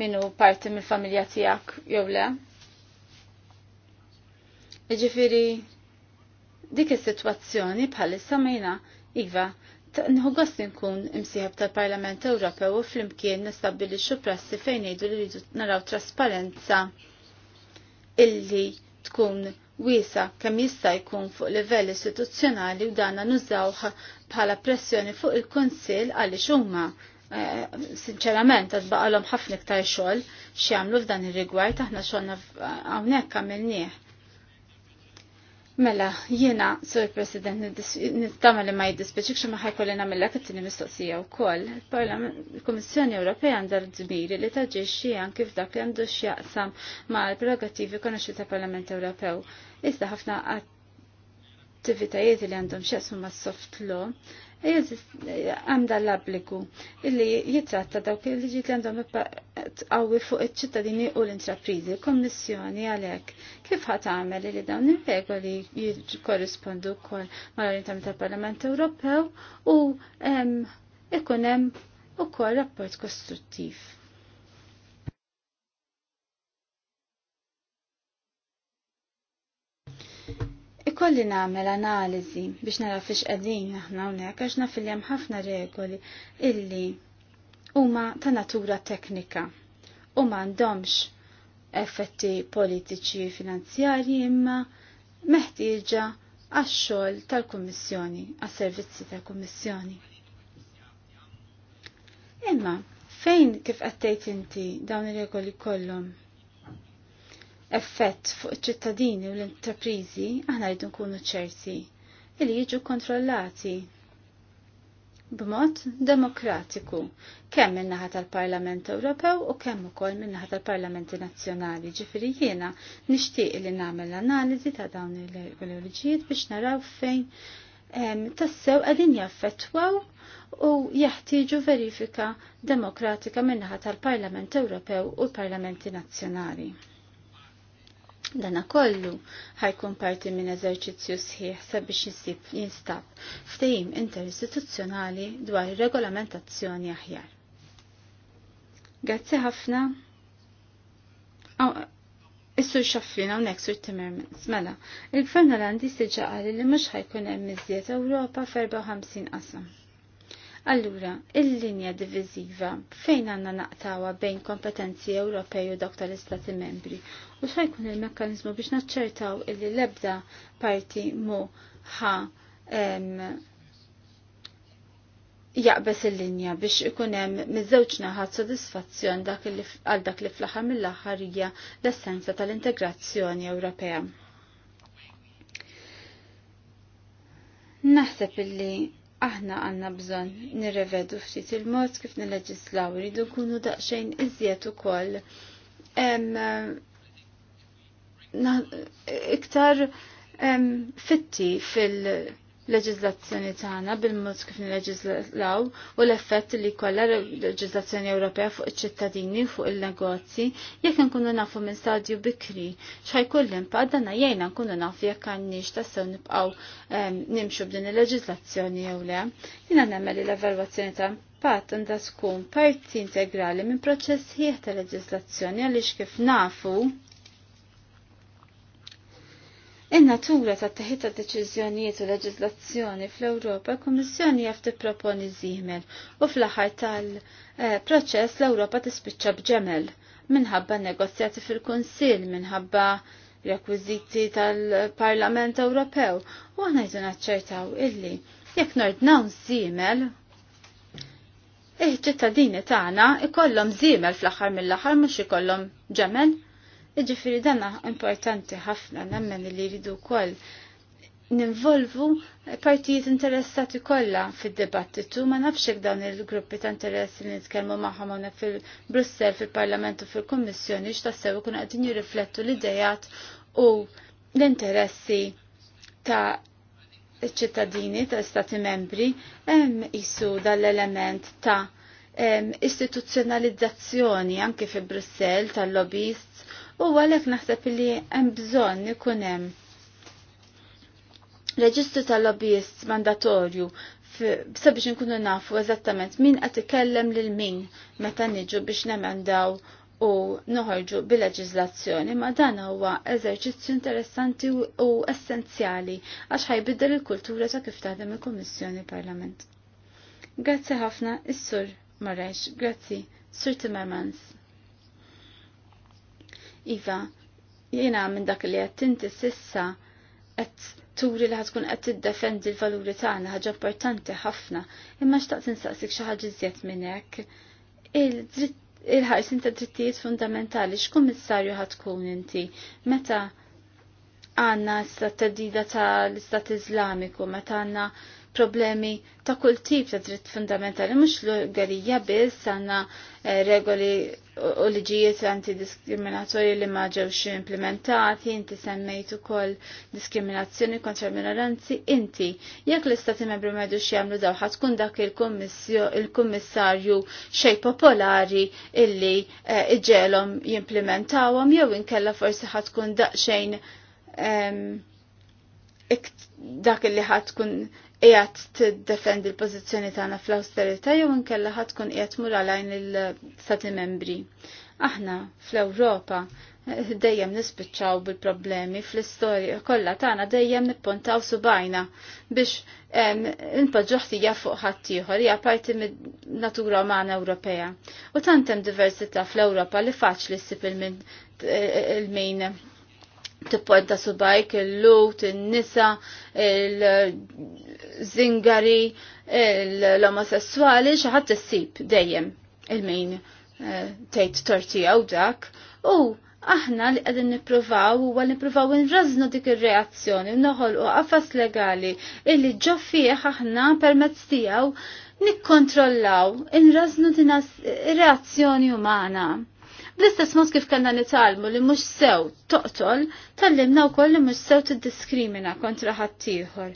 minu parti mill-familja tiegħek jew le. Jiġifieri dik is-sitwazzjoni bħalissa mejna Iva, nħu gost nkun imsieħab tal-Parlament Ewropew u flimkien nistabbilixxu prassi fejn ngħidu li rridu naraw trasparenza illi tkun wiesa kemm jista' jkun fuq livell istituzzjonali u danna nużawh bħala pressjoni fuq il-Kunsill għaliex huma eh, sinċerament għad baqalhom ħafna iktar xogħol x'jagħmlu f'dan ir-rigward aħna xogħolna hawnhekk għamilnieh. Mela, jiena, Sur President, nittama li ma jiddispeċik xa maħaj kolli namilla kattini mistoqsija u koll. Il-Komissjoni Ewropea għandha dżmiri li li xijan kif dak li għandu x'jaqsam ma' l-prerogativi konoċi ta' Parlament Ewropew. Iżda ħafna attivitajiet li għandhom xjaqsam ma' soft law għanda l-appliku illi jitratta dawk il liġi li għandhom tqawwi fuq iċ-ċittadini u l-intraprizi, kommissjoni għalhekk. Kif ħadd għamel li dawn il li jikorrispondu wkoll mal-orientament tal-Parlament Ewropew u ikun hemm ukoll rapport kostruttiv. Kolli nagħmel analiżi biex nara fiex qegħdin aħna hawnhekk għax nafiljem ħafna regoli illi huma ta' natura teknika u m'għandhomx effetti politiċi finanzjarji imma meħtieġa għax-xogħol tal-Kummissjoni, għas-servizzi tal-Kummissjoni. Imma fejn kif qattejt inti dawn ir-regoli kollhom effett fuq ċittadini u l-intraprizi aħna rridu nkunu ċerti li jiġu kontrollati b'mod demokratiku kemm min-naħa tal-Parlament Ewropew u kemm ukoll min-naħa tal-Parlamenti Nazzjonali. Ġifieri jiena nixtieq li nagħmel analiżi ta' dawn il-reliġijiet biex naraw fejn tassew qegħdin jaffettwaw u jeħtieġu verifika demokratika minnaħa tal-Parlament Ewropew u l-Parlamenti Nazzjonali. Dana kollu ħajkun parti minn eżerċizzju sħiħ sabiex jisib jinstab ftehim interistituzzjonali dwar regolamentazzjoni aħjar. Grazzi ħafna. Is-sur xaffina u neksur Timmermans. Mela, il-gvern Olandi siġa qal li mhux ħajkun hemm iżjed Ewropa f'54 qasam. Allura, il-linja diviziva fejn għanna naqtawa bejn kompetenzi Ewropej u dawk tal-Istati membri u xajkun il-mekkanizmu biex naċċertaw illi lebda parti mu ħa jaqbes il-linja biex ikun hemm miż-żewġ naħat sodisfazzjon għal dak li fl-aħħar mill-aħħar hija l-essenza tal-integrazzjoni Ewropea. Naħseb illi aħna għanna bżon nirrevedu ftit il-mod kif nilleġislaw rridu nkunu daqsxejn iżjed ukoll iktar fitti fil- leġizlazzjoni tagħna bil-mod kif nileġizlaw u l-effett li kollha leġizlazzjoni Ewropea fuq iċ-ċittadini fuq il-negozji jekk nkunu nafu minn stadju bikri x'ħajkun l-impatt danna jgħinna nkunu nafu jekk għandniex tassew nibqgħu ehm, nimxu b'din il-leġizlazzjoni jew le. Jiena nemmel l-evalwazzjoni ta' impatt għandha tkun parti integrali minn proċess ħieħ ta' leġizlazzjoni għaliex kif nafu In-natura ta' teħita deċiżjonijiet u leġiżlazzjoni fl-Ewropa, l-Kummissjoni jaf tipproponi żiemel u fl-aħħar tal-proċess l-Ewropa tispiċċa b'ġemel minħabba negozjati fil-Kunsill, minħabba rekwiżiti tal-Parlament Ewropew u għana jdu naċċertaw illi jekk nordnaw żiemel iħ-ċittadini tagħna ikollhom żiemel fl-aħħar mill-aħħar mhux ikollhom ġemel. Iġifiri dana importanti ħafna nemmen li jridu kol ninvolvu partijiet interessati kollha fid-dibattitu ma nafx dawn il-gruppi ta' interess li nitkellmu magħhom fil-Brussell, fil-Parlament u fil-Kummissjoni x'tassew kuna għadin jirriflettu l-idejat u l-interessi ta' ċittadini ta' stati membri hemm isu dal-element ta' istituzzjonalizzazzjoni anke fil Brussell tal lobbyist u għalhekk naħseb li hemm bżonn ikun hemm reġistru tal-lobbyist mandatorju sabiex nkunu nafu eżattament min qed ikellem lil min meta niġu biex nemendaw u noħorġu bil-leġizlazzjoni, ma dan huwa eżerċizzju interessanti u essenzjali għax ħajbiddel il-kultura ta' kif taħdem il-Kummissjoni Parlament. Grazzi ħafna is-Sur Marex, grazzi Sur Timmermans. Iva, jiena minn dak li qed tinti sissa qed turi li għed qed tiddefendi l-valuri tagħna ħaġa importanti ħafna, imma xtaqt insaqsik xi ħaġa iżjed minn hekk. Il-ħarsin ta' drittijiet fundamentali x'kummissarju ħatkun inti meta għanna s-tat-tedida ta' l-istat iżlamiku, meta għanna problemi ta' kull tip ta' dritt fundamentali, mux l-għalija biss sanna eh, regoli u liġijiet antidiskriminatorji li ma ġewx implementati, inti semmejtu kol diskriminazzjoni kontra minoranzi, inti. Jekk l-istati membru medu xie jagħmlu daw ħatkun dak il-kummissarju xej popolari illi eh, iġelom jimplementawhom jew inkella forsi ħatkun daqsxejn ehm, dak li ħatkun qiegħed tiddefend il-pożizzjoni tagħna fl-awsterità jew inkella ħadd tkun qiegħed mur għalajn il-Stati membri. Aħna fl-Ewropa eh, dejjem nispiċċaw bil-problemi fl-istorja kollha tagħna dejjem nippuntaw subajna biex inpoġġu ħtija fuq ħadd ieħor hija parti mid-natura umana Ewropea. U tant hemm diversità fl-Ewropa li faċli ssib il-min eh, tipponta subajk, il-lut, il-nisa, il-zingari, l-omosessuali, xaħat t-sib dejjem il-min eh, tejt torti għaw dak. U aħna li għadin niprovaw u għal niprovaw nraznu dik il-reazzjoni, noħol u għafas legali, illi ġoffieħ aħna permezz tijaw nikkontrollaw, nraznu din reazzjoni umana L-istess mod kif kellna nitalmu li mhux sew toqtol, tallimna wkoll li mhux sew tiddiskrimina kontra ħaddieħor.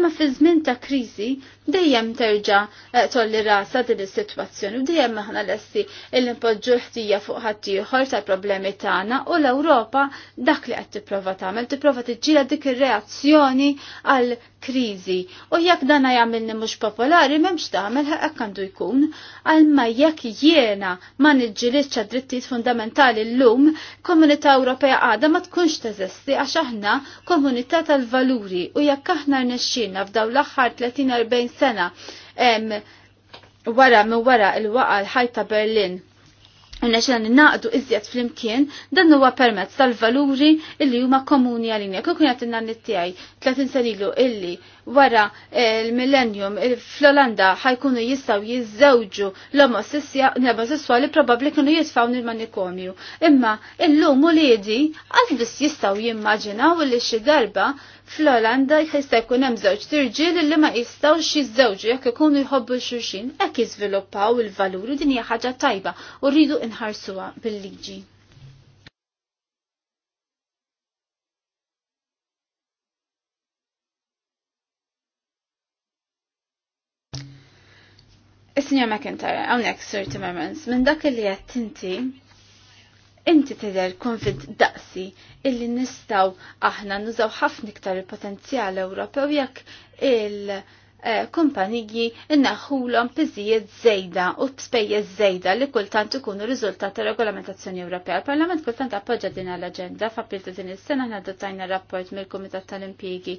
Imma fi żmien ta' kriżi dejjem terġa eh, tolli rasa din is-sitwazzjoni u dejjem aħna lesti illi npoġġu ħtija fuq ħaddieħor tal-problemi tagħna u l-Ewropa dak li qed tipprova tagħmel tipprova tiġġiela dik ir-reazzjoni għal kriżi u jekk dana jagħmilni mhux popolari m'hemmx tagħmel hekk għandu jkun għalma jekk jiena ma niġġilitx drittijiet fundamentali llum komunità Ewropea għadha ma tkunx teżisti għax aħna komunità tal-valuri u jekk aħna rnexxielna f'dawn l-aħħar 30 40 sena wara minn wara il-waqa l-ħajta Berlin. Unna xan naqdu iżjed fl-imkien, dan huwa permezz tal-valuri illi huma komuni għalina. Kukun jgħat innan nittijaj, 30 sanilu illi wara il-millennium fl-Olanda ħajkunu jistaw jizzawġu l-omosessuali probabli kienu jitfaw nil-manikomju. Imma il-lum u lidi għalbis jistaw jimmaġinaw li xi darba fl-Olanda jista' jkun hemm żewġ tirġiel li ma jistgħux jiżżewġu jekk ikunu jħobbu xulxin hekk jiżviluppaw il-valuri din hija ħaġa tajba u rridu inħarsuha bil-liġi. Is-Sinjor McIntyre, hawnhekk Sir Timmermans, minn dak li għed inti inti tidher konfid daqsi illi nistgħu aħna nużaw ħafna iktar il-potenzjal Ewropew jekk il-, -il Eh, kumpaniji innaħħulhom piżijiet żejda u spejjeż żejda li kultant ikunu riżultat ta' regolamentazzjoni Ewropea. Il-Parlament kultant appoġġa din l-aġenda f'April ta' din is-sena aħna adottajna rapport mill-Kumitat tal-Impjiegi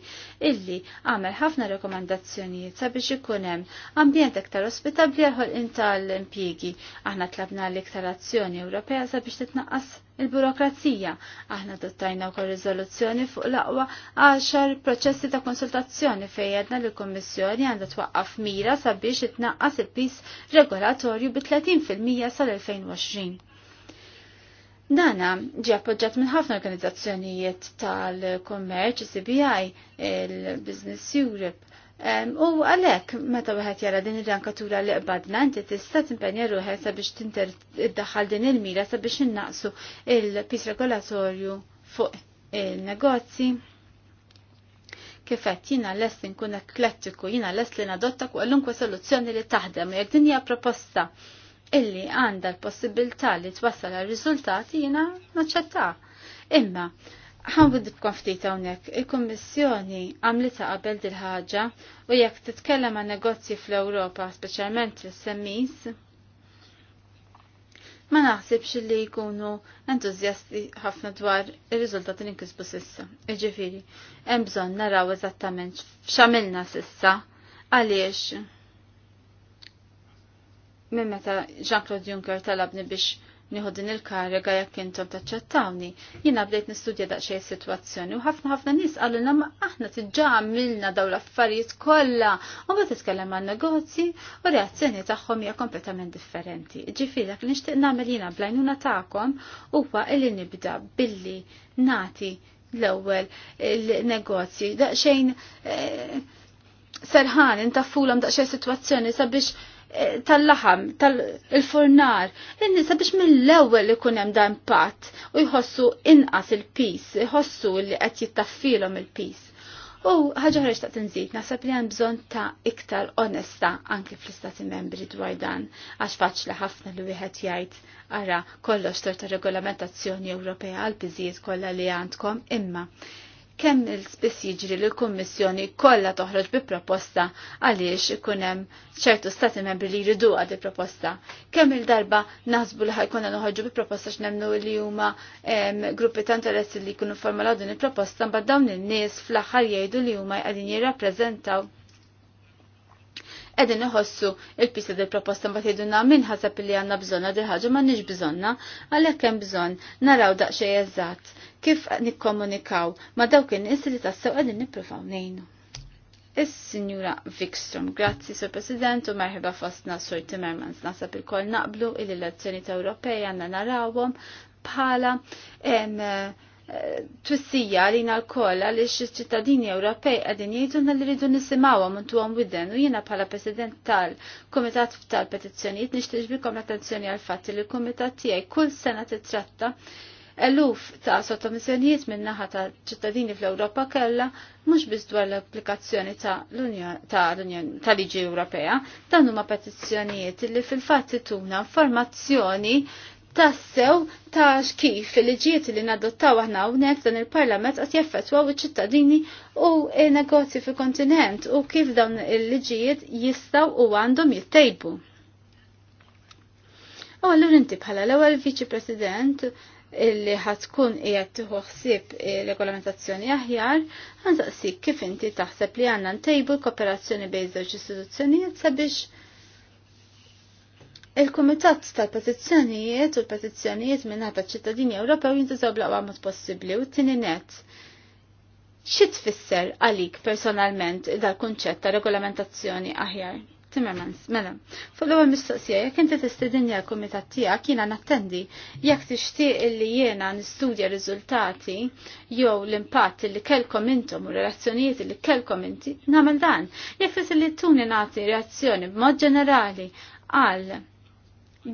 illi għamel ħafna rekomandazzjonijiet sabiex ikun hemm ambjent iktar ospitabbli għal tal-impjiegi. Aħna tlabna l-iktar azzjoni Ewropea sabiex titnaqqas il-burokrazija. Aħna dottajna wkoll riżoluzzjoni fuq l-aqwa għaxar proċessi ta' konsultazzjoni fejn għedna li l-Kommissjoni għandha twaqqaf mira sabiex itnaqqas il-pis regolatorju bi 30% sal-2020. Dana ġi appoġġat minn ħafna organizzazzjonijiet tal-kommerċ, CBI, il-Business Europe, U għalek, meta wieħed jara din ir-rankatura li qbadna, inti tista' timpenja ruħek sabiex tinter iddaħħal din il-mira sabiex innaqsu il-pis regolatorju fuq il-negozji. Kifet, jina lest nkun eklettiku, jina lest li nadotta kwalunkwe soluzzjoni li taħdem, jekk din hija proposta illi għanda l-possibilità li twassal għal riżultati jina naċċetta. Imma, ħan bidibkom ftit hawnhekk, il-Kummissjoni għamlita qabel dil-ħaġa u jekk titkellem għan negozji fl-Ewropa, speċjalment fis-semmis, ma naħsibx li jkunu entuzjasti ħafna dwar ir-riżultati li nkisbu sissa. Iġifieri, hemm bżonn naraw eżattament x'għamilna sissa għaliex minn meta Jean-Claude Juncker talabni biex nieħu din il-kariga jekk intom taċċettawni. Jiena bdejt nistudja daqsxejn is-sitwazzjoni u ħafna ħafna nies qalu lna ma aħna tiġà għamilna dawn l-affarijiet kollha u meta titkellem għan negozji u reazzjoni tagħhom hija kompletament differenti. Ġifieri dak li nixtieq nagħmel jiena blajnuna tagħkom huwa li nibda billi nagħti l-ewwel il-negozji daqsxejn eh, serħan intafulhom daqsxejn sitwazzjoni sabiex tal-laħam, tal furnar L-nisa biex mill-ewel ikun hemm dan pat u jħossu inqas il-pis, jħossu li qed jittaffilhom il-pis. U ħaġa ħreġ ta' tinżid, naħseb li hemm bżonn ta' iktar onesta anke fl-istati membri dwar dan, għax faċli ħafna li wieħed jgħid ara kollox tor ta' regolamentazzjoni Ewropea għal biżijiet kollha li għandkom imma kemm il-spiss jiġri li l-Kummissjoni kollha toħroġ bi proposta għaliex ikun hemm ċertu stati membri li jridu għad proposta. Kemm il-darba naħsbu li ħajkonna noħorġu bi proposta x'nemmnu li huma gruppi ta' interess li jkunu formalaw din il-proposta mbagħad dawn in-nies fl-aħħar jgħidu li huma qegħdin jirrappreżentaw edin iħossu il-pisa del proposta ma jgħidulna min ħasab li għandna bżonna di ħaġa m'għandniex bżonna, għalhekk hemm bżonn naraw daqsxejn eżatt kif nikkomunikaw ma dawk in-nies li tassew qegħdin nippruvaw ngħinu. Is-Sinjura Vikstrom, grazzi Sur President u merħba fostna Sur Timmermans. Nasab il-kol naqblu il-elezzjoni ta' Ewropej għanna narawhom bħala twissija li l li għalix ċittadini Ewropej għadin jgħidulna li rridu nisimawa muntu għom widen u jiena bħala President tal-Komitat tal-Petizzjonijiet nixtieġbilkom l-attenzjoni għal fatti li l-Komitat tiegħi kull sena titratta eluf ta' sottomissjonijiet min-naħa ta' ċittadini fl-Ewropa kellha mhux biss dwar l-applikazzjoni ta' liġi Ewropea, dan huma petizzjonijiet li fil-fatt ituna informazzjoni tassew ta' kif il-ġiet li nadottaw aħna hawnhekk dan il-Parlament qed jaffettwaw iċ-ċittadini u negozji fil-kontinent u kif dawn il-liġijiet jistgħu u għandhom jittejbu. U għallur inti bħala l-ewwel Viċi President illi ħatkun qiegħed tieħu ħsieb regolamentazzjoni aħjar, ħansaqsik kif inti taħseb li għandna ntejbu l-kooperazzjoni bejn żewġ istituzzjonijiet sabiex Il-Kumitat tal-Petizzjonijiet u l-Petizzjonijiet minna ta' ċittadini Ewropew jintużaw bl-aqwa mod possibbli u tini net. Xi tfisser għalik personalment dal-kunċett ta' regolamentazzjoni aħjar? Timmermans, mela, Fullu l mistoqsija jekk inti tistidinja l-kumitat tiegħek jiena nattendi jekk tixtieq li jiena nistudja riżultati jew l impat li kellkom intom u relazzjonijiet li kellkom inti nagħmel dan. Jekk trid li tuni nagħti reazzjoni b'mod ġenerali għal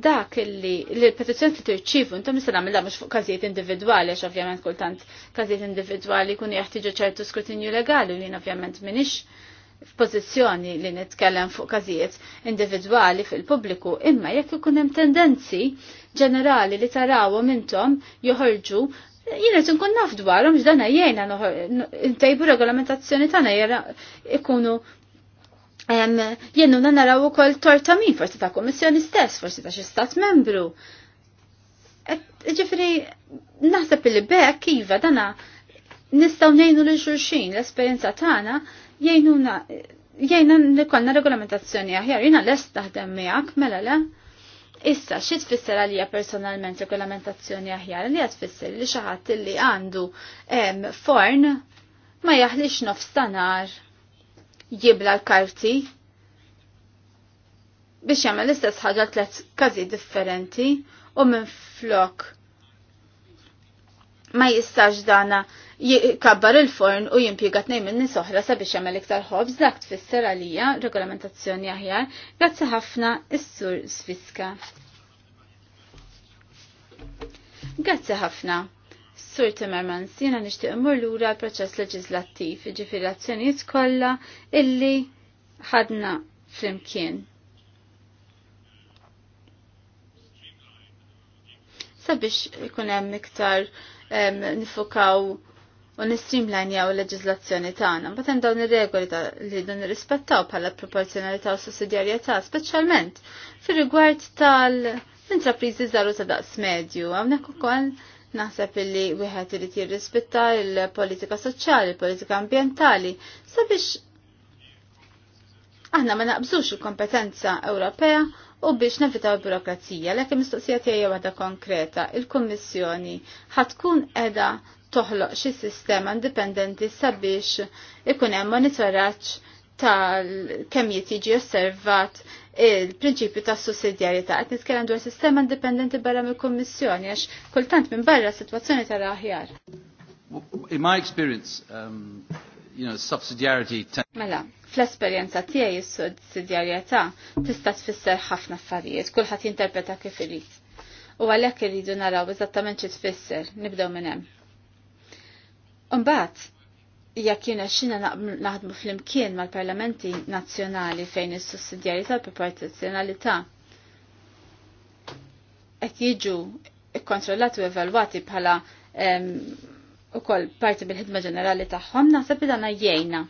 dak li l-petizjoni li tirċivu intom nista' nagħmilha mhux fuq każijiet individwali għax ovvjament kultant każijiet individwali jkunu jeħtieġu ċertu skrutinju legali li jien ovvjament minix f'pożizzjoni li nitkellem fuq każijiet individwali fil-pubbliku imma jekk ikun hemm tendenzi ġenerali li tarawhom intom joħorġu jiena qed inkun naf dwarhom x'dana jgħinha intajbu regolamentazzjoni tagħna jara ikunu jennu na naraw ukoll torta min, forsi ta' kommissjoni stess, forsi ta' xi stat membru. E, ġifri, naħseb li bekk iva dana nistgħu ngħinu lil xulxin l-esperjenza tagħna jgħinuna jgħinna li konna regolamentazzjoni aħjar, jina lest taħdem miegħek mela le. Issa, xi tfisser għalija personalment regolamentazzjoni aħjar li għad tfisser li xi ħadd li għandu forn ma jaħlix nofstanar jibla l-karti biex jagħmel l-istess ħaġa tliet każi differenti u minn flok ma jistax dana jikabbar il-forn u jimpjega tnejn minn nies oħra sabiex jagħmel iktar ħobż dak tfisser għalija regolamentazzjoni aħjar grazzi ħafna is-sur Sfiska. Grazzi ħafna. Sur Timmermans, jina nishtiq immur lura l-proċess leġislattiv, ġifiri azzjonijiet kollha illi ħadna flimkien. Sabiex ikun hemm iktar nifukaw u nistreamline il-leġizlazzjoni tagħna, mbagħad hemm dawn ir-regoli li dun nirrispettaw bħala proporzjonalità u sussidjarjetà, speċjalment fir-rigward tal-intrapriżi żaru ta' daqs medju, hawnhekk ukoll Naħseb illi wieħed irid jirrispetta l-politika soċjali, politika ambjentali, sabiex aħna ma naqbżux il-kompetenza Ewropea u biex nevitaw il-burokrazija, l mistoqsija tiegħi waħda konkreta, il-Kummissjoni ħatkun edha toħloq xi sistema indipendenti sabiex ikun hemm monitoraġġ tal-kemm jiġi osservat il-prinċipju ta' sussidjarjetà qed nitkellem dwar sistema indipendenti barra mill-Kummissjoni għax kultant minn barra sitwazzjoni tal aħjar. In my experience, um, you know, subsidiarity Mela, fl-esperjenza tiegħi s-sussidjarjetà tista' tfisser ħafna affarijiet, kulħadd jinterpreta kif irid. U għalhekk irridu naraw eżattament xi tfisser, nibdew minn hemm. Imbagħad, jekk jien xina naħdmu fl-imkien mal-parlamenti nazzjonali fejn is-sussidjarjetà u proporzjonalità qed jiġu ikkontrollati u evalwati bħala ukoll parti mill-ħidma ġenerali tagħhom naħseb li jgħinna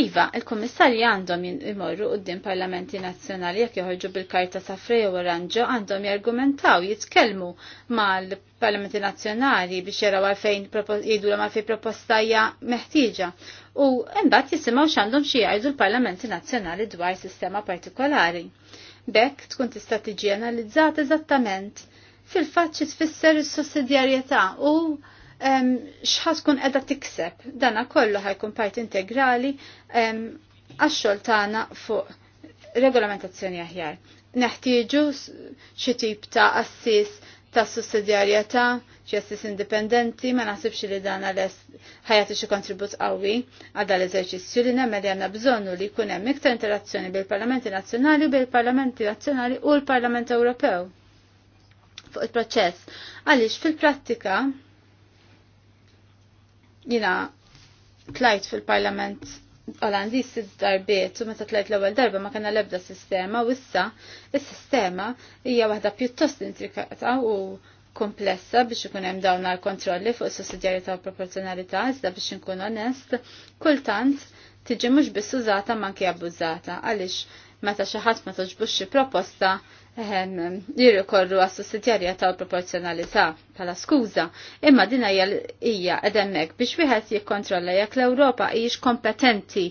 Iva, il kummissarji għandhom jimorru qoddim parlamenti nazzjonali jekk joħorġu bil-karta ta' Frejo u Oranġo għandhom jargumentaw, jitkellmu mal-parlamenti nazzjonali biex jaraw għalfejn jgħidu l għalfejn proposta hija meħtieġa. U mbagħad jisimgħu x'għandhom xi jgħidu l-parlamenti nazzjonali dwar sistema partikolari. Bekk tkun tista' tiġi analizzat eżattament fil-fatt xi tfisser is-sussidjarjetà u xħaskun edha tikseb. Dana kollu ħajkun part integrali għaxxol tagħna fuq regolamentazzjoni aħjar. Neħtieġu xi tip ta' assis ta' sussidjarjetà, xi assis indipendenti, ma naħsibx li dan għales ħajati xi kontribut qawwi għal dan l-eżerċizzju li li għandna bżonnu li jkun hemm iktar interazzjoni bil-Parlamenti Nazzjonali u bil-Parlamenti Nazzjonali u l-Parlament Ewropew fuq il-proċess. Għaliex fil-prattika Jina tlajt fil-Parlament Olandi sitt darbiet u meta tlajt l-ewwel darba ma kellna l-ebda sistema u issa is-sistema hija waħda pjuttost intrikata u komplessa biex ikun hemm dawn kontrolli fuq is-sussidjarjetà u proporzjonalità iżda biex inkun onest, kultant tiġi mhux biss użata manki abbużata għaliex meta xi ħadd ma toġbux xi proposta Ehm, jirrikorru għas sussidjarjetà u proporzjonalità tal skuża, imma din hija edemmek biex wieħed jikkontrolla jekk l-Ewropa hijiex kompetenti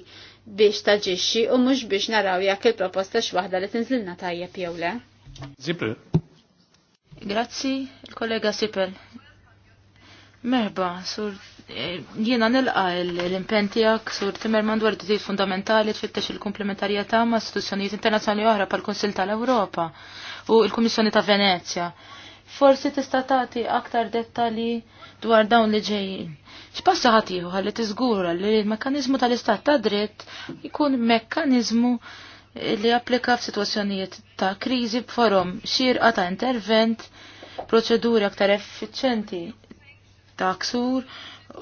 biex taġixxi u mhux biex naraw jekk il-proposta x'waħda li tinżilna tajjeb jew le. Zipel. Grazzi, il-kollega Sipel. Merba, sur jiena nilqa l-impentijak sur Timmerman dwar id fundamentali tfittex il-komplementarjetà ma' istituzzjonijiet internazzjonali oħra pal-Kunsil tal-Ewropa u l-Kummissjoni ta' Venezja. Forsi tista' tagħti aktar dettalji dwar dawn li ġejjin. X'passa ħatiħu ħalli tiżgura li l-mekkaniżmu tal-istat ta' dritt jkun mekkaniżmu li applika f'sitwazzjonijiet ta' kriżi b'forom xirqa ta' intervent, proċeduri aktar effiċenti ta' ksur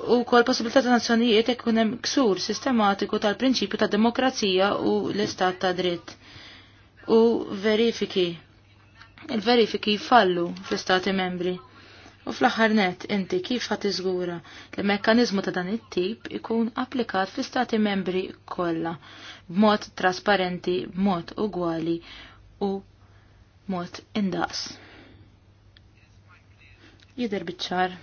u kol possibilità ta' nazzjonijiet ikun hemm ksur sistematiku tal-prinċipju ta' demokrazija u l-istat ta' dritt. U verifiki. Il-verifiki jfallu fl-istati membri. U fl-aħħar net inti kif ħat iżgura li mekkaniżmu ta' dan it-tip ikun applikat fl-istati membri kollha b'mod trasparenti, b'mod ugwali u mod indaqs. Jidher biċ-ċar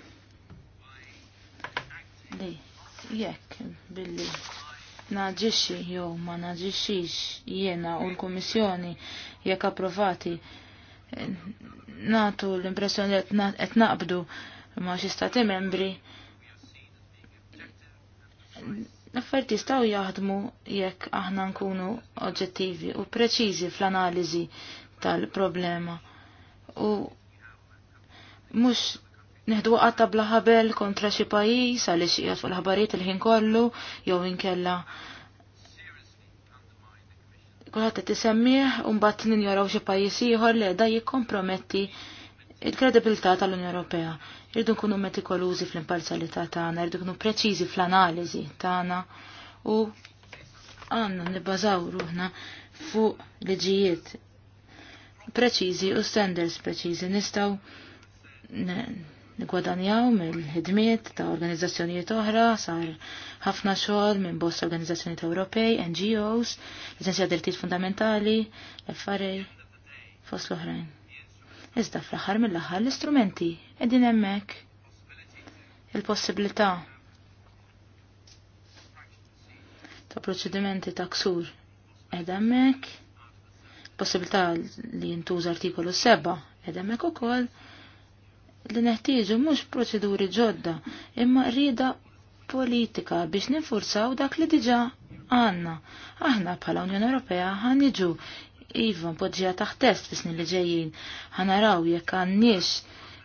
li jekk billi naġixxi jew ma naġiċiċ jiena u l-Kummissjoni jekk approvati natu l-impressjoni li qed naqbdu ma xi stati membri l-affarijiet jistgħu jaħdmu jekk aħna nkunu oġġettivi u preċiżi fl-analiżi tal-problema u mux Neħdu għatta blaħabel kontra xi pajis għaliex qiegħed fuq ħabariet il-ħin kollu jew inkella kulħadd qed isemmih u mbagħad ninjoraw xi pajjiż ieħor li qiegħda jikkomprometti il-kredibilità tal-Unjoni Ewropea. Irdu nkunu metikolużi fl-imparzjalità tagħna, irdu nkunu preċiżi fl-analiżi tagħna u għandna nibbażaw ruħna fuq liġijiet preċiżi u standards preċiżi nistgħu gwadanjaw mill-ħidmiet ta' organizzazzjonijiet oħra, sar ħafna xogħol minn bost organizzazzjonijiet Ewropej, NGOs, l Drittijiet Fundamentali, FRA, fost l-oħrajn. Iżda fl-aħħar mill-aħħar l-istrumenti qegħdin hemmhekk il-possibilità ta' proċedimenti ta' ksur qed hemmhekk, possibilità li jintuża artikolu 7 qed hemmhekk ukoll li neħtieġu mhux proċeduri ġodda, imma rieda politika biex ninfurzaw dak li diġà għandna. Aħna bħala Unjoni Ewropea iġu iva poġġija taħt test fis-snin li ġejjin ħanaraw jekk għandniex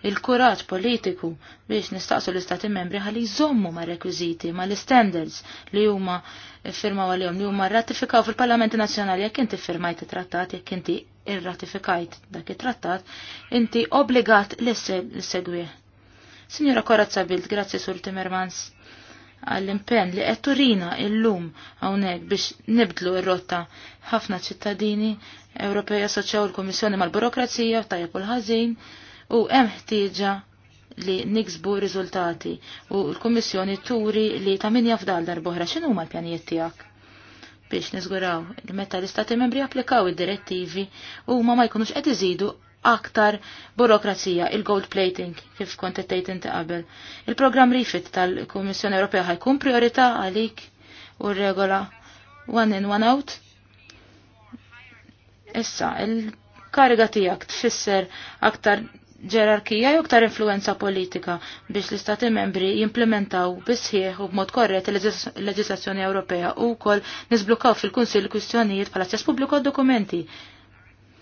il-kuraġġ politiku biex nistaqsu l-istati membri ħalli jżommu ma' rekwiżiti ma' l-standards li huma firmaw għalihom li huma rratifikaw fil-Parlamenti Nazzjonali jekk inti firmajt it-trattat jekk inti irratifikajt dak it-trattat, inti obbligat l segwih. Signora Korazza Bild, grazzi Sur Timmermans għall-impenn li qed turina illum hawnhekk biex nibdlu r-rotta ħafna ċittadini Ewropej assoċjaw il-Kummissjoni mal-Burokrazija tajjeb u l-ħażin u hemm ħtieġa li niksbu riżultati u l-Kummissjoni turi li ta' min jafdal darboħra darbohra huma l-pjanijiet tiegħek biex niżguraw li meta l-Istati membri applikaw id-direttivi u ma ma jkunux qed iżidu aktar burokrazija, il-gold plating, kif kont inti qabel. Il-programm rifit tal-Kummissjoni Ewropea ħajkun priorità għalik u regola one in one out. Issa, il-kariga tiegħek tfisser aktar ġerarkija jew iktar influenza politika biex l-istati membri jimplementaw bisħieħ u b'mod korret il-leġislazzjoni Ewropea u wkoll nisblukaw fil-Kunsill kwistjonijiet bħala ċess pubbliku dokumenti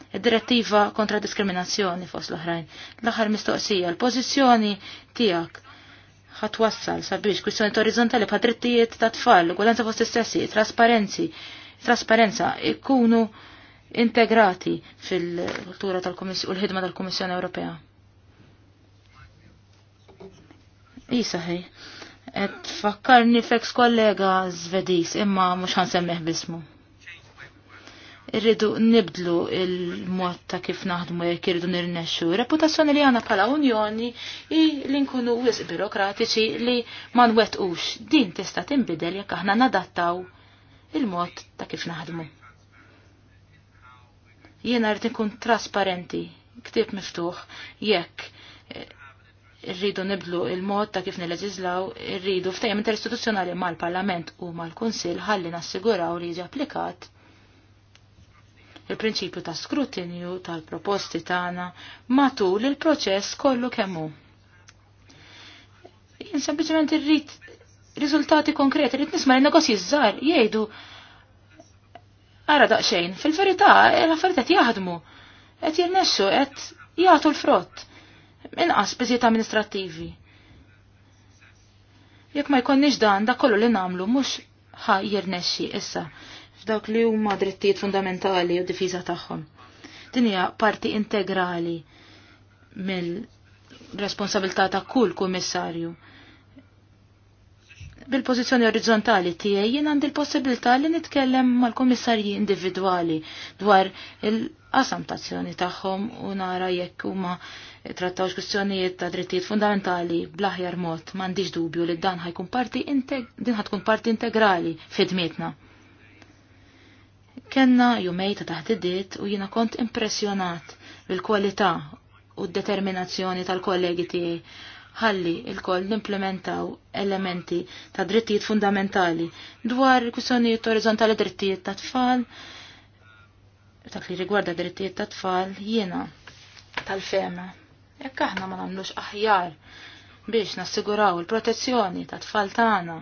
id-direttiva kontra diskriminazzjoni fost l-oħrajn. L-aħħar mistoqsija, l-pożizzjoni tiegħek ħatwassal sabiex kwistjoni orizzontali bħal drittijiet ta' tfal, ugwalenza fost istessi, trasparenzi, trasparenza ikunu integrati fil-kultura tal-Komissjoni u l-ħidma tal-Komissjoni Ewropea. Isaħi, et fakkarni feks kollega zvedis, imma mux ħansemmeħ bismu. Irridu nibdlu il-mod ta' kif naħdmu jekk irridu nirnexxu. Reputazzjoni li għandna bħala unjoni i li nkunu wisq birokratiċi li ma nwettqux. Din tista' tinbidel jekk aħna nadattaw il-mod ta' kif naħdmu. Jiena rrid nkun trasparenti, ktieb miftuħ, jekk eh, irridu nibdlu il-mod ta' kif nil-leġizlaw, irridu f'tejjem interistituzzjonali mal-Parlament u mal-Kunsill ħalli nassiguraw li jiġi applikat il-prinċipju ta' skrutinju tal-proposti tagħna matul il-proċess kollu kemm hu. Jien sempliċement irrid riżultati konkreti, irrid nisma' negozji żgħar jgħidu ara daqsxejn, fil-verità l-affarijiet qed jaħdmu, qed jirnexxu, qed jagħtu l-frott inqas biżiet amministrativi. Jekk ma jkollniex dan, da kollu li namlu mhux ħa jirnexxi issa f'dawk li huma drittijiet fundamentali u difiża tagħhom. Din hija parti integrali mill-responsabilità ta' kull kummissarju. Bil-pożizzjoni orizzontali tiegħi jien għandi l-possibilità li nitkellem mal-kummissarji individwali dwar il-qasam tazzjoni tagħhom u nara jekk huma trattawx kwistjonijiet ta' drittijiet fundamentali blaħjar mod m'għandix dubju li dan ħajkun parti din ħatkun parti integrali fidmietna. Kenna jumej ta' taħtidiet u jiena kont impressjonat bil-kwalità u d-determinazzjoni tal-kollegi tiegħi ħalli il-koll nimplementaw elementi ta' drittijiet fundamentali dwar kwistjonijiet orizzontali drittijiet ta' tfal, ta' li rigwarda drittijiet ta' tfal jiena tal-fema Jekk aħna ma nagħmlux aħjar biex nassiguraw il-protezzjoni ta' tfal tagħna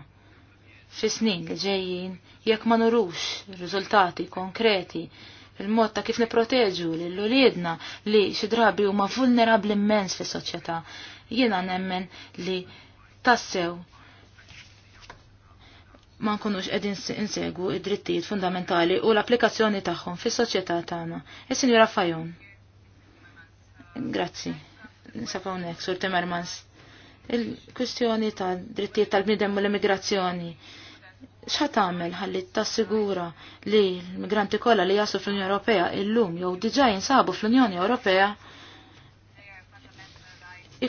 fi snin li ġejjin, jekk ma nurux riżultati konkreti il-mod ta' kif niproteġu lil ulidna li xi drabi huma vulnerabbli immens fis-soċjetà. Jiena nemmen li tassew ma nkunux qegħdin insegwu id-drittijiet fundamentali u l-applikazzjoni tagħhom fis-soċjetà tagħna. Is-Sinjura e, Fajon. Grazzi nisafawnek, Sur Timmermans. Il-kwistjoni ta' drittijiet tal-bnidem u l-immigrazzjoni. X'ħat tagħmel ħalli tassigura li l-migranti kollha li jasu fl-Unjoni Ewropea il-lum jew diġà jinsabu fl-Unjoni Ewropea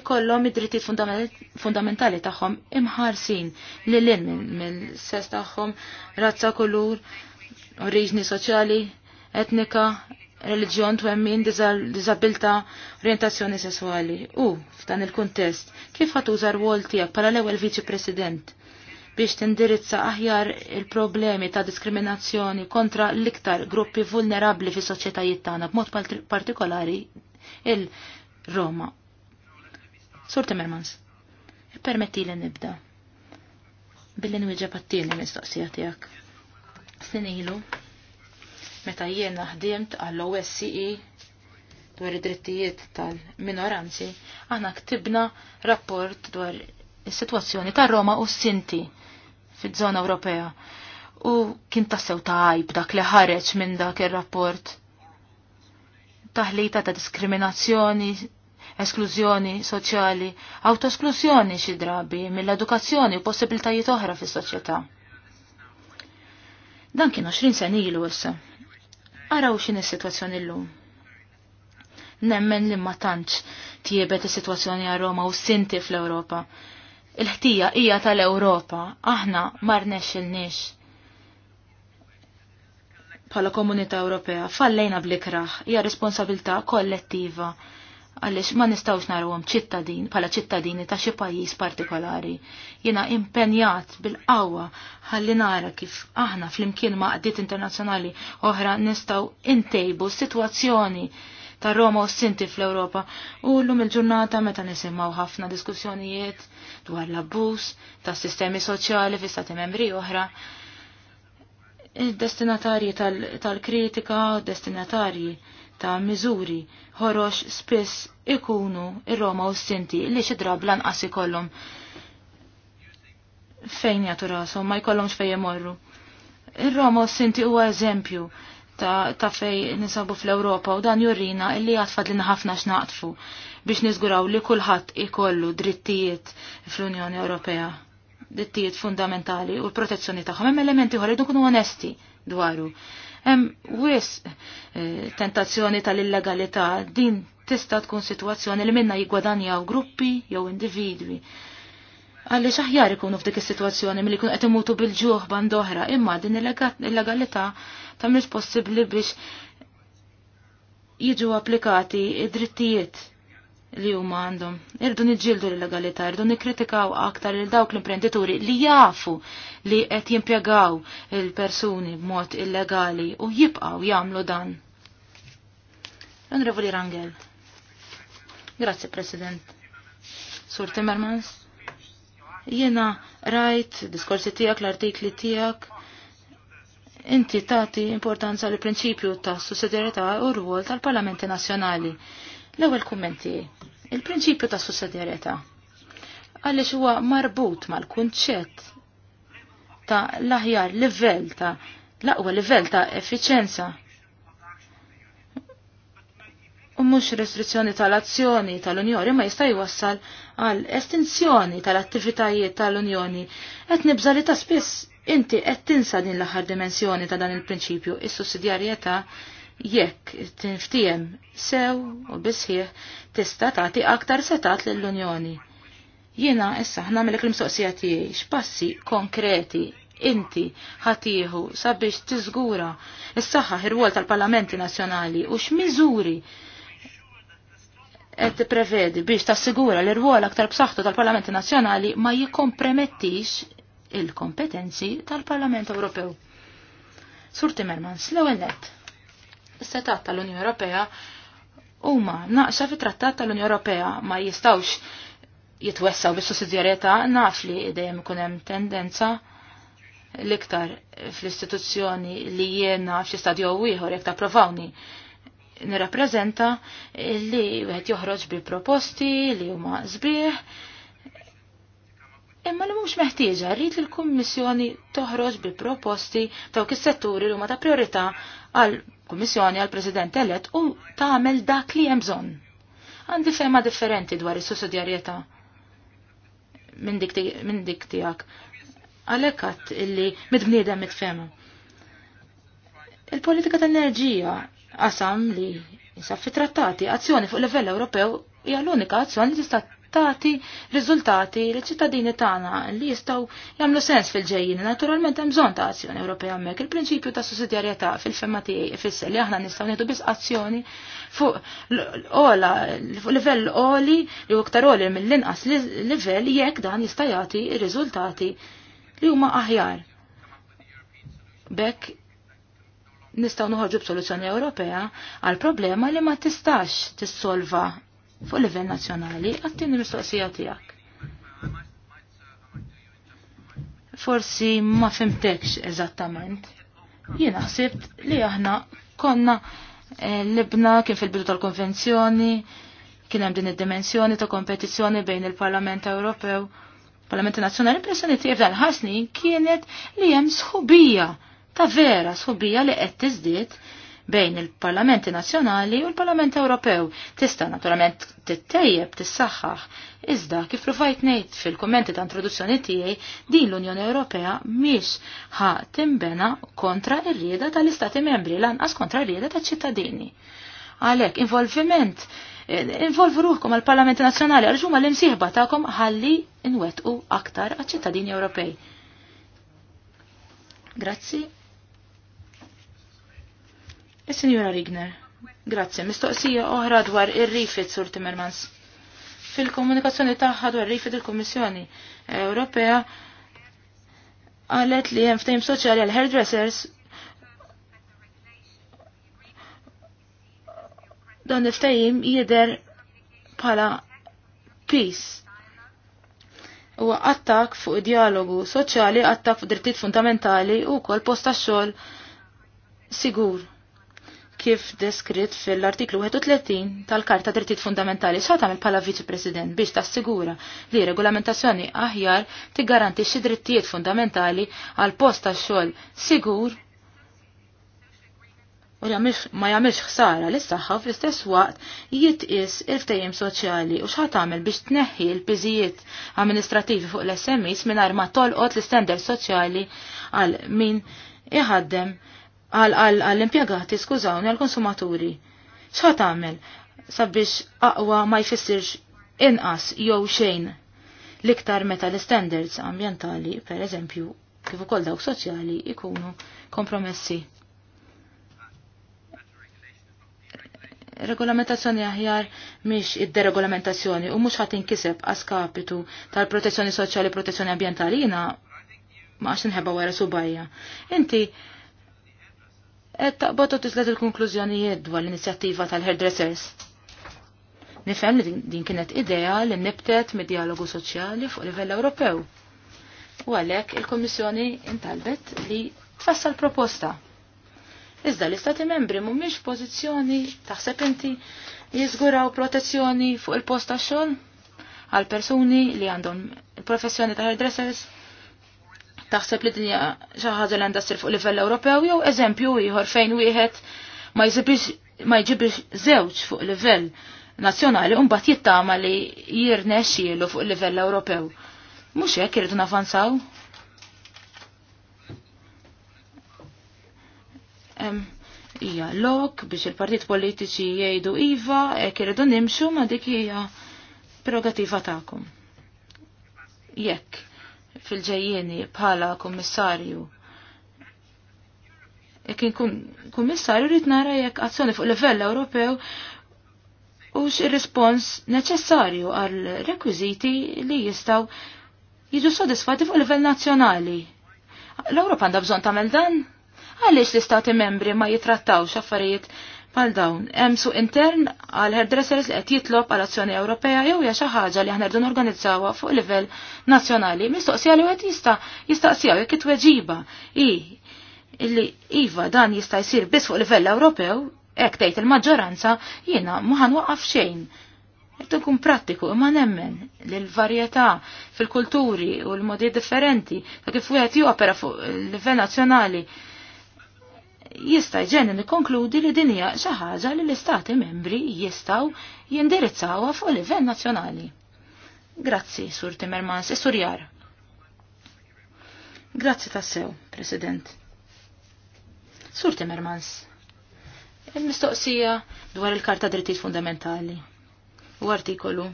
ikollhom id-drittijiet fundamentali tagħhom imħarsin li lin mill-sess tagħhom, razza, kulur, oriġni soċjali, etnika, religjon twemmin disabilta orientazzjoni sessuali. U, f'dan il-kontest, kif ħatuża rwol tiegħek bħala l-ewwel viċi president biex tindirizza aħjar il-problemi ta' diskriminazzjoni kontra l-iktar gruppi vulnerabli fis soċjetajiet tagħna b'mod partikolari il-Roma. Sur Timmermans, permetti li nibda billi nwieġeb għattini mistoqsija tiegħek. ilu? meta jiena ħdimt għall-OSCE dwar id-drittijiet tal-minoranzi, aħna ktibna rapport dwar is-sitwazzjoni ta' Roma u Sinti fiż-żona Ewropea. U kien tassew ta' għajb dak li ħareġ minn dak ir-rapport. Taħlita ta' diskriminazzjoni, esklużjoni soċjali, autoesklużjoni xi drabi mill-edukazzjoni u possibiltajiet oħra fis-soċjetà. Dan kien 20 sen ilu issa. Araw xin is-sitwazzjoni llum. Nemmen li ma tantx tiebet is-sitwazzjoni għal Roma u sinti fl-Ewropa. Il-ħtija hija tal-Ewropa, aħna mar nexxilniex. Bħala Komunità Ewropea fallejna blikraħ hija responsabilità kollettiva għalix ma nistawx narawhom ċittadin bħala ċittadini ta' xi pajjiż partikolari. Jiena impenjat bil-qawwa ħalli nara kif aħna flimkien ma' qdiet internazzjonali oħra nistgħu intejbu s-sitwazzjoni ta' Roma u Sinti fl-Ewropa u llum il-ġurnata meta nisimgħu ħafna diskussjonijiet dwar l-abbuż tas sistemi soċjali fi stati membri oħra. Destinatarji tal-kritika, tal destinatarji ta' miżuri ħorox spiss ikunu ir-Roma u s-Sinti li xi drab lanqas ikollhom fejn jagħtu rashom ma jkollhomx fejn jmorru. Ir-Roma u s-Sinti huwa eżempju ta', ta fej nisabu fl-Ewropa u dan jurrina illi għatfad li ħafna x'naqtfu biex niżguraw li kulħadd ikollu drittijiet fl-Unjoni Ewropea drittijiet fundamentali u l-protezzjoni tagħhom hemm elementi ħor kunu onesti dwaru. Hemm wis eh, tentazzjoni tal-illegalità din tista' tkun sitwazzjoni li minna jiggwadanjaw gruppi jew individwi. Għalli xaħjar ikunu f'dik is-sitwazzjoni milli jkun qed imutu bil-ġuħ band oħra, imma din il-legalità tagħmilx possibbli biex jiġu applikati id-drittijiet li huma għandhom. Irdu niġġieldu l-legalità, irdu nikkritikaw aktar il dawk l-imprenditori li jafu li qed jimpjegaw il-persuni b'mod illegali u jibqgħu jagħmlu dan. Onorevoli Rangel. Grazie, President. Sur Timmermans. Jena rajt diskorsi tijak, l-artikli tijak. Inti tati importanza l prinċipju ta' sussidjarjetà u rwol tal-Parlamenti Nazzjonali. L-ewwel kummenti. Il-prinċipju ta' sussidjarjetà għaliex huwa marbut mal-kunċett ta' l-aħjar livell ta' l-aqwa livell ta' effiċenza. U mhux restrizzjoni tal-azzjoni tal-Unjoni ma jista' jwassal għal estinzjoni tal-attivitajiet tal-Unjoni qed nibża li ta' spiss inti qed tinsa din l-aħħar dimensjoni ta' dan il-prinċipju is-sussidjarjetà il jekk tinftijem sew u bisħieħ tista' tagħti aktar setat lill-Unjoni. Jiena issa nagħmel l msoqsija tiegħi x'passi konkreti inti ħatiħu sabiex tiżgura is-saħħa ir-rwol tal-Parlamenti Nazzjonali u x'miżuri qed prevedi biex tassigura li rwol aktar b'saħħtu tal-Parlamenti Nazzjonali ma jikkompremettix il-kompetenzi tal-Parlament Ewropew. Sur Timmermans, l-ewwel nett setat tal-Unjoni Ewropea huma naqsa fit-trattat tal-Unjoni Ewropea ma jistawx jitwessaw bis-sussidjarjetà naf li dejjem ikun hemm tendenza l-iktar fl-istituzzjoni li jiena f'xi stadju ieħor jekk tapprovawni nirrappreżenta li wieħed joħroġ bi proposti li huma sbieħ imma li mhux meħtieġa rrid li l-Kummissjoni toħroġ bi proposti taw kis setturi li huma ta' priorità għal kummissjoni għal president elet u tagħmel dak li hemm bżonn. Għandi fema differenti dwar is-sussidjarjetà minn dik tiegħek. Għalhekk għadd illi mid-bniedem mitfema. Il-politika tal-enerġija qasam li sa fi trattati azzjoni fuq livell Ewropew hija l-unika azzjoni li tista' Tati riżultati li ċittadini tagħna li jistgħu jagħmlu sens fil-ġejjin. Naturalment hemm bżonn ta' azzjoni Ewropea hemmhekk. Il-prinċipju ta' sussidjarjetà fil-femma tiegħi fisser li aħna nistgħu nieħdu biss azzjoni fuq ola livell oli li iktar oli mill-inqas livell jekk dan jista' jagħti riżultati li huma aħjar. Bekk nistgħu noħorġu b'soluzzjoni Ewropea għal problema li ma tistax tissolva fuq livell nazzjonali għattini mistoqsija tiegħek. Forsi ma fimtekx eżattament. Jien naħseb li aħna konna eh, libna kien fil-bidu tal-konvenzjoni, kien hemm din id-dimensjoni ta' kompetizzjoni bejn il-Parlament Ewropew Parlament Nazzjonali impressjoni tiegħi f'dan ħasni kienet li hemm sħubija ta' vera sħubija li qed tiżdied bejn il-Parlamenti Nazzjonali u l-Parlament Ewropew. Tista' naturalment tittejjeb tissaħħaħ. Iżda kif rufajt ngħid fil-kummenti ta' introduzzjoni tiegħi din l-Unjoni Ewropea mhix ħa timbena kontra r-rieda tal-Istati Membri lanqas kontra r-rieda tal-ċittadini. Għalhekk involviment involvu ruħkom għal Parlamenti Nazzjonali għal-ġumma l-imsieħba tagħkom ħalli nwettqu aktar għaċ-ċittadini Ewropej. Grazzi. Is-Sinjura Rigner. Grazzi, mistoqsija oħra dwar ir-rifit, Sur Timmermans. Fil-komunikazzjoni tagħha dwar rifit il-Kummissjoni Ewropea qalet li hemm ftehim soċjali għal hairdressers dan il-ftehim jidher bħala peace. Huwa attak fuq dialogu soċjali, attak fuq drittijiet fundamentali u kol posta xogħol sigur kif deskritt fil-artiklu 31 tal-Karta Drittijiet Fundamentali xa tagħmel bħala Viċi President biex tassigura li regolamentazzjoni aħjar tiggarantixxi drittijiet fundamentali għal post tax-xogħol sigur u ma jagħmilx ħsara lis-saħħa fl-istess waqt jitqis il-ftehim soċjali u x'ħat tagħmel biex tneħħi l-biżijiet amministrativi fuq l-SMEs mingħajr ma tolqot l-istender soċjali għal min iħaddem għall-impjegati, skużawni, għall-konsumaturi. X'ħat għamil sabiex aqwa ma jfissirx inqas jew xejn l-iktar meta l-standards ambientali, per eżempju, kif ukoll dawk soċjali ikunu kompromessi. regolamentazzjoni aħjar miex id-deregolamentazzjoni u mhux ħadd inkiseb kapitu tal-protezzjoni soċjali protezzjoni ambientali jiena ma għax nħebba wara subajja. Inti qed taqbad u tislet il-konklużjonijiet dwar l-inizjattiva tal-hairdressers. Nifhem li din kienet idea li nibtet mid-dialogu soċjali fuq livell Ewropew. U għalhekk il kummissjoni intalbet li tfassal proposta. Iżda l-Istati membri mhumiex pożizzjoni taħseb inti li jiżguraw protezzjoni fuq il posta xogħol għal persuni li għandhom il-professjoni ta' hairdressers Taħseb li dinja xi ħaġa li għandha ssir fuq livell Ewropew jew eżempju ieħor fejn wieħed ma jġibix żewġ fuq livell nazzjonali u mbagħad jittama li jirnexxielu fuq livell Ewropew. Mhux hekk irridu navanzaw. Ija lok biex il-partit politiċi jgħidu iva, hekk iridu nimxu ma dik hija prerogativa tagħkom. Jekk fil-ġejjeni bħala kommissarju. Jekk inkun kummissarju rrit nara jekk azzjoni fuq livell Ewropew u x-respons neċessarju għal rekwiżiti li jistaw jiġu sodisfati fuq livell nazzjonali. L-Ewropa għandha bżonn tagħmel dan? Għaliex l-istati membri ma jitrattawx affarijiet għal dawn. Hemm suq intern għal hairdressers li qed jitlob għal azzjoni Ewropea jew hija xi ħaġa li aħna rridu fuq livell nazzjonali. Mistoqsija li wieħed jista' jista'qsijaw jekk it-tweġiba hi illi iva dan jista' jsir biss fuq livell Ewropew, hekk tgħid il-maġġoranza jiena ma ħanwaqqaf xejn. Qed ikun prattiku imma nemmen li l-varjetà fil-kulturi u l-modi differenti ta' kif wieħed jopera fuq livell nazzjonali jista' jġenni nikkonkludi li din hija xi ħaġa li l-istati membri jistgħu jindirizzawha fuq livell nazzjonali. Grazzi, Sur Timmermans, e, Sur Jar. Grazzi tassew, President. Sur Timmermans, il-mistoqsija e, dwar il-Karta Drittijiet Fundamentali u artikolu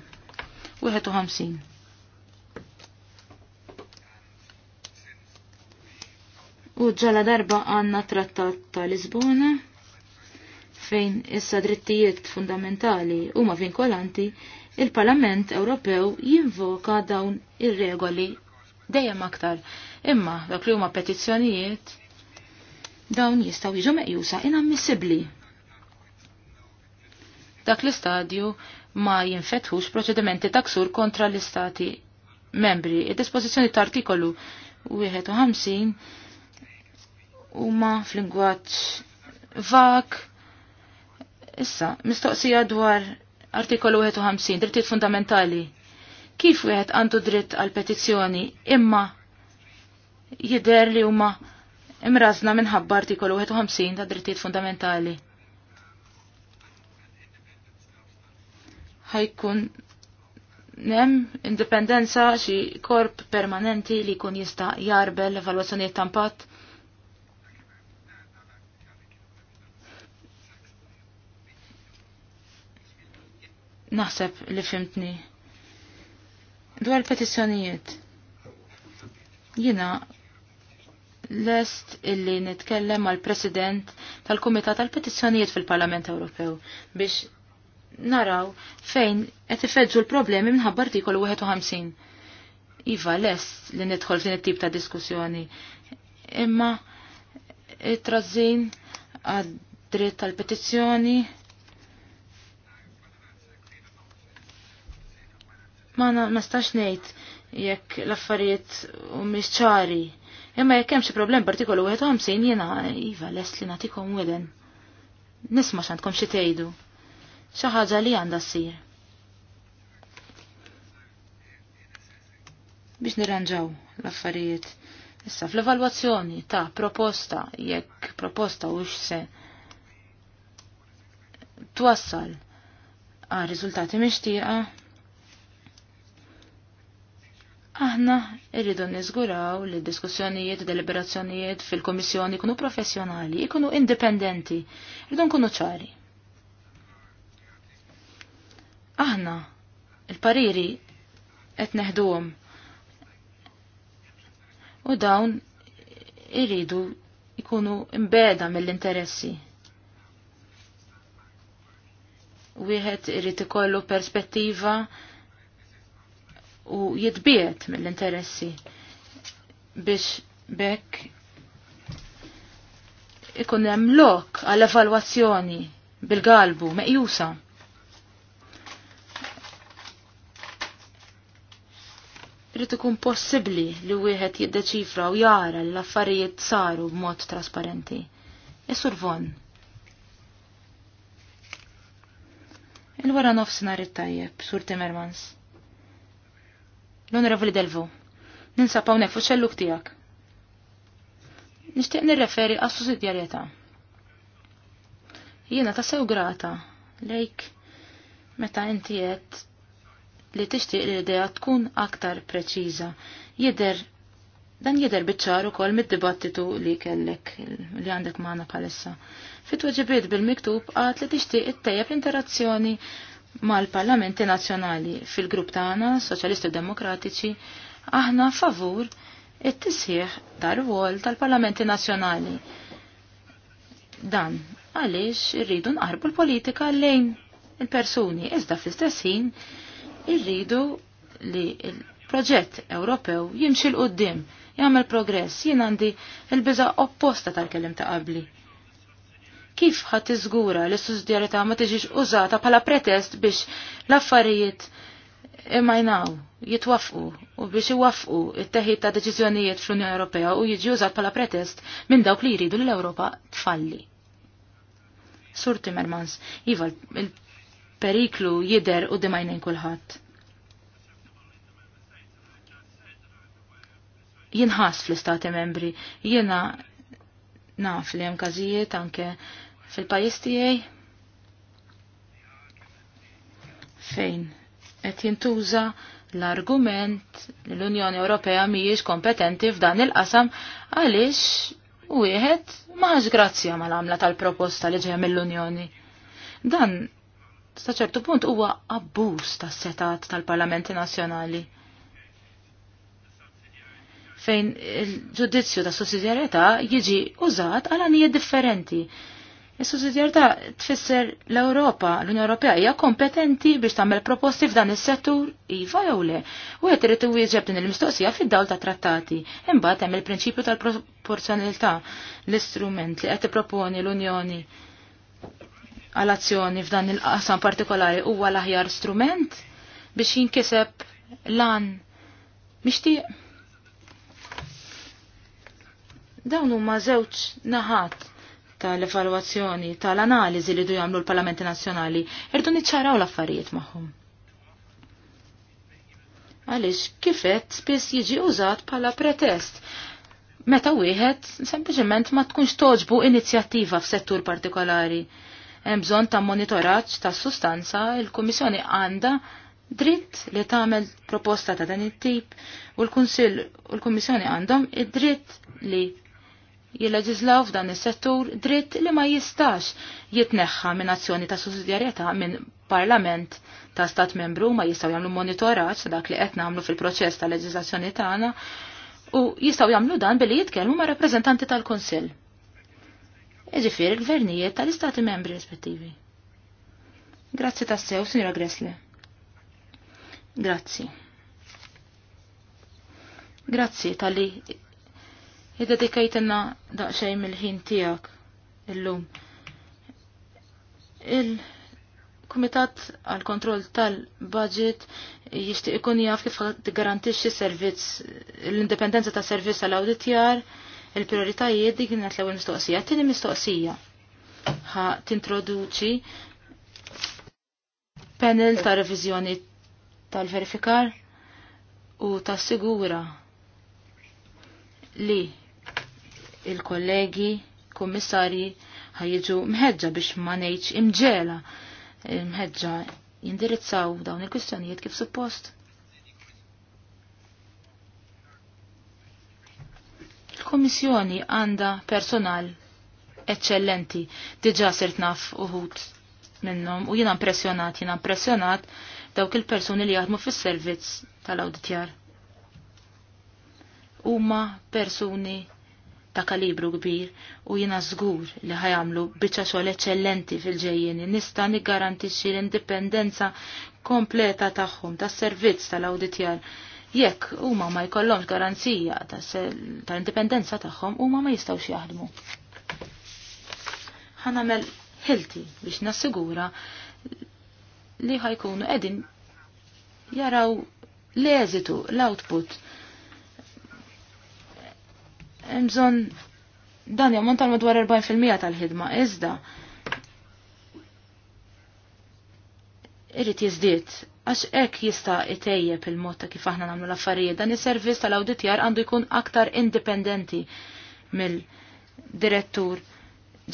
51 U ġala darba għanna trattat ta' Lisbona fejn issa drittijiet fundamentali huma vinkolanti, il-Parlament Ewropew jinvoka dawn ir-regoli dejjem aktar. Imma dak li huma petizzjonijiet dawn jistgħu jiġu meqjusa inammissibbli. Dak l-istadju ma jinfetħux proċedimenti taksur kontra l-istati membri. Id-dispożizzjoni ta' artikolu 51 huma fl-lingwaġġ vak. Issa, mistoqsija dwar artikolu 51, drittijiet fundamentali. Kif wieħed għandu dritt għal petizzjoni imma jidher li huma imrażna minħabba artikolu 51 ta' drittijiet fundamentali. ħajkun nem indipendenza xi korp permanenti li jkun jista' jarbel l-evalwazzjonijiet tampat Naħseb li fimtni. Dwar petizzjonijiet. Jina lest illi nitkellem għal president tal-Kumitat tal-Petizzjonijiet fil-Parlament Ewropew biex naraw fejn qed ifeġġu l-problemi minħabba artikolu 51. Iva lest li nidħol f'din it-tip ta' diskussjoni. Imma it-trażin għad dritt tal-petizzjoni ma nastax ngħid jekk l-affarijiet u ċari. Imma jekk hemm xi problem partikolu 51 jiena iva lest li nagħtikom widen. Nisma' x'għandkom xi tgħidu. Xi ħaġa li għandha ssir. biex nirranġaw l-affarijiet. Issa fl-evalwazzjoni ta' proposta jekk proposta u se twassal għal riżultati mixtieqa Aħna irridu niżguraw li diskussjonijiet u deliberazzjonijiet fil-Komissjoni jkunu professjonali, ikunu indipendenti, irridu nkunu ċari. Aħna il-pariri qed neħduhom u dawn irridu jkunu imbeda mill-interessi. Wieħed irrid ikollu perspettiva u jitbiet mill-interessi biex bekk ikun hemm lok għal evalwazzjoni bil-galbu meqjusa. Rrid ikun possibbli li wieħed jiddeċifra u jara l-affarijiet saru b'mod trasparenti. Isur von. Il-wara nofsinhar it-tajjeb, Sur Timmermans. L-Onorevoli Delvu, ninsa pawnek fuq xelluk tijak. Nishtiq nirreferi għas sussidjarjetà. Jiena ta' sew grata lejk meta inti qed li tixtieq l-idea tkun aktar preċiża. Jidher dan jidher biċċar ukoll mid-dibattitu li kellek li għandek magħna palissa. Fit-tweġibiet bil-miktub għad li tixtieq ittejjeb interazzjoni mal-Parlamenti Nazzjonali fil-grupp tagħna Soċjalisti Demokratiċi aħna favur it-tisħiħ tar-rwol tal-Parlamenti Nazzjonali. Dan għaliex irridu nqarbu l-politika lejn il-persuni iżda fl-istess ħin irridu li il-proġett Ewropew jimxi l qudiem jagħmel progress jien għandi il-biża opposta tal kellim ta' qabli kif ħat iżgura li s-sussidjarità ma tiġix użata bħala pretest biex l-affarijiet imajnaw, jitwafqu u biex iwafqu it-teħid ta' deċiżjonijiet fl-Unjoni Ewropea u jiġi użat bħala pretest minn dawk li jridu li l-Ewropa tfalli. Sur Timmermans, iva il-periklu jider u dimajnejn kulħadd. Jinħas fl-istati membri, jiena naf li hemm każijiet anke fil-pajis tiegħi fejn qed jintuża l-argument li l-Unjoni Ewropea mhijiex kompetenti f'dan il-qasam għaliex wieħed maħġ grazzja mal-għamla tal-proposta li ġejja mill-Unjoni. Dan staċertu ċertu punt huwa abbuż tas-setat tal-Parlamenti Nazzjonali fejn il-ġudizzju ta' sussidjarjetà jiġi użat għal anijiet differenti Is-sussidjarjetà tfisser l-Ewropa, l-Unjoni Ewropea hija kompetenti biex tagħmel proposti f'dan is-settur iva jew le. U qed irid iwieġeb din il-mistoqsija fid-dawl ta' trattati. Imbagħad hemm il-prinċipju tal-proporzjonalità l-istrument li qed tipproponi l-Unjoni għal azzjoni f'dan il-qasam partikolari huwa l-aħjar strument biex jinkiseb lan mixtieq. Dawn huma żewġ naħat tal-evalwazzjoni tal-analiżi li du jagħmlu l-Parlamenti Nazzjonali irdu niċċaraw l-affarijiet magħhom. Għaliex kifet spiss jiġi użat bħala pretest meta wieħed sempliċement ma tkunx toġbu inizjattiva f'settur partikolari. Hemm bżonn ta' monitoraġġ ta' sustanza, il-Kummissjoni għandha dritt li tagħmel proposta ta' dan it-tip u l-Kunsill u l-Kummissjoni għandhom id-dritt li jilleġislaw f'dan is-settur dritt li ma jistax jitneħħa minn azzjoni ta' sussidjarjetà minn parlament ta' stat membru ma jistaw jagħmlu monitoraġġ dak li qed nagħmlu fil-proċess ta' leġiżlazzjoni tagħna u jistaw jagħmlu dan billi jitkellmu ma' rappreżentanti tal-Kunsill. Iġifieri il gvernijiet tal-istati membri rispettivi. Grazzi tassew, Sinjora Gressle. Grazzi. Grazzi tal-li Idda dikajtenna daqxej il ħin tijak illum. Il-Kumitat għal kontroll tal-Budget jishtiq ikun jaf kif t-garantixi servizz l-indipendenza ta' servizz għal awditjar il-prioritajiet dik kienet l-ewwel mistoqsija. T'ini mistoqsija ħa tintroduċi panel ta' reviżjoni tal-verifikar u ta' sigura li il-kollegi, kommissari, ħajġu mħedġa biex ma ngħidx imġela mħedġa jindirizzaw dawn il-kwistjonijiet kif suppost. Il-Kommissjoni għanda personal eccellenti, diġa sirt naf uħut minnom u jina impressionat, jina impressionat dawk il-personi li jaħdmu fis-servizz tal-auditjar. Huma persuni ta' kalibru kbir u jina zgur li ħajamlu biċċa xogħol eċċellenti fil-ġejjeni nista' niggarantixxi l-indipendenza kompleta tagħhom tas-servizz tal-awditjar jekk huma ma jkollhomx garanzija tal-indipendenza tagħhom huma ma jistgħux jaħdmu. Ħanamel ħilti biex nassigura li ħajkunu qegħdin jaraw l-eżitu, l-output Mżon dan jammont tal madwar 40% tal-ħidma, iżda irrit jizdiet, għax ek jista' itejje il-mod ta' kif aħna nagħmlu l-affarijiet, dan is-servizz tal-awditjar għandu jkun aktar indipendenti mill-direttur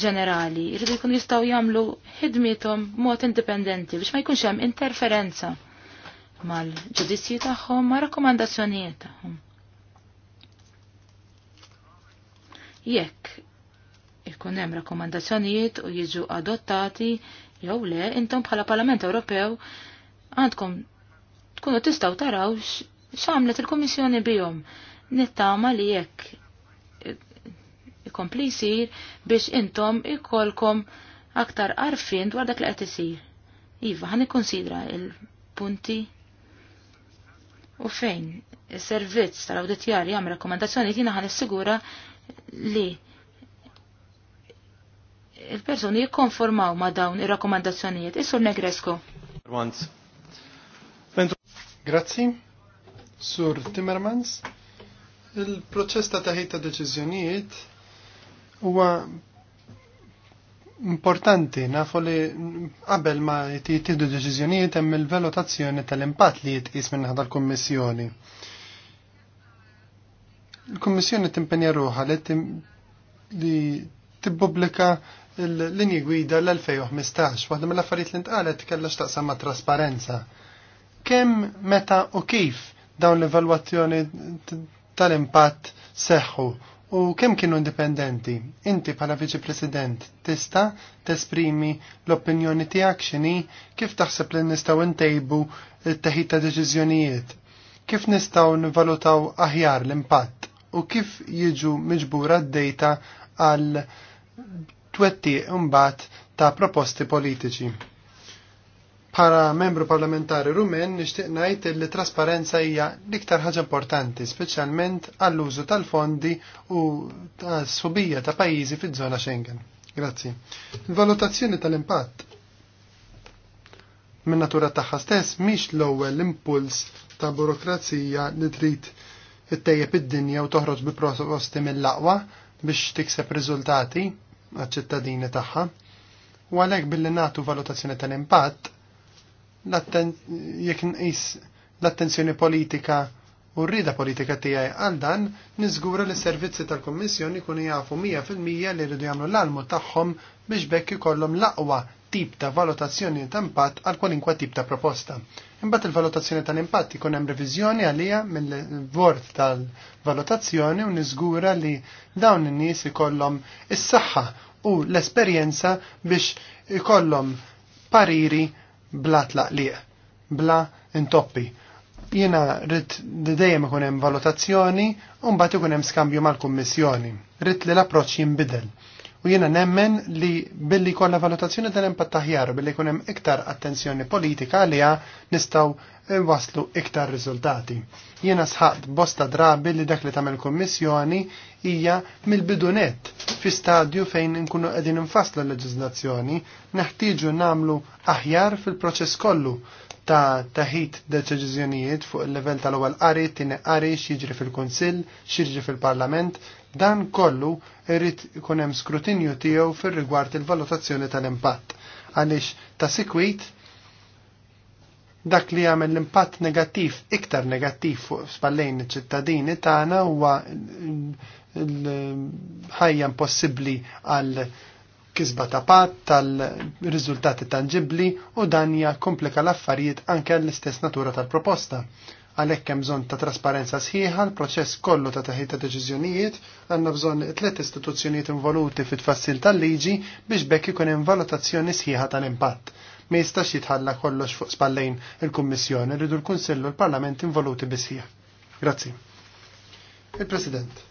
ġenerali, Irrit jkun jistgħu jagħmlu ħidmietom mod indipendenti biex ma jkunx hemm interferenza mal-ġudizzji tagħhom ma' rakkomandazzjonijiet tagħhom. Jekk ikun hemm rakkomandazzjonijiet u jiġu adottati jew le, intom bħala Parlament Ewropew għandkom tkunu tistgħu taraw x'għamlet il-Kummissjoni bihom. Nittama li jekk ikompli jsir biex intom ikolkom aktar arfin dwar dak li qed isir. Iva, ħan ikkonsidra il-punti u fejn is-servizz tal-awditjar jagħmel rakkomandazzjoni jiena ħan issigura li il-personi jikkonformaw ma dawn ir-rakkomandazzjonijiet. Isur Negresko. Grazzi. Sur Timmermans, il-proċess ta' taħid ta' deċiżjonijiet huwa importanti nafu li qabel ma jtieħdu deċiżjonijiet hemm il-valutazzjoni tal-impatt li jitqis minn naħa tal kummissjoni il kummissjoni timpenja ruħa li tibbubblika l-linji gwida l-2015, waħda mill-affarijiet li ntqalet kellha x'taqsam ma' trasparenza. Kemm meta u kif dawn l-evalwazzjoni tal-impatt seħħu u kemm kienu indipendenti? Inti bħala Viċi President tista' tesprimi l-opinjoni tiegħek x'inhi kif taħseb li nistgħu ntejbu t-teħid ta' deċiżjonijiet? Kif nistgħu nivvalutaw aħjar l-impatt? u kif jiġu miġbura d-dejta għal twetti mbagħad ta' proposti politiċi. Para membru parlamentari rumen nixtieq ngħid li trasparenza hija l-iktar ħaġa importanti, speċjalment għall-użu tal-fondi u tal subija ta' pajjiżi fiż-żona Schengen. Grazzi. Il-valutazzjoni tal-impatt min natura tagħha stess mhix l-ewwel impuls ta' burokrazija li trid ittejjeb id-dinja u toħroġ bi proposti mill-aqwa biex tikseb riżultati għaċ-ċittadini tagħha. U għalhekk billi nagħtu valutazzjoni tal-impatt, jekk nqis l-attenzjoni politika u rrida politika tiegħi għal dan niżgura li s-servizzi tal kummissjoni kunu jafu 100% li rridu jagħmlu l-almu tagħhom biex bekk ikollhom l-aqwa tip ta' valutazzjoni ta' impatt għal kwalinkwa tip ta' proposta. Imbagħad il-valutazzjoni ta' impatt ikun hemm reviżjoni għalija mill-vort tal-valutazzjoni u niżgura li dawn in-nies ikollhom is-saħħa u l-esperjenza biex ikollhom pariri bla tlaqliq, bla intoppi. Jiena rrit dejjem ikun hemm valutazzjoni u mbagħad ikun hemm skambju mal-kummissjoni. Rrit li l-approċċ jinbidel U jiena nemmen li billi kolla valutazzjoni tal-impatt taħjar billi kunem hemm iktar attenzjoni politika għaliha nistgħu waslu iktar riżultati. Jiena sħaqt bosta drabi li dak li tagħmel Kommissjoni hija mill-bidunet fi stadju fejn nkunu qegħdin infasslu l leġizlazzjoni neħtieġu nagħmlu aħjar fil-proċess kollu ta' taħit deċiżjonijiet fuq il-level tal-ewwel qari, tieni qari, x'jiġri fil-Kunsill, x'jiġri fil-Parlament, dan kollu irrid ikun hemm skrutinju tiegħu fir-rigward il-valutazzjoni tal-impatt. Għaliex ta' sikwit dak li għamel l-impatt negattiv, iktar negattiv fuq spallejn iċ-ċittadini tagħna huwa l-ħajja impossibbli għal kisba ta' pat tal-riżultati tangibli u dan komplika l-affarijiet anke l-istess natura tal-proposta. Għalhekk hemm bżonn ta' trasparenza sħiħa l-proċess kollu ta' taħid ta' deċiżjonijiet għandna bżonn tliet istituzzjonijiet involuti fit-tfassil tal-liġi biex bekk ikun hemm valutazzjoni sħiħa tal-impatt. Ma jistax jitħalla kollox fuq spallejn il-Kummissjoni rridu l-Kunsillu l-Parlament involuti bisħiħ. Grazzi. Il-President.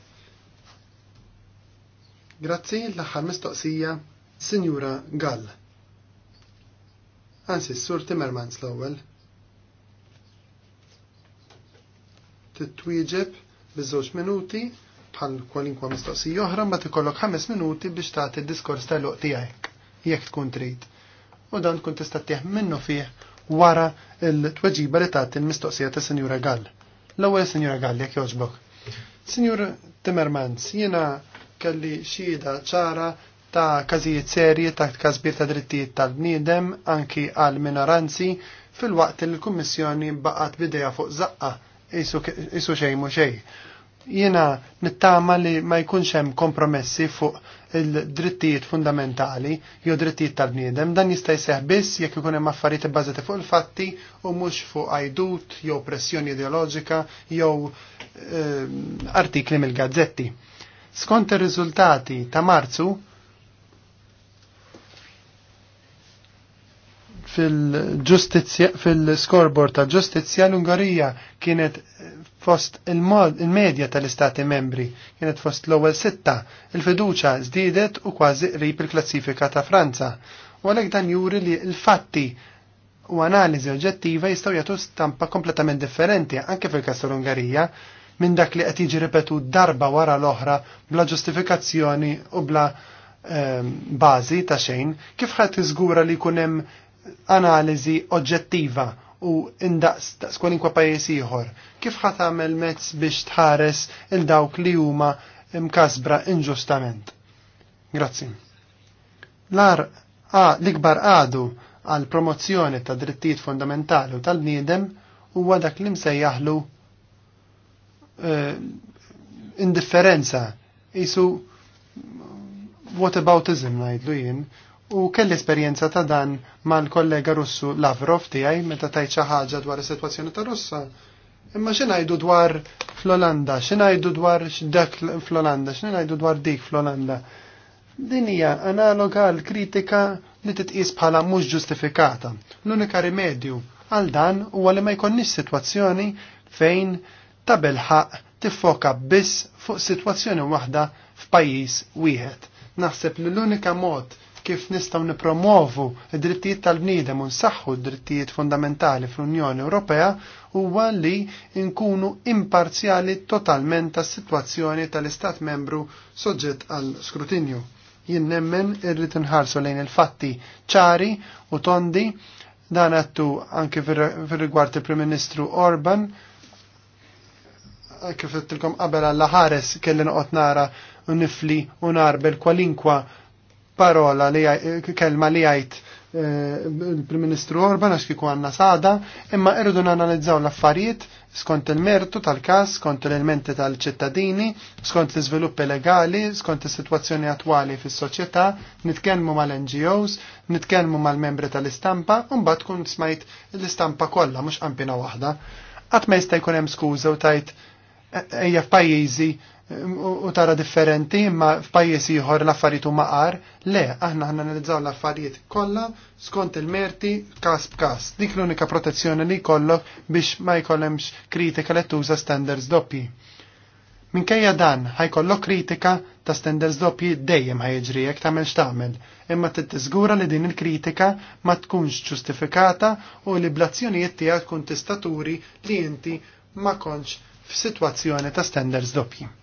Grazzi l-aħħar mistoqsija Signora Gall. Anzi, s-sur Timmermans l-ewwel. Titwieġeb biż-żewġ minuti bħal kwalinkwa mistoqsija oħra ma tikollok ħames minuti biex tagħti d-diskors tal-luq tiegħek jekk tkun trid. U dan tkun tista' tieħ minnu fih wara l-tweġiba li tagħti l-mistoqsija ta' Sinjura Gall. L-ewwel Sinjura Gall jekk jogħġbok. Sinjur Timmermans, jiena kelli xieda ċara ta' każijiet serji ta' kazbir ta' drittijiet tal-bniedem anki għal minoranzi fil-waqt li l-Kummissjoni baqat bideja fuq zaqqa isu xej mu xejn. Jiena nittama li ma jkunx hemm kompromessi fuq il-drittijiet fundamentali jew drittijiet tal-bniedem dan jista' jseħ biss jekk ikun hemm affarijiet ibbażati fuq il-fatti u mhux fuq ajdut jew pressjoni ideoloġika jew ehm, artikli mill-gazzetti. Skont ir-riżultati ta' Marzu, fil-scoreboard fil tal ġustizzja l-Ungarija kienet fost il-medja tal-istati membri, kienet fost l-ewwel sitta, il-fiduċa żdiedet u kważi qrib il-klassifika ta' Franza. U għalhekk dan juri li l-fatti u analiżi oġġettiva jistgħu jagħtu stampa kompletament differenti anke fil-każ tal-Ungarija minn dak li qed jiġi ripetu darba wara l-oħra bla ġustifikazzjoni u bla ehm, bażi ta' xejn, kif ħadd iżgura li jkun hemm analiżi oġġettiva u indaqs daqs kwalinkwa pajjiż ieħor. Kif ħadd tagħmel mezz biex tħares il dawk li huma mkasbra inġustament? Grazzi. L-ar l-ikbar għadu għal promozzjoni ta' drittijiet fundamentali u tal-bniedem huwa dak li msejjaħlu uh, indifferenza jisu whataboutism ngħidlu jien U kell esperjenza ta' dan mal-kollega Russu Lavrov tiegħi meta tajt xi dwar is-sitwazzjoni ta' Russa. Imma xi ngħidu dwar fl-Olanda, xi ngħidu dwar dak fl-Olanda, xi dwar dik fl-Olanda. Din hija analoga għal kritika li titqis bħala mhux ġustifikata. L-unika rimedju għal dan huwa li ma jkollniex sitwazzjoni fejn ta' belħaq tiffoka biss fuq sitwazzjoni waħda f'pajjiż wieħed. Naħseb li l-unika mod kif nistgħu nipromovu id-drittijiet tal-bniedem u nsaħħu d-drittijiet fundamentali fl-Unjoni Ewropea huwa li nkunu imparzjali totalment tas-sitwazzjoni tal-Istat membru soġġett għal skrutinju. Jien nemmen irrid inħarsu lejn il-fatti ċari u tondi dan għattu anke fir-rigward il-Prim Ministru Orban kif tilkom qabel għalla ħares kelli noqgħod nara u nifli u narbel kwalinkwa parola li kelma li għajt eh, il-Prim Ministru Orban għax kiku għanna sada, imma irridu nanalizzaw l-affarijiet skont il-mertu tal-kas, skont l-elementi tal-ċittadini, skont l-izviluppi legali, skont il-situazzjoni attwali fis soċjetà nitkelmu mal-NGOs, nitkelmu mal-membri tal-istampa, un-bat kun smajt l-istampa kollha mhux qampina waħda. Qatt ma jista' jkun hemm skuża u tajt e-, ejja f'pajjiżi u tara differenti imma f'pajjiżi ieħor l-affarijiet huma qar, le aħna aħna analizzaw l-affarijiet kollha skont il-merti każ b'każ. Dik l-unika protezzjoni li jkollok biex ma jkollemx kritika li tuża standards doppi. Minkejja dan ħajkollok kritika ta' standards doppji dejjem ħajġri jekk tagħmel x'tagħmel, imma tittiżgura li din il-kritika ma tkunx ġustifikata u li blazzjonijiet tiegħek tkun tistaturi li inti ma kontx f'sitwazzjoni ta' standards doppi.